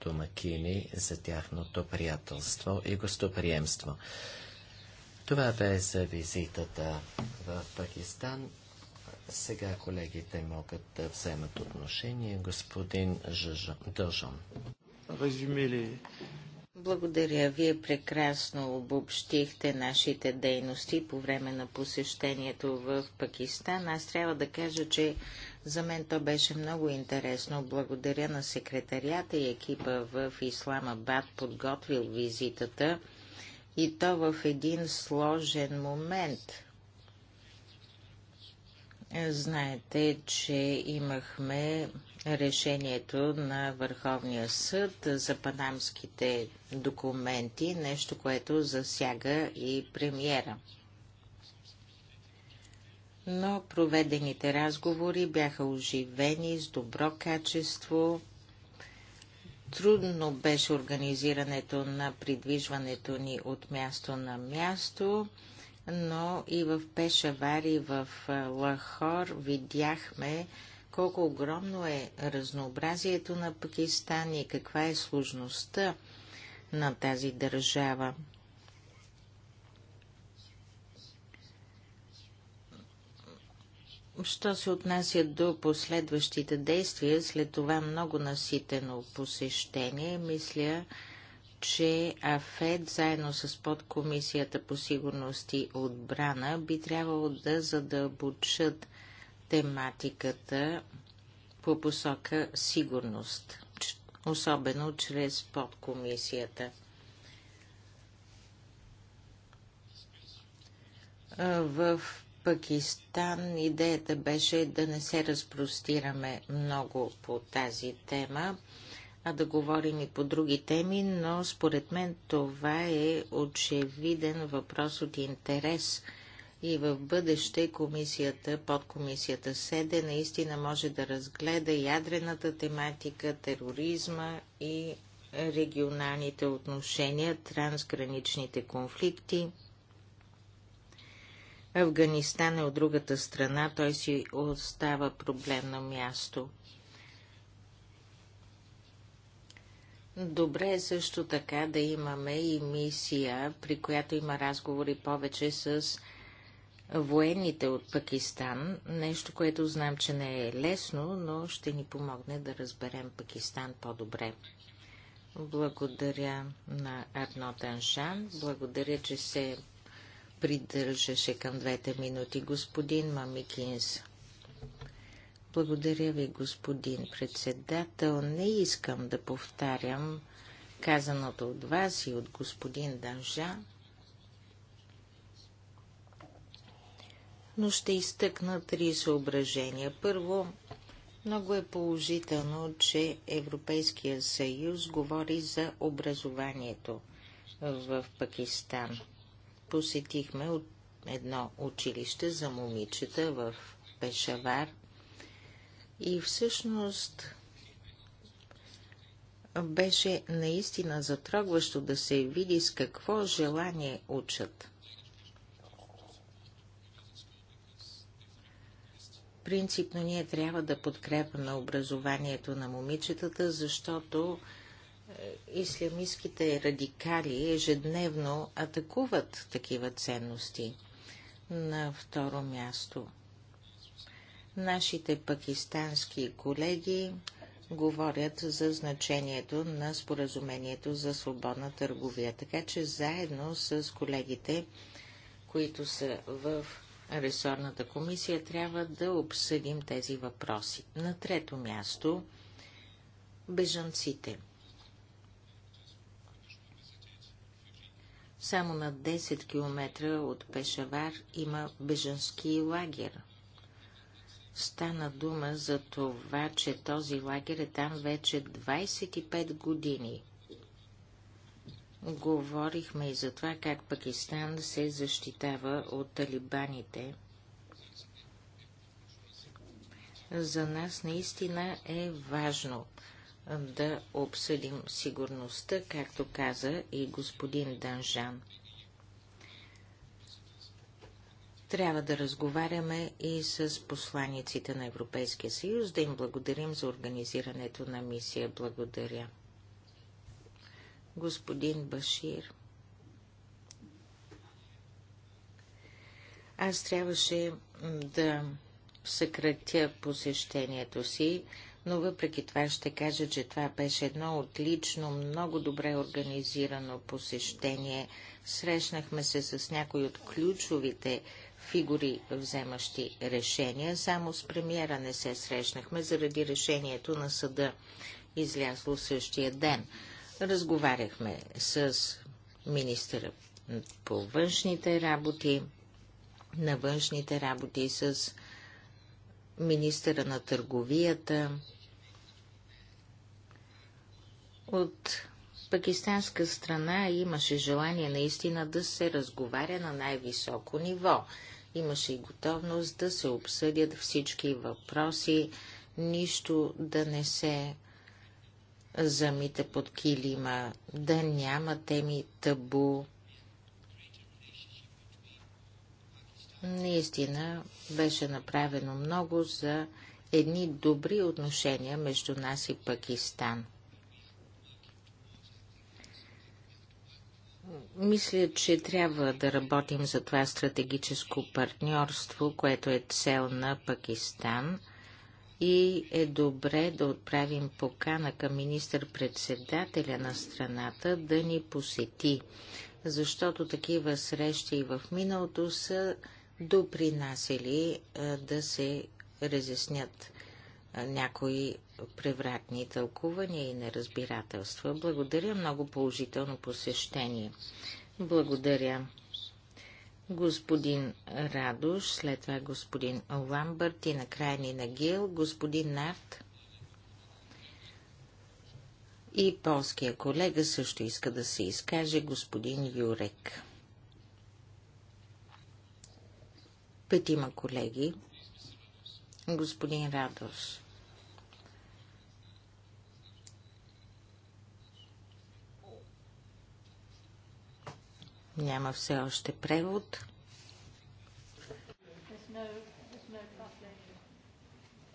домакини за тяхното приятелство и гостоприемство. Това бе за визитата в Пакистан. Сега колегите могат да вземат отношение. Господин Дължон. Резюме благодаря. Вие прекрасно обобщихте нашите дейности по време на посещението в Пакистан. Аз трябва да кажа, че за мен то беше много интересно. Благодаря на секретарията и екипа в Исламабад, подготвил визитата и то в един сложен момент – Знаете, че имахме решението на Върховния съд за панамските документи, нещо, което засяга и премиера. Но проведените разговори бяха оживени с добро качество. Трудно беше организирането на придвижването ни от място на място но и в Пешавари и в Лахор видяхме колко огромно е разнообразието на Пакистан и каква е сложността на тази държава. Що се отнася до последващите действия, след това много наситено посещение, мисля, че АФЕД заедно с подкомисията по сигурност и отбрана би трябвало да задълбочат тематиката по посока сигурност, особено чрез подкомисията. В Пакистан идеята беше да не се разпростираме много по тази тема а да говорим и по други теми, но според мен това е очевиден въпрос от интерес. И в бъдеще комисията, подкомисията СЕДЕ, наистина може да разгледа ядрената тематика, тероризма и регионалните отношения, трансграничните конфликти. Афганистан е от другата страна, той си остава проблемно място – Добре е също така да имаме и мисия, при която има разговори повече с военните от Пакистан. Нещо, което знам, че не е лесно, но ще ни помогне да разберем Пакистан по-добре. Благодаря на Арно Таншан. Благодаря, че се придържаше към двете минути господин Мамикинс. Благодаря ви, господин председател. Не искам да повтарям казаното от вас и от господин Данжа, но ще изтъкна три съображения. Първо, много е положително, че Европейския съюз говори за образованието в Пакистан. Посетихме едно училище за момичета в Пешавар и всъщност беше наистина затрогващо да се види с какво желание учат. Принципно ние трябва да подкрепяме образованието на момичетата, защото е, ислямистските радикали ежедневно атакуват такива ценности. На второ място – Нашите пакистански колеги говорят за значението на споразумението за свободна търговия. Така че заедно с колегите, които са в ресорната комисия, трябва да обсъдим тези въпроси. На трето място бежанците. Само на 10 км от Пешавар има бежански лагер – стана дума за това, че този лагер е там вече 25 години. Говорихме и за това, как Пакистан се защитава от талибаните. За нас наистина е важно да обсъдим сигурността, както каза и господин Данжан. Трябва да разговаряме и с посланиците на Европейския съюз, да им благодарим за организирането на мисия. Благодаря. Господин Башир. Аз трябваше да съкратя посещението си, но въпреки това ще кажа, че това беше едно отлично, много добре организирано посещение. Срещнахме се с някои от ключовите фигури, вземащи решения. Само с премиера не се срещнахме заради решението на съда, излязло същия ден. Разговаряхме с министъра по външните работи, на външните работи с министъра на търговията. От пакистанска страна имаше желание наистина да се разговаря на най-високо ниво. Имаше и готовност да се обсъдят всички въпроси, нищо да не се замита под килима, да няма теми табу. Наистина беше направено много за едни добри отношения между нас и Пакистан. Мисля, че трябва да работим за това стратегическо партньорство, което е цел на Пакистан и е добре да отправим покана към министър-председателя на страната да ни посети, защото такива срещи и в миналото са допринасили да се разяснят някои превратни тълкувания и неразбирателства. Благодаря много положително посещение. Благодаря господин Радуш, след това господин Ламбърт и накрая на Гил, господин Нарт и полския колега също иска да се изкаже господин Юрек. Петима колеги, господин Радош. Няма все още превод.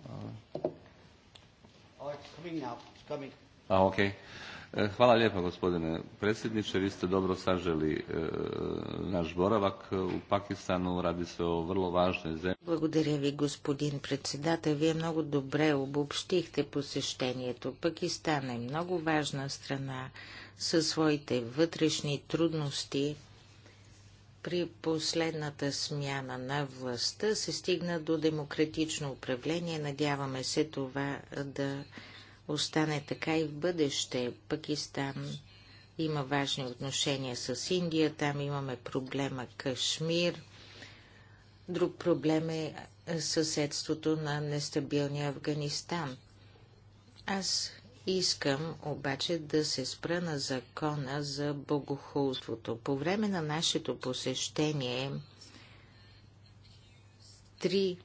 А, oh, okay. E, hvala lijepa gospodine predsjedniče. Vi ste dobro saželi e, naš boravak e, u Pakistanu. Radi se o vrlo važnoj zemlji. Благодаря ви, господин председател. Вие много добре обобщихте посещението. Пакистан е много важна страна със своите вътрешни трудности при последната смяна на властта се стигна до демократично управление. Надяваме се това да остане така и в бъдеще. Пакистан има важни отношения с Индия, там имаме проблема Кашмир. Друг проблем е съседството на нестабилния Афганистан. Аз Искам обаче да се спра на закона за богохулството. По време на нашето посещение три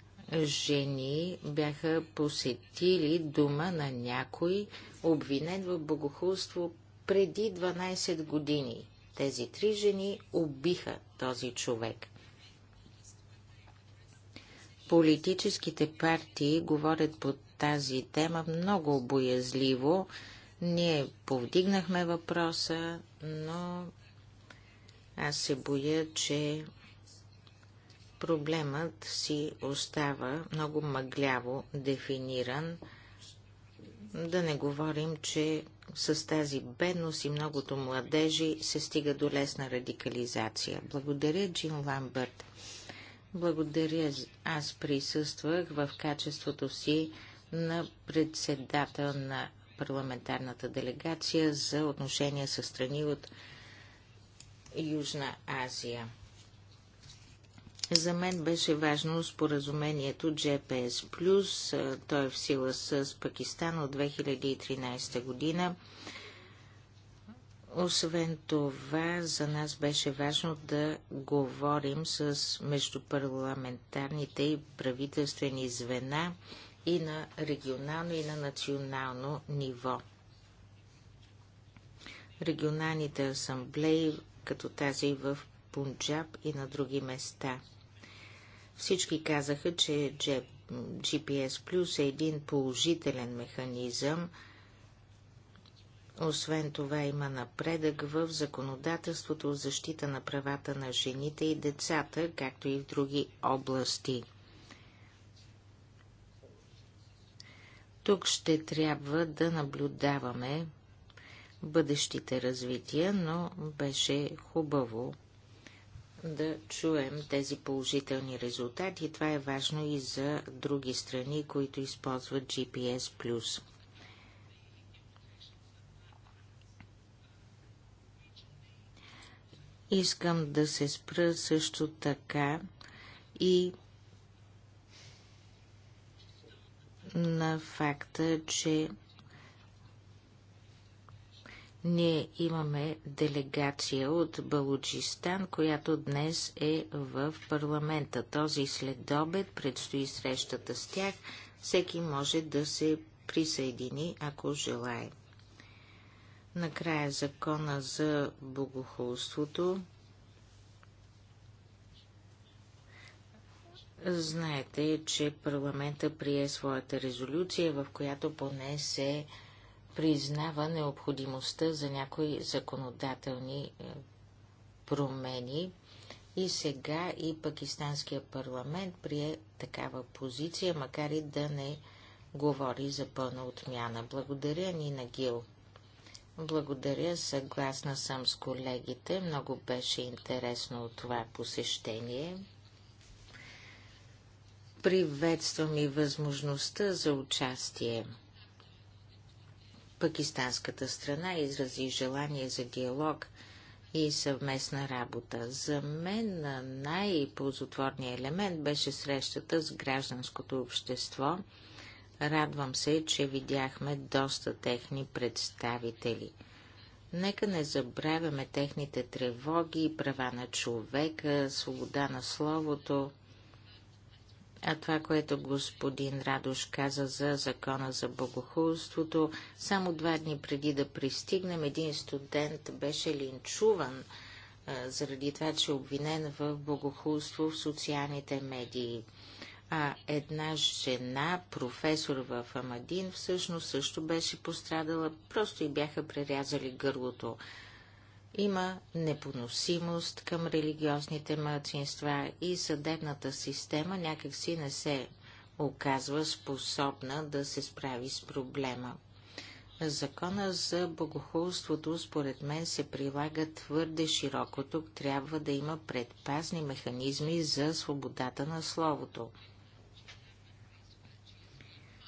жени бяха посетили дома на някой, обвинен в богохулство преди 12 години. Тези три жени убиха този човек. Политическите партии говорят по тази тема много боязливо. Ние повдигнахме въпроса, но аз се боя, че проблемът си остава много мъгляво дефиниран. Да не говорим, че с тази бедност и многото младежи се стига до лесна радикализация. Благодаря, Джин Ламбърт. Благодаря, аз присъствах в качеството си на председател на парламентарната делегация за отношения с страни от Южна Азия. За мен беше важно споразумението GPS Plus. Той е в сила с Пакистан от 2013 година. Освен това, за нас беше важно да говорим с междупарламентарните и правителствени звена и на регионално, и на национално ниво. Регионалните асамблеи, като тази в Пунджаб и на други места. Всички казаха, че GPS Plus е един положителен механизъм. Освен това има напредък в законодателството в защита на правата на жените и децата, както и в други области – Тук ще трябва да наблюдаваме бъдещите развития, но беше хубаво да чуем тези положителни резултати. Това е важно и за други страни, които използват GPS+. Искам да се спра също така и на факта, че ние имаме делегация от Балуджистан, която днес е в парламента. Този следобед предстои срещата с тях. Всеки може да се присъедини, ако желае. Накрая закона за богохулството. Знаете, че парламента прие своята резолюция, в която поне се признава необходимостта за някои законодателни е, промени. И сега и пакистанския парламент прие такава позиция, макар и да не говори за пълна отмяна. Благодаря ни на Гил. Благодаря, съгласна съм с колегите. Много беше интересно от това посещение. Приветствам и възможността за участие. Пакистанската страна изрази желание за диалог и съвместна работа. За мен най-ползотворният елемент беше срещата с гражданското общество. Радвам се, че видяхме доста техни представители. Нека не забравяме техните тревоги, права на човека, свобода на словото. А това, което господин Радош каза за закона за богохулството, само два дни преди да пристигнем, един студент беше линчуван заради това, че е обвинен в богохулство в социалните медии. А една жена, професор в Амадин, всъщност също беше пострадала, просто и бяха прерязали гърлото. Има непоносимост към религиозните младсинства и съдебната система някакси не се оказва способна да се справи с проблема. Закона за богохулството според мен се прилага твърде широко. Тук трябва да има предпазни механизми за свободата на словото.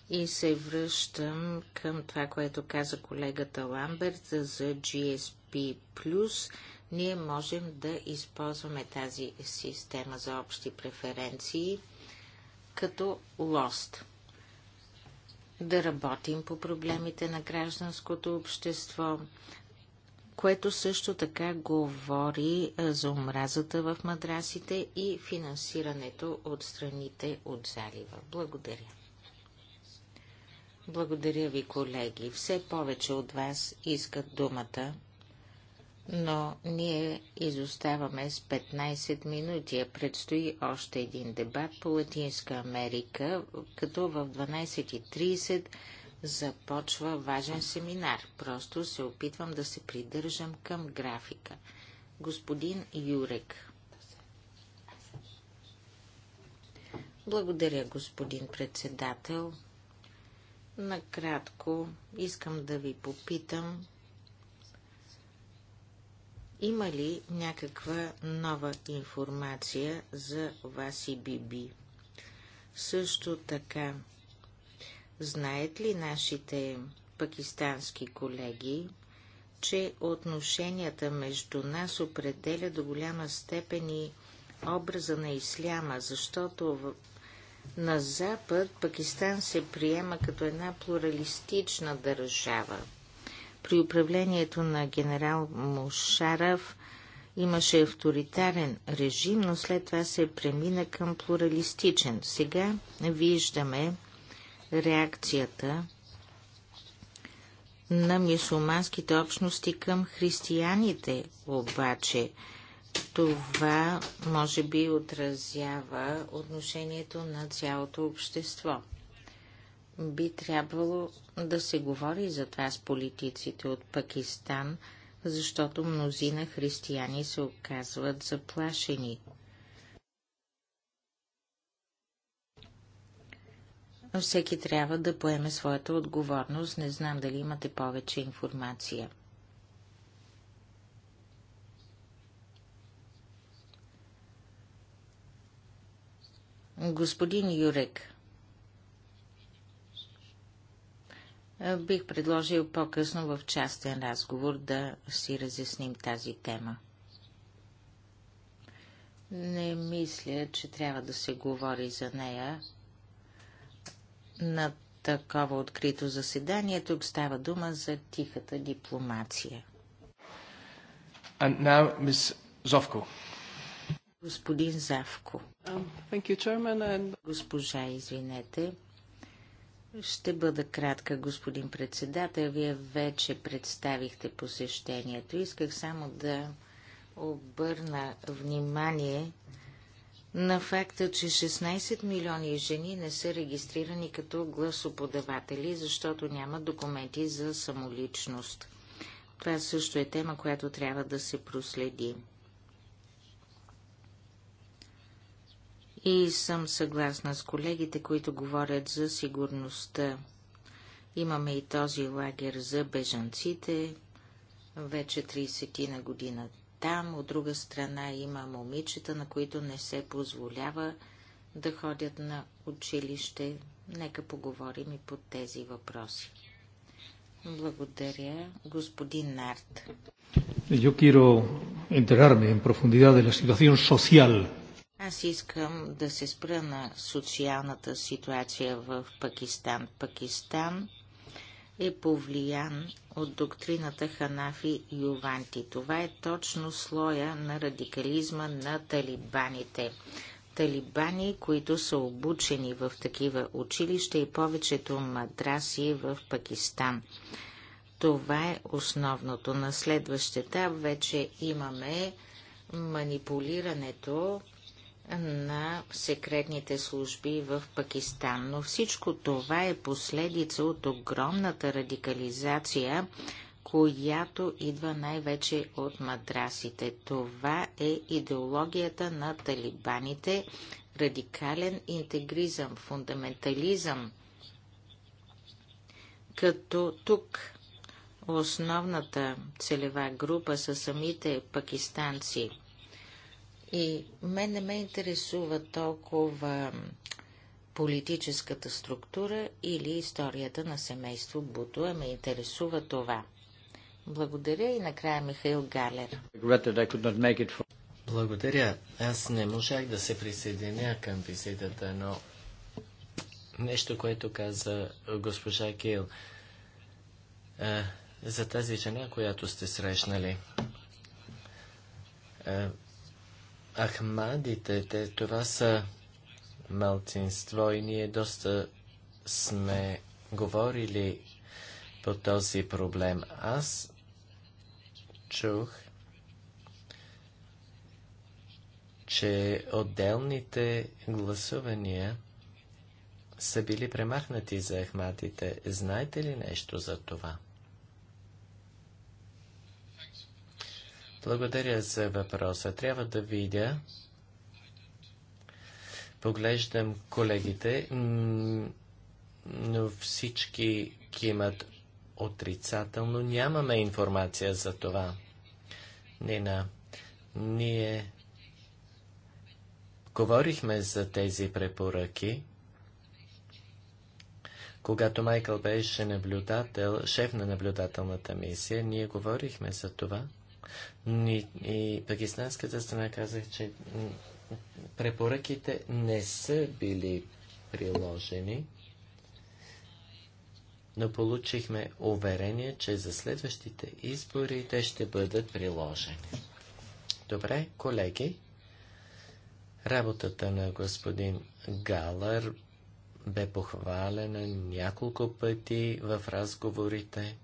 И се връщам към това, което каза колегата Ламберт за GSP P+, ние можем да използваме тази система за общи преференции като лост. Да работим по проблемите на гражданското общество, което също така говори за омразата в мадрасите и финансирането от страните от залива. Благодаря. Благодаря ви, колеги. Все повече от вас искат думата но ние изоставаме с 15 минути. Предстои още един дебат по Латинска Америка, като в 12.30 започва важен семинар. Просто се опитвам да се придържам към графика. Господин Юрек. Благодаря, господин председател. Накратко искам да ви попитам има ли някаква нова информация за вас и Биби? Също така, знаят ли нашите пакистански колеги, че отношенията между нас определя до голяма степен и образа на исляма, защото в... на Запад Пакистан се приема като една плуралистична държава – при управлението на генерал Мушаров имаше авторитарен режим, но след това се премина към плуралистичен. Сега виждаме реакцията на мисулманските общности към християните, обаче това може би отразява отношението на цялото общество. Би трябвало да се говори за това с политиците от Пакистан, защото мнозина християни се оказват заплашени. Всеки трябва да поеме своята отговорност. Не знам дали имате повече информация. Господин Юрек Е, бих предложил по-късно в частен разговор да си разясним тази тема. Не мисля, че трябва да се говори за нея на такова открито заседание. Тук става дума за тихата дипломация. And now, Ms. Господин Завко. Um, you, chairman, and... Госпожа, извинете. Ще бъда кратка, господин председател. Вие вече представихте посещението. Исках само да обърна внимание на факта, че 16 милиони жени не са регистрирани като гласоподаватели, защото няма документи за самоличност. Това също е тема, която трябва да се проследи. И съм съгласна с колегите, които говорят за сигурността. Имаме и този лагер за бежанците, вече 30 на година. Там, от друга страна, има момичета, на които не се позволява да ходят на училище. Нека поговорим и по тези въпроси. Благодаря, господин Нарт. Yo quiero enterarme en profundidad de la situación social аз искам да се спра на социалната ситуация в Пакистан. Пакистан е повлиян от доктрината Ханафи Юванти. Това е точно слоя на радикализма на талибаните. Талибани, които са обучени в такива училища и повечето мадраси в Пакистан. Това е основното. На следващ етап вече имаме манипулирането на секретните служби в Пакистан. Но всичко това е последица от огромната радикализация, която идва най-вече от мадрасите. Това е идеологията на талибаните, радикален интегризъм, фундаментализъм. Като тук основната целева група са самите пакистанци – и мен не ме интересува толкова политическата структура или историята на семейство Буто, а ме интересува това. Благодаря и накрая Михаил Галер. Благодаря. Аз не можах да се присъединя към визитата, но нещо, което каза госпожа Кил, за тази жена, която сте срещнали. Ахмадите, те, това са малцинство и ние доста сме говорили по този проблем. Аз чух, че отделните гласувания са били премахнати за ахматите. Знаете ли нещо за това? Благодаря за въпроса. Трябва да видя. Поглеждам колегите, но всички кимат отрицателно. Нямаме информация за това. Нина, ние говорихме за тези препоръки. Когато Майкъл беше наблюдател, шеф на наблюдателната мисия, ние говорихме за това – и, и пакистанската страна казах, че препоръките не са били приложени, но получихме уверение, че за следващите избори те ще бъдат приложени. Добре, колеги, работата на господин Галър бе похвалена няколко пъти в разговорите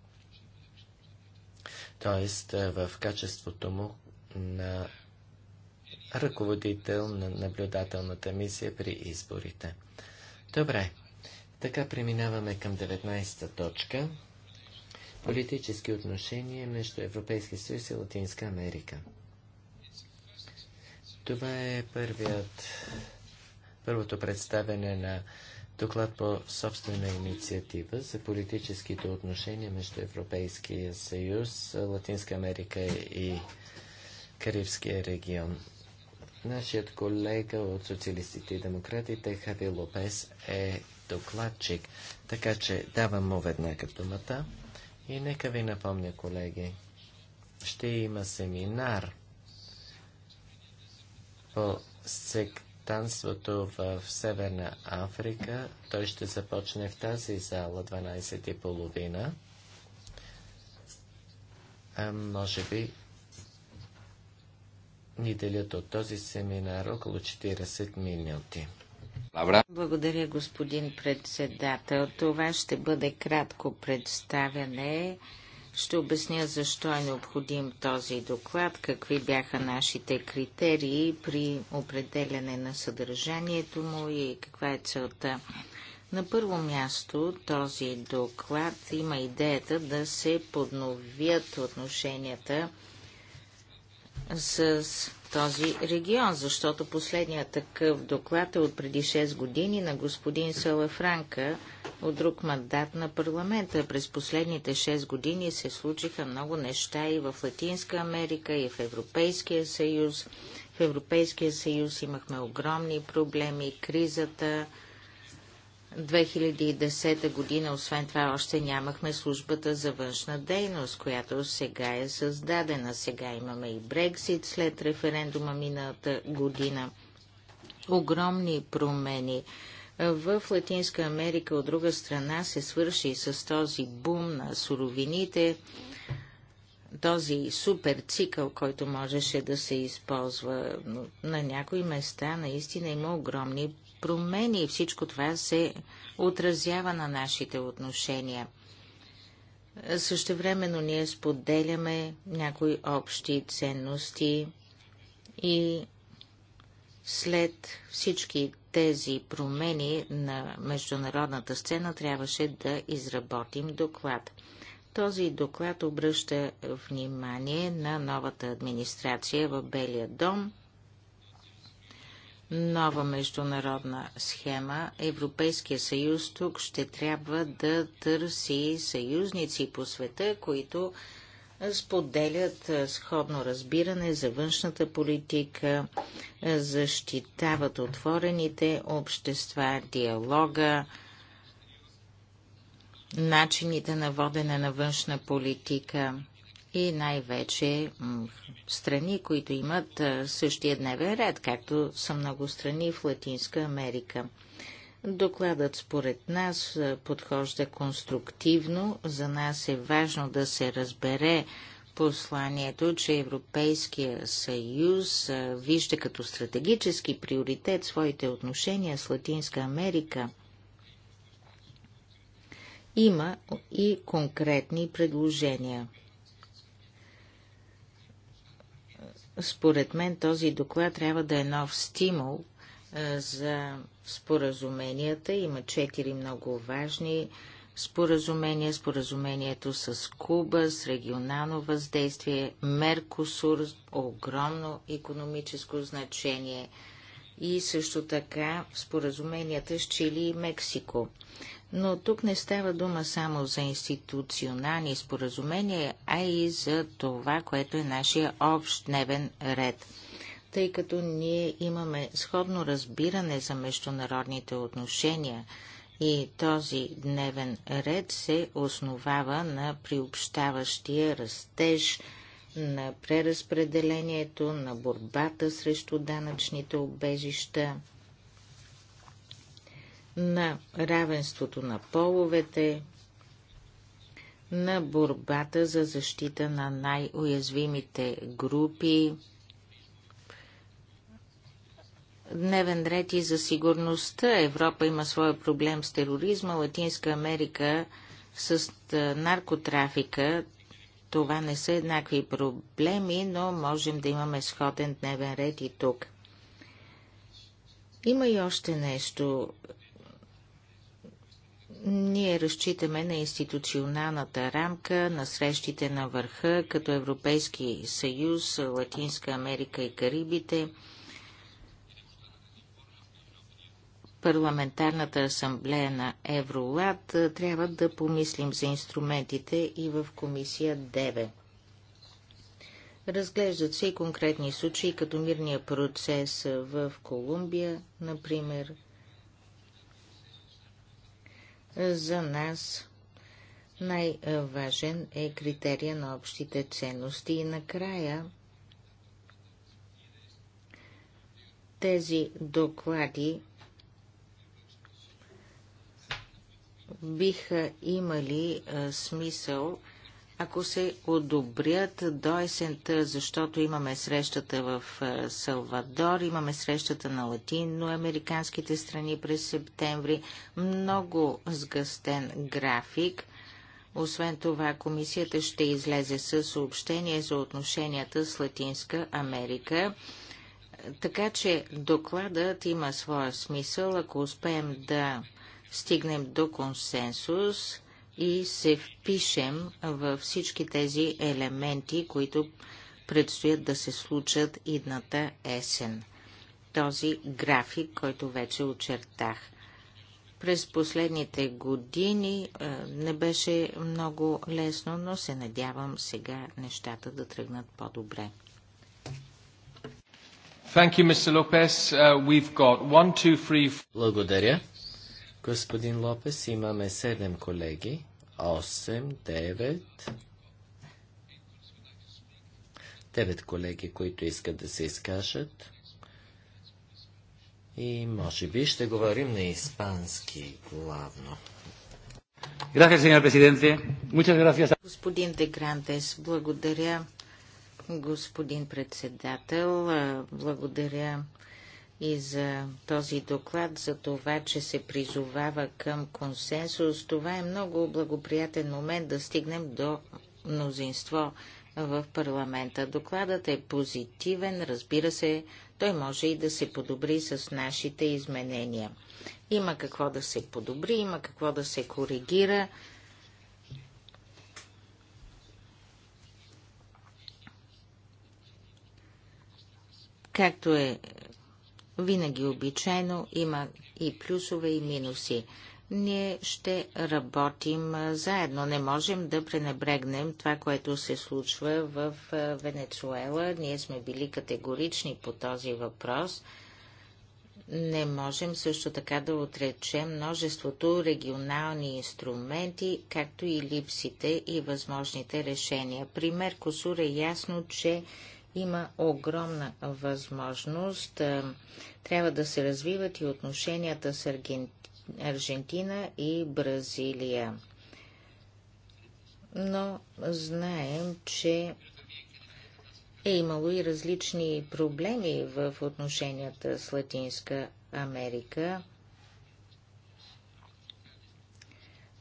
т.е. в качеството му на ръководител на наблюдателната мисия при изборите. Добре, така преминаваме към 19-та точка. Политически отношения между Европейския съюз и Латинска Америка. Това е първият, първото представяне на Доклад по собствена инициатива за политическите отношения между Европейския съюз, Латинска Америка и Карибския регион. Нашият колега от социалистите и демократите Хави Лопес е докладчик, така че давам му веднага думата. И нека ви напомня, колеги, ще има семинар по сектор танството в Северна Африка. Той ще започне в тази зала 12.30. А може би неделят от този семинар около 40 минути. Благодаря, господин председател. Това ще бъде кратко представяне. Ще обясня защо е необходим този доклад, какви бяха нашите критерии при определяне на съдържанието му и каква е целта. На първо място този доклад има идеята да се подновят отношенията с този регион, защото последният такъв доклад е от преди 6 години на господин Салафранка Франка от друг мандат на парламента. През последните 6 години се случиха много неща и в Латинска Америка, и в Европейския съюз. В Европейския съюз имахме огромни проблеми, кризата. 2010 година, освен това, още нямахме службата за външна дейност, която сега е създадена. Сега имаме и Брексит след референдума миналата година. Огромни промени. В Латинска Америка, от друга страна, се свърши с този бум на суровините, този супер цикъл, който можеше да се използва на някои места, наистина има огромни промени и всичко това се отразява на нашите отношения. Същевременно ние споделяме някои общи ценности и след всички тези промени на международната сцена трябваше да изработим доклад. Този доклад обръща внимание на новата администрация в Белия дом, нова международна схема, Европейския съюз тук ще трябва да търси съюзници по света, които споделят сходно разбиране за външната политика, защитават отворените общества, диалога, начините на водене на външна политика и най-вече страни, които имат същия дневен ред, както са много страни в Латинска Америка. Докладът според нас подхожда конструктивно. За нас е важно да се разбере посланието, че Европейския съюз вижда като стратегически приоритет своите отношения с Латинска Америка. Има и конкретни предложения. Според мен този доклад трябва да е нов стимул за споразуменията. Има четири много важни споразумения. Споразумението с Куба, с регионално въздействие, Меркосур, огромно економическо значение и също така споразуменията с Чили и Мексико. Но тук не става дума само за институционални споразумения, а и за това, което е нашия общ дневен ред – тъй като ние имаме сходно разбиране за международните отношения и този дневен ред се основава на приобщаващия растеж, на преразпределението, на борбата срещу данъчните обежища, на равенството на половете, на борбата за защита на най-уязвимите групи, дневен ред и за сигурността. Европа има своя проблем с тероризма, Латинска Америка с наркотрафика. Това не са еднакви проблеми, но можем да имаме сходен дневен ред и тук. Има и още нещо. Ние разчитаме на институционалната рамка, на срещите на върха, като Европейски съюз, Латинска Америка и Карибите – парламентарната асамблея на Евролад, трябва да помислим за инструментите и в комисия 9. Разглеждат се и конкретни случаи, като мирния процес в Колумбия, например. За нас най-важен е критерия на общите ценности и накрая тези доклади биха имали а, смисъл, ако се одобрят до есента, защото имаме срещата в а, Салвадор, имаме срещата на латиноамериканските страни през септември, много сгъстен график. Освен това, комисията ще излезе с съобщение за отношенията с Латинска Америка. Така че докладът има своя смисъл, ако успеем да стигнем до консенсус и се впишем във всички тези елементи, които предстоят да се случат идната есен. Този график, който вече очертах. През последните години е, не беше много лесно, но се надявам сега нещата да тръгнат по-добре. Uh, Благодаря. Господин Лопес, имаме 7 колеги. 8, 9. 9 колеги, които искат да се изкажат. И може би ще говорим на испански главно. Господин Дегрантес, благодаря. Господин председател, благодаря и за този доклад, за това, че се призовава към консенсус. Това е много благоприятен момент да стигнем до мнозинство в парламента. Докладът е позитивен, разбира се, той може и да се подобри с нашите изменения. Има какво да се подобри, има какво да се коригира. Както е винаги обичайно има и плюсове и минуси. Ние ще работим заедно. Не можем да пренебрегнем това, което се случва в Венецуела. Ние сме били категорични по този въпрос. Не можем също така да отречем множеството регионални инструменти, както и липсите и възможните решения. При Меркосур е ясно, че има огромна възможност. Е, трябва да се развиват и отношенията с Аргентина и Бразилия. Но знаем, че е имало и различни проблеми в отношенията с Латинска Америка.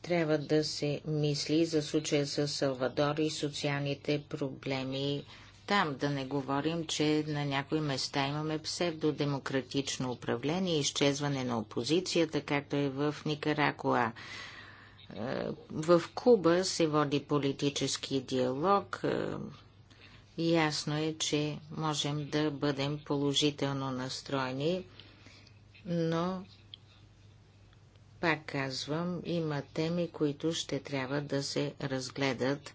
Трябва да се мисли за случая с Салвадор и социалните проблеми там. Да не говорим, че на някои места имаме псевдодемократично управление, изчезване на опозицията, както е в Никаракуа. Е, в Куба се води политически диалог. Е, ясно е, че можем да бъдем положително настроени, но пак казвам, има теми, които ще трябва да се разгледат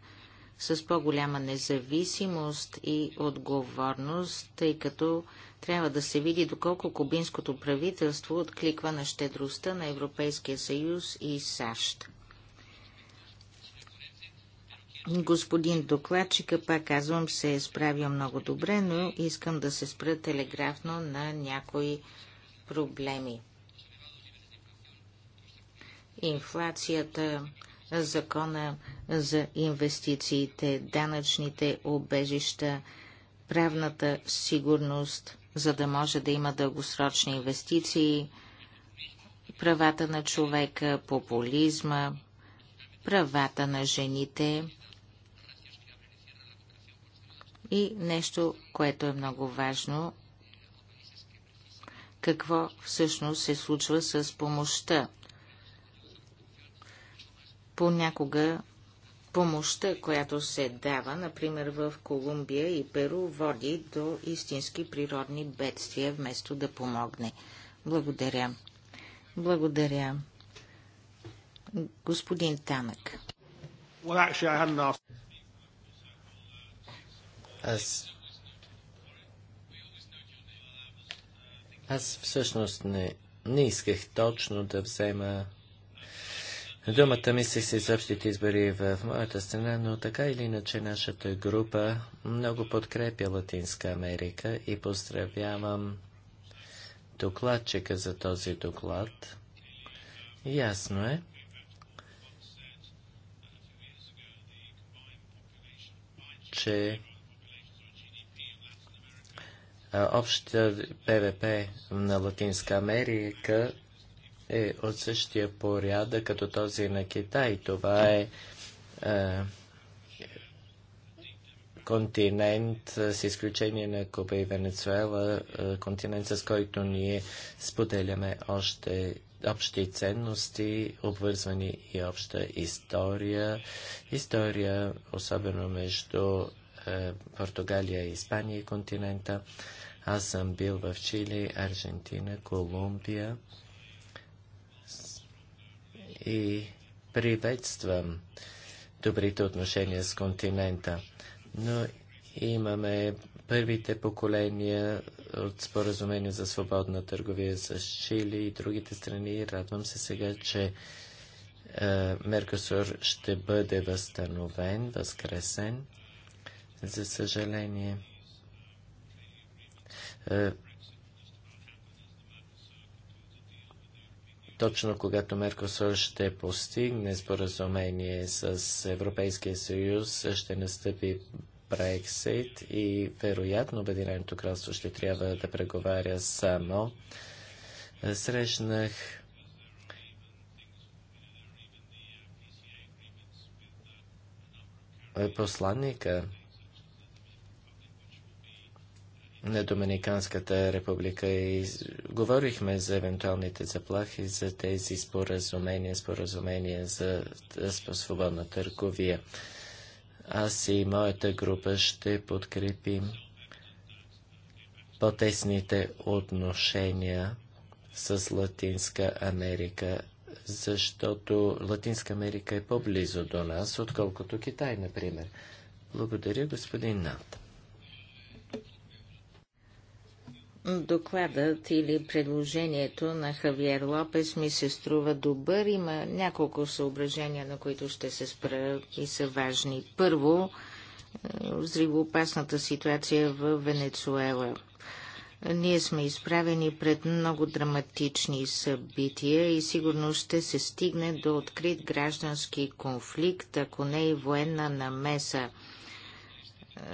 с по-голяма независимост и отговорност, тъй като трябва да се види доколко кубинското правителство откликва на щедростта на Европейския съюз и САЩ. Господин докладчика, пак казвам, се е справил много добре, но искам да се спра телеграфно на някои проблеми. Инфлацията, закона за инвестициите, данъчните обежища, правната сигурност, за да може да има дългосрочни инвестиции, правата на човека, популизма, правата на жените и нещо, което е много важно, какво всъщност се случва с помощта Понякога помощта, която се дава, например в Колумбия и Перу, води до истински природни бедствия, вместо да помогне. Благодаря. Благодаря. Господин Танък. Аз... Аз всъщност не, не исках точно да взема Думата ми се си съобщите избори в моята страна, но така или иначе нашата група много подкрепя Латинска Америка и поздравявам докладчика за този доклад. Ясно е, че общата ПВП на Латинска Америка е от същия порядък като този на Китай. Това е, е континент, е, с изключение на Куба и Венецуела, е, континент, с който ние споделяме още общи ценности, обвързвани и обща история. История, особено между е, Португалия и Испания и континента. Аз съм бил в Чили, Аржентина, Колумбия и приветствам добрите отношения с континента, но имаме първите поколения от споразумение за свободна търговия с Чили и другите страни. Радвам се сега, че е, Меркосур ще бъде възстановен, възкресен. За съжаление, е, точно когато Меркосур ще постигне споразумение с Европейския съюз, ще настъпи Брексит и вероятно Обединеното кралство ще трябва да преговаря само. Срещнах посланника на Доминиканската република и говорихме за евентуалните заплахи за тези споразумения, споразумения за свободна търговия. Аз и моята група ще подкрепим по-тесните отношения с Латинска Америка, защото Латинска Америка е по-близо до нас, отколкото Китай, например. Благодаря, господин Нат. Докладът или предложението на Хавиер Лопес ми се струва добър. Има няколко съображения, на които ще се спра и са важни. Първо, е, взривоопасната ситуация в Венецуела. Ние сме изправени пред много драматични събития и сигурно ще се стигне до открит граждански конфликт, ако не и военна намеса.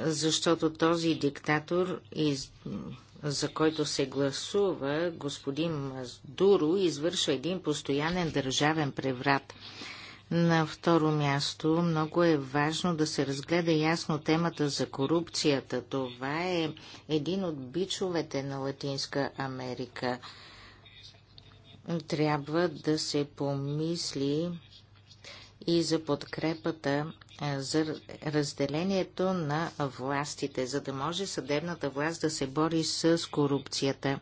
Защото този диктатор из за който се гласува, господин Маздуро извършва един постоянен държавен преврат. На второ място, много е важно да се разгледа ясно темата за корупцията. Това е един от бичовете на Латинска Америка. Трябва да се помисли и за подкрепата е, за разделението на властите, за да може съдебната власт да се бори с корупцията.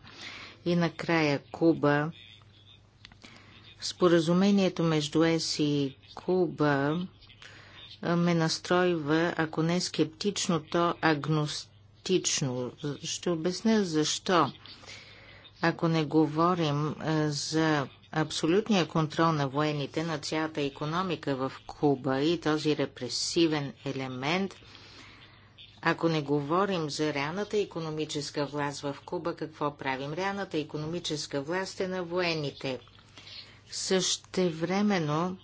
И накрая Куба. Споразумението между ЕС и Куба е, ме настройва, ако не скептично, то агностично. Ще обясня защо. Ако не говорим е, за Абсолютният контрол на военните на цялата економика в Куба и този репресивен елемент, ако не говорим за реалната економическа власт в Куба, какво правим? Реалната економическа власт е на военните. Същевременно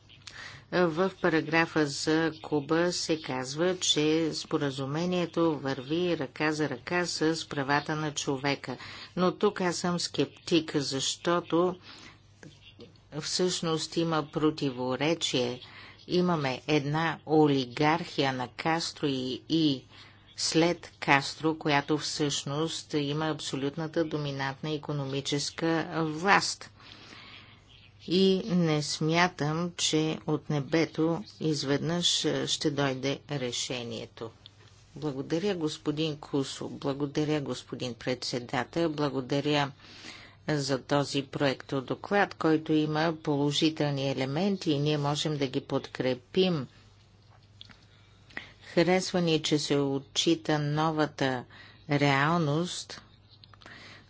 в параграфа за Куба се казва, че споразумението върви ръка за ръка с правата на човека. Но тук аз съм скептик, защото всъщност има противоречие. Имаме една олигархия на Кастро и, и след Кастро, която всъщност има абсолютната доминантна економическа власт. И не смятам, че от небето изведнъж ще дойде решението. Благодаря, господин Кусо. Благодаря, господин председател. Благодаря за този проект доклад, който има положителни елементи и ние можем да ги подкрепим. Харесва ни, че се отчита новата реалност,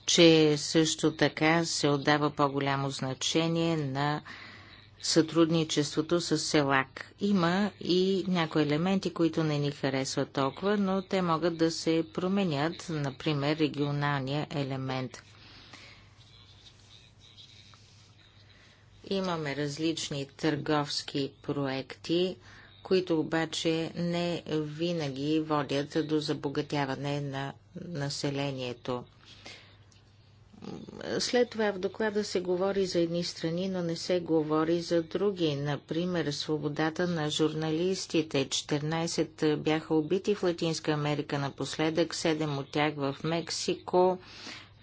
че също така се отдава по-голямо значение на сътрудничеството с СЕЛАК. Има и някои елементи, които не ни харесват толкова, но те могат да се променят, например регионалния елемент – Имаме различни търговски проекти, които обаче не винаги водят до забогатяване на населението. След това в доклада се говори за едни страни, но не се говори за други. Например, свободата на журналистите. 14 бяха убити в Латинска Америка напоследък, 7 от тях в Мексико.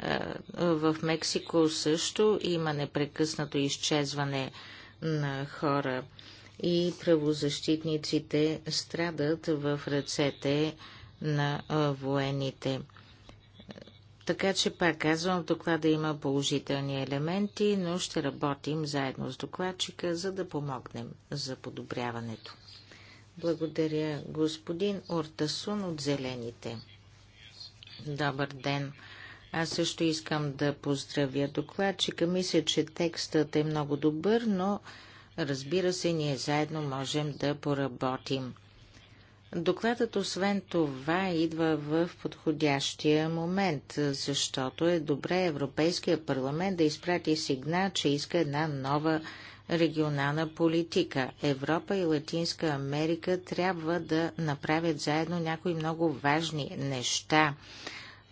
Е, в Мексико също има непрекъснато изчезване на хора и правозащитниците страдат в ръцете на е, военните. Така че, пак казвам, в доклада има положителни елементи, но ще работим заедно с докладчика, за да помогнем за подобряването. Благодаря господин Ортасун от Зелените. Добър ден! Аз също искам да поздравя докладчика. Мисля, че текстът е много добър, но разбира се, ние заедно можем да поработим. Докладът освен това идва в подходящия момент, защото е добре Европейския парламент да изпрати сигнал, че иска една нова регионална политика. Европа и Латинска Америка трябва да направят заедно някои много важни неща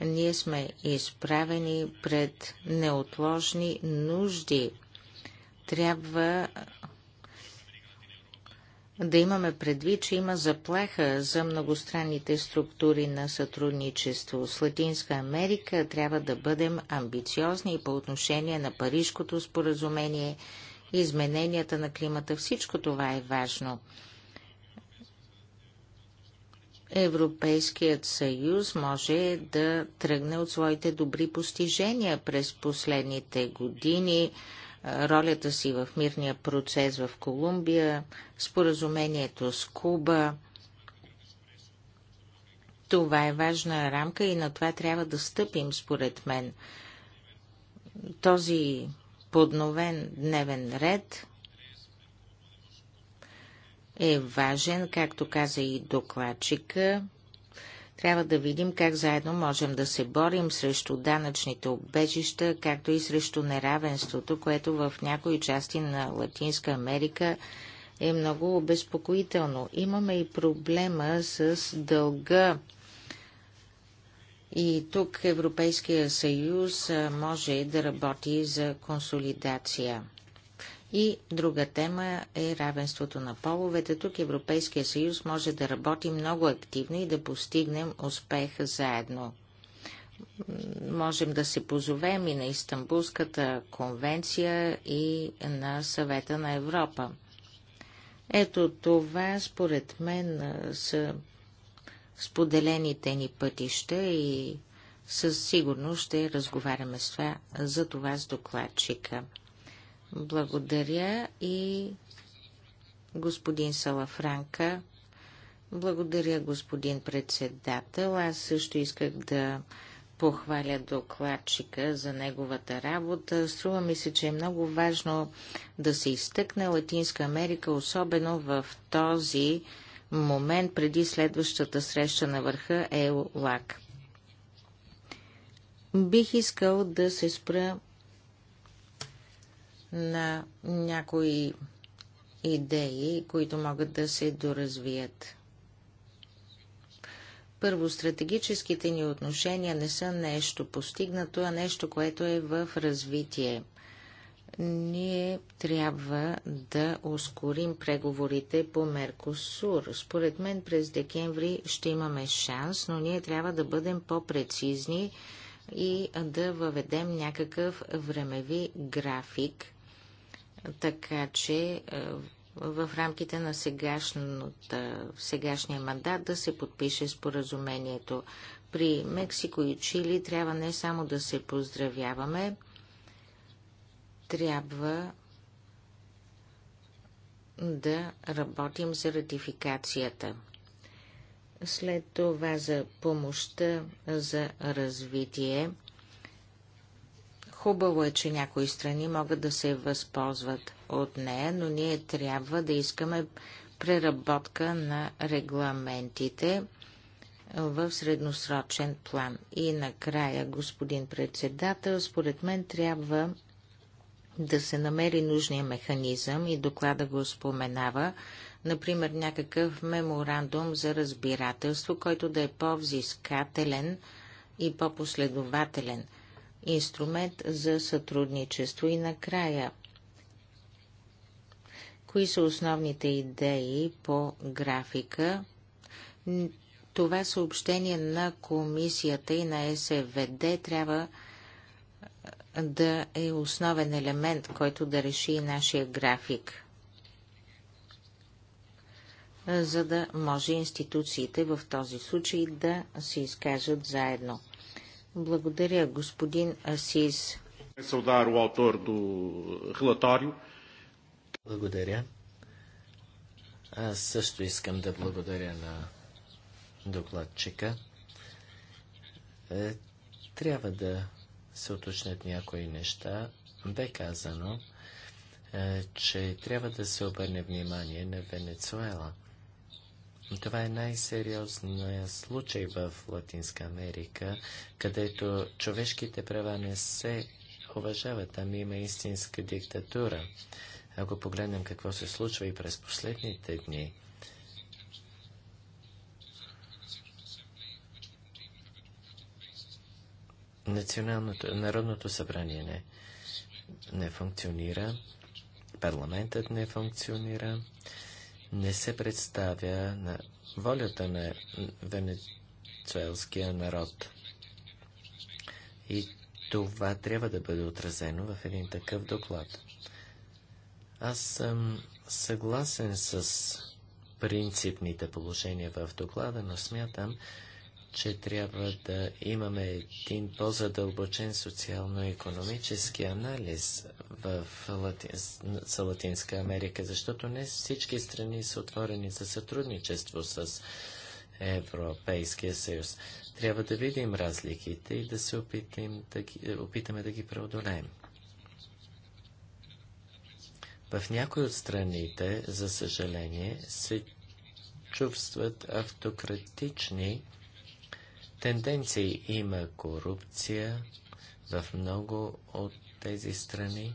ние сме изправени пред неотложни нужди. Трябва да имаме предвид, че има заплаха за многостранните структури на сътрудничество. С Латинска Америка трябва да бъдем амбициозни и по отношение на Парижкото споразумение, измененията на климата. Всичко това е важно. Европейският съюз може да тръгне от своите добри постижения през последните години, ролята си в мирния процес в Колумбия, споразумението с Куба. Това е важна рамка и на това трябва да стъпим, според мен. Този подновен дневен ред е важен, както каза и докладчика. Трябва да видим как заедно можем да се борим срещу данъчните обежища, както и срещу неравенството, което в някои части на Латинска Америка е много обезпокоително. Имаме и проблема с дълга. И тук Европейския съюз може да работи за консолидация. И друга тема е равенството на половете. Тук Европейския съюз може да работи много активно и да постигнем успех заедно. Можем да се позовем и на Истанбулската конвенция и на съвета на Европа. Ето това, според мен, са споделените ни пътища и със сигурност ще разговаряме с това, за това с докладчика. Благодаря и господин Салафранка. Благодаря, господин председател. Аз също исках да похваля докладчика за неговата работа. Струва ми се, че е много важно да се изтъкне Латинска Америка, особено в този момент преди следващата среща на върха ЕУ-ЛАК. Бих искал да се спра на някои идеи, които могат да се доразвият. Първо, стратегическите ни отношения не са нещо постигнато, а нещо, което е в развитие. Ние трябва да ускорим преговорите по Меркосур. Според мен през декември ще имаме шанс, но ние трябва да бъдем по-прецизни и да въведем някакъв времеви график, така че е, в рамките на сегашния мандат да се подпише споразумението. При Мексико и Чили трябва не само да се поздравяваме, трябва да работим за ратификацията. След това за помощта за развитие Хубаво е, че някои страни могат да се възползват от нея, но ние трябва да искаме преработка на регламентите в средносрочен план. И накрая, господин председател, според мен трябва да се намери нужния механизъм и доклада го споменава, например някакъв меморандум за разбирателство, който да е по-взискателен и по-последователен – инструмент за сътрудничество. И накрая, кои са основните идеи по графика? Това съобщение на комисията и на СВД трябва да е основен елемент, който да реши нашия график, за да може институциите в този случай да се изкажат заедно. Благодаря, господин Асис. Благодаря. Аз също искам да благодаря на докладчика. Е, трябва да се уточнят някои неща. Бе казано, е, че трябва да се обърне внимание на Венецуела. Това е най-сериозният случай в Латинска Америка, където човешките права не се уважават. Там има истинска диктатура. Ако погледнем какво се случва и през последните дни, Националното, Народното събрание не, не функционира, парламентът не функционира, не се представя на волята на венецуелския народ. И това трябва да бъде отразено в един такъв доклад. Аз съм съгласен с принципните положения в доклада, но смятам, че трябва да имаме един по-задълбочен социално-економически анализ в Латин... за Латинска Америка, защото не всички страни са отворени за сътрудничество с Европейския съюз. Трябва да видим разликите и да се опитим да ги, опитаме да ги преодолеем. В някои от страните, за съжаление, се чувстват автократични тенденции. Има корупция в много от тези страни.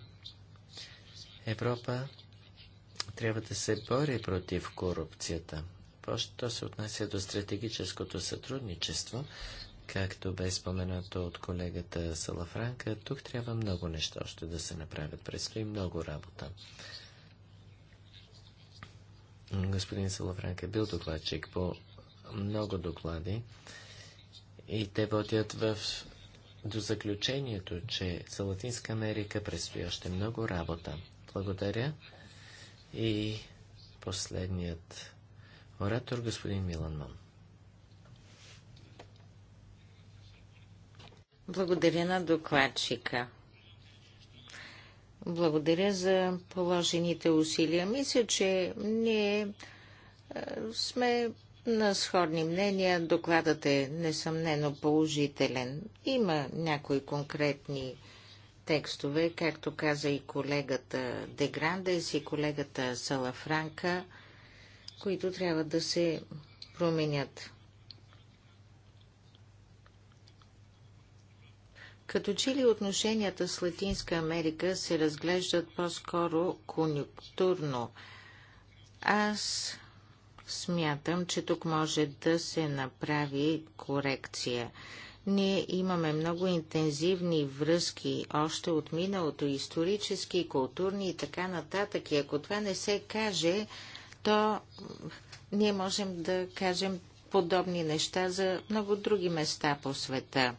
Европа трябва да се бори против корупцията. По-що се отнася до стратегическото сътрудничество, както бе споменато от колегата Салафранка, тук трябва много неща още да се направят. Предстои много работа. Господин Салафранка е бил докладчик по много доклади и те водят в... до заключението, че за Латинска Америка предстои още много работа. Благодаря. И последният оратор, господин Милан Мон. Благодаря на докладчика. Благодаря за положените усилия. Мисля, че ние сме на сходни мнения. Докладът е несъмнено положителен. Има някои конкретни текстове, както каза и колегата Деграндес и колегата Салафранка, които трябва да се променят. Като че ли отношенията с Латинска Америка се разглеждат по-скоро конъюнктурно, Аз Смятам, че тук може да се направи корекция. Ние имаме много интензивни връзки още от миналото, исторически, културни и така нататък. И ако това не се каже, то ние можем да кажем подобни неща за много други места по света.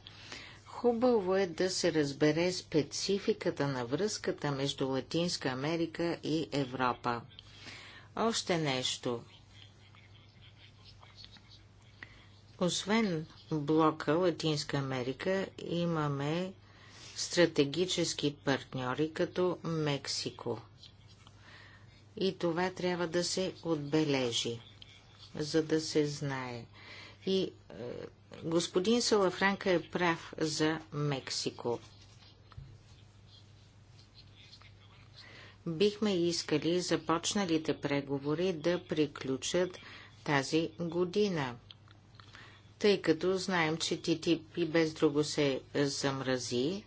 Хубаво е да се разбере спецификата на връзката между Латинска Америка и Европа. Още нещо. Освен блока Латинска Америка, имаме стратегически партньори като Мексико. И това трябва да се отбележи, за да се знае. И е, господин Салафранка е прав за Мексико. Бихме искали започналите преговори да приключат тази година. Тъй като знаем, че ТТИП и без друго се замрази,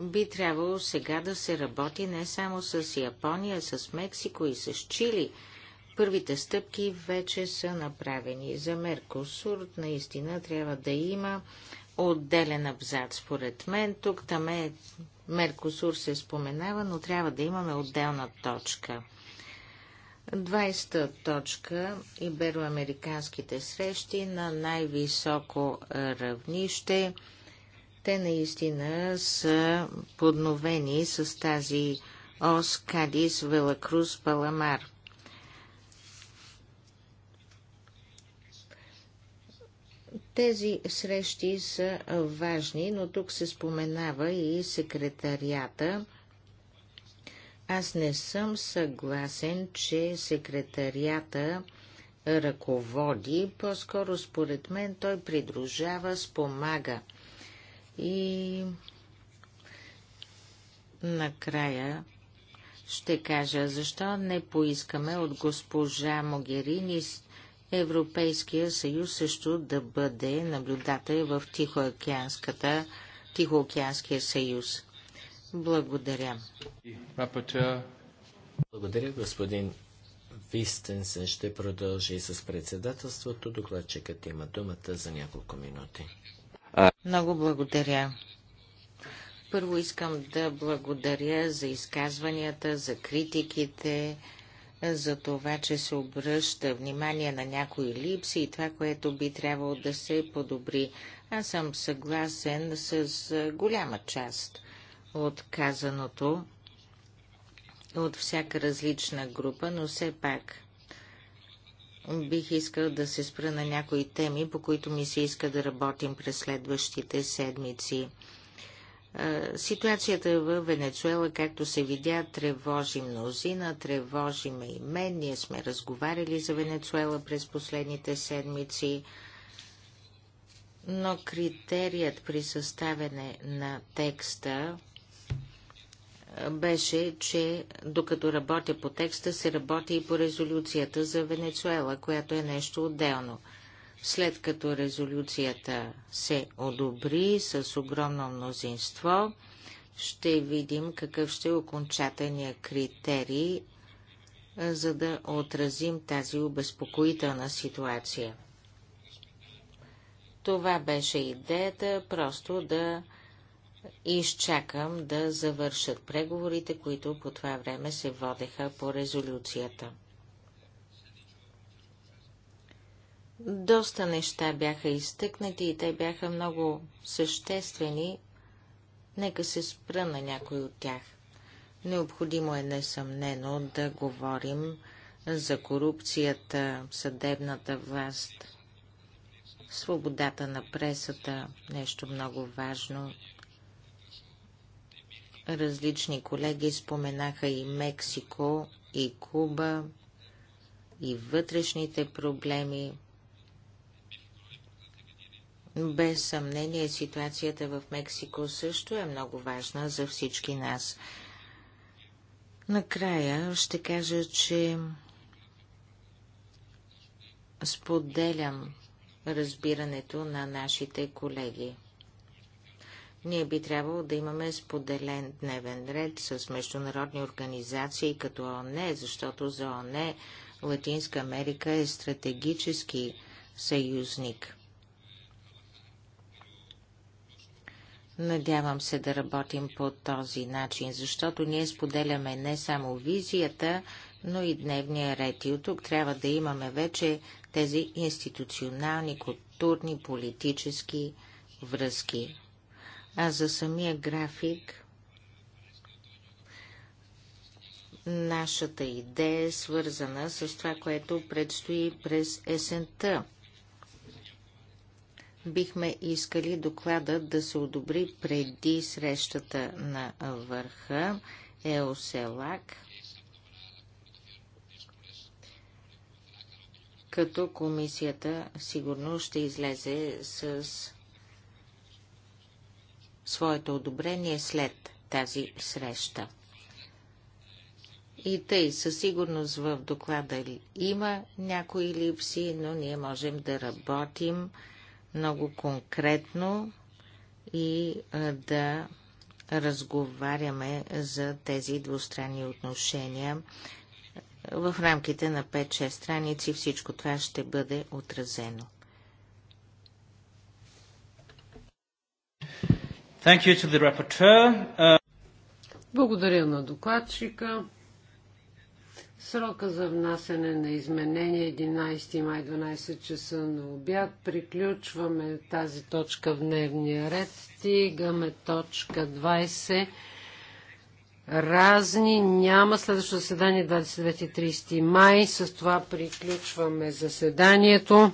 би трябвало сега да се работи не само с Япония, с Мексико и с Чили. Първите стъпки вече са направени. За Меркосур наистина трябва да има отделен абзац. Според мен тук там е Меркосур се споменава, но трябва да имаме отделна точка. 20-та точка – Ибероамериканските срещи на най-високо равнище. Те наистина са подновени с тази ОС Кадис Велакрус Паламар. Тези срещи са важни, но тук се споменава и секретарията – аз не съм съгласен, че секретарията ръководи, по-скоро според мен той придружава, спомага. И накрая ще кажа, защо не поискаме от госпожа Могерини Европейския съюз също да бъде наблюдател в Тихоокеанския съюз. Благодаря. Благодаря, господин Вистенсен. Ще продължи с председателството. Докладчикът има думата за няколко минути. Много благодаря. Първо искам да благодаря за изказванията, за критиките, за това, че се обръща внимание на някои липси и това, което би трябвало да се подобри. Аз съм съгласен с голяма част от казаното от всяка различна група, но все пак бих искал да се спра на някои теми, по които ми се иска да работим през следващите седмици. Ситуацията в Венецуела, както се видя, тревожи мнозина, тревожи ме и мен. Ние сме разговаряли за Венецуела през последните седмици, но критерият при съставяне на текста беше, че докато работя по текста, се работи и по резолюцията за Венецуела, която е нещо отделно. След като резолюцията се одобри с огромно мнозинство, ще видим какъв ще е окончателния критерий, за да отразим тази обезпокоителна ситуация. Това беше идеята, просто да изчакам да завършат преговорите, които по това време се водеха по резолюцията. Доста неща бяха изтъкнати и те бяха много съществени. Нека се спра на някой от тях. Необходимо е несъмнено да говорим за корупцията, съдебната власт, свободата на пресата, нещо много важно, Различни колеги споменаха и Мексико, и Куба, и вътрешните проблеми. Без съмнение ситуацията в Мексико също е много важна за всички нас. Накрая ще кажа, че споделям разбирането на нашите колеги. Ние би трябвало да имаме споделен дневен ред с международни организации като ООН, защото за ООН Латинска Америка е стратегически съюзник. Надявам се да работим по този начин, защото ние споделяме не само визията, но и дневния ред. И от тук трябва да имаме вече тези институционални, културни, политически връзки. А за самия график, нашата идея е свързана с това, което предстои през есента. Бихме искали доклада да се одобри преди срещата на върха ЕОСЕЛАК, като комисията сигурно ще излезе с своето одобрение след тази среща. И тъй със сигурност в доклада има някои липси, но ние можем да работим много конкретно и да разговаряме за тези двустранни отношения. В рамките на 5-6 страници всичко това ще бъде отразено. Thank you to the rapporteur. Uh, Благодаря на докладчика. Срока за внасене на изменение 11 май 12 часа на обяд. Приключваме тази точка в дневния ред. Стигаме точка 20. Разни няма. Следващото заседание 29 и 30 май. С това приключваме заседанието.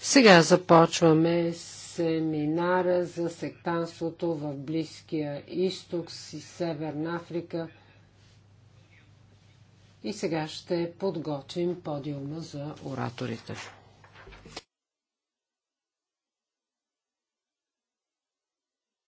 Сега започваме с семинара за сектанството в Близкия изток и Северна Африка. И сега ще подготвим подиума за ораторите.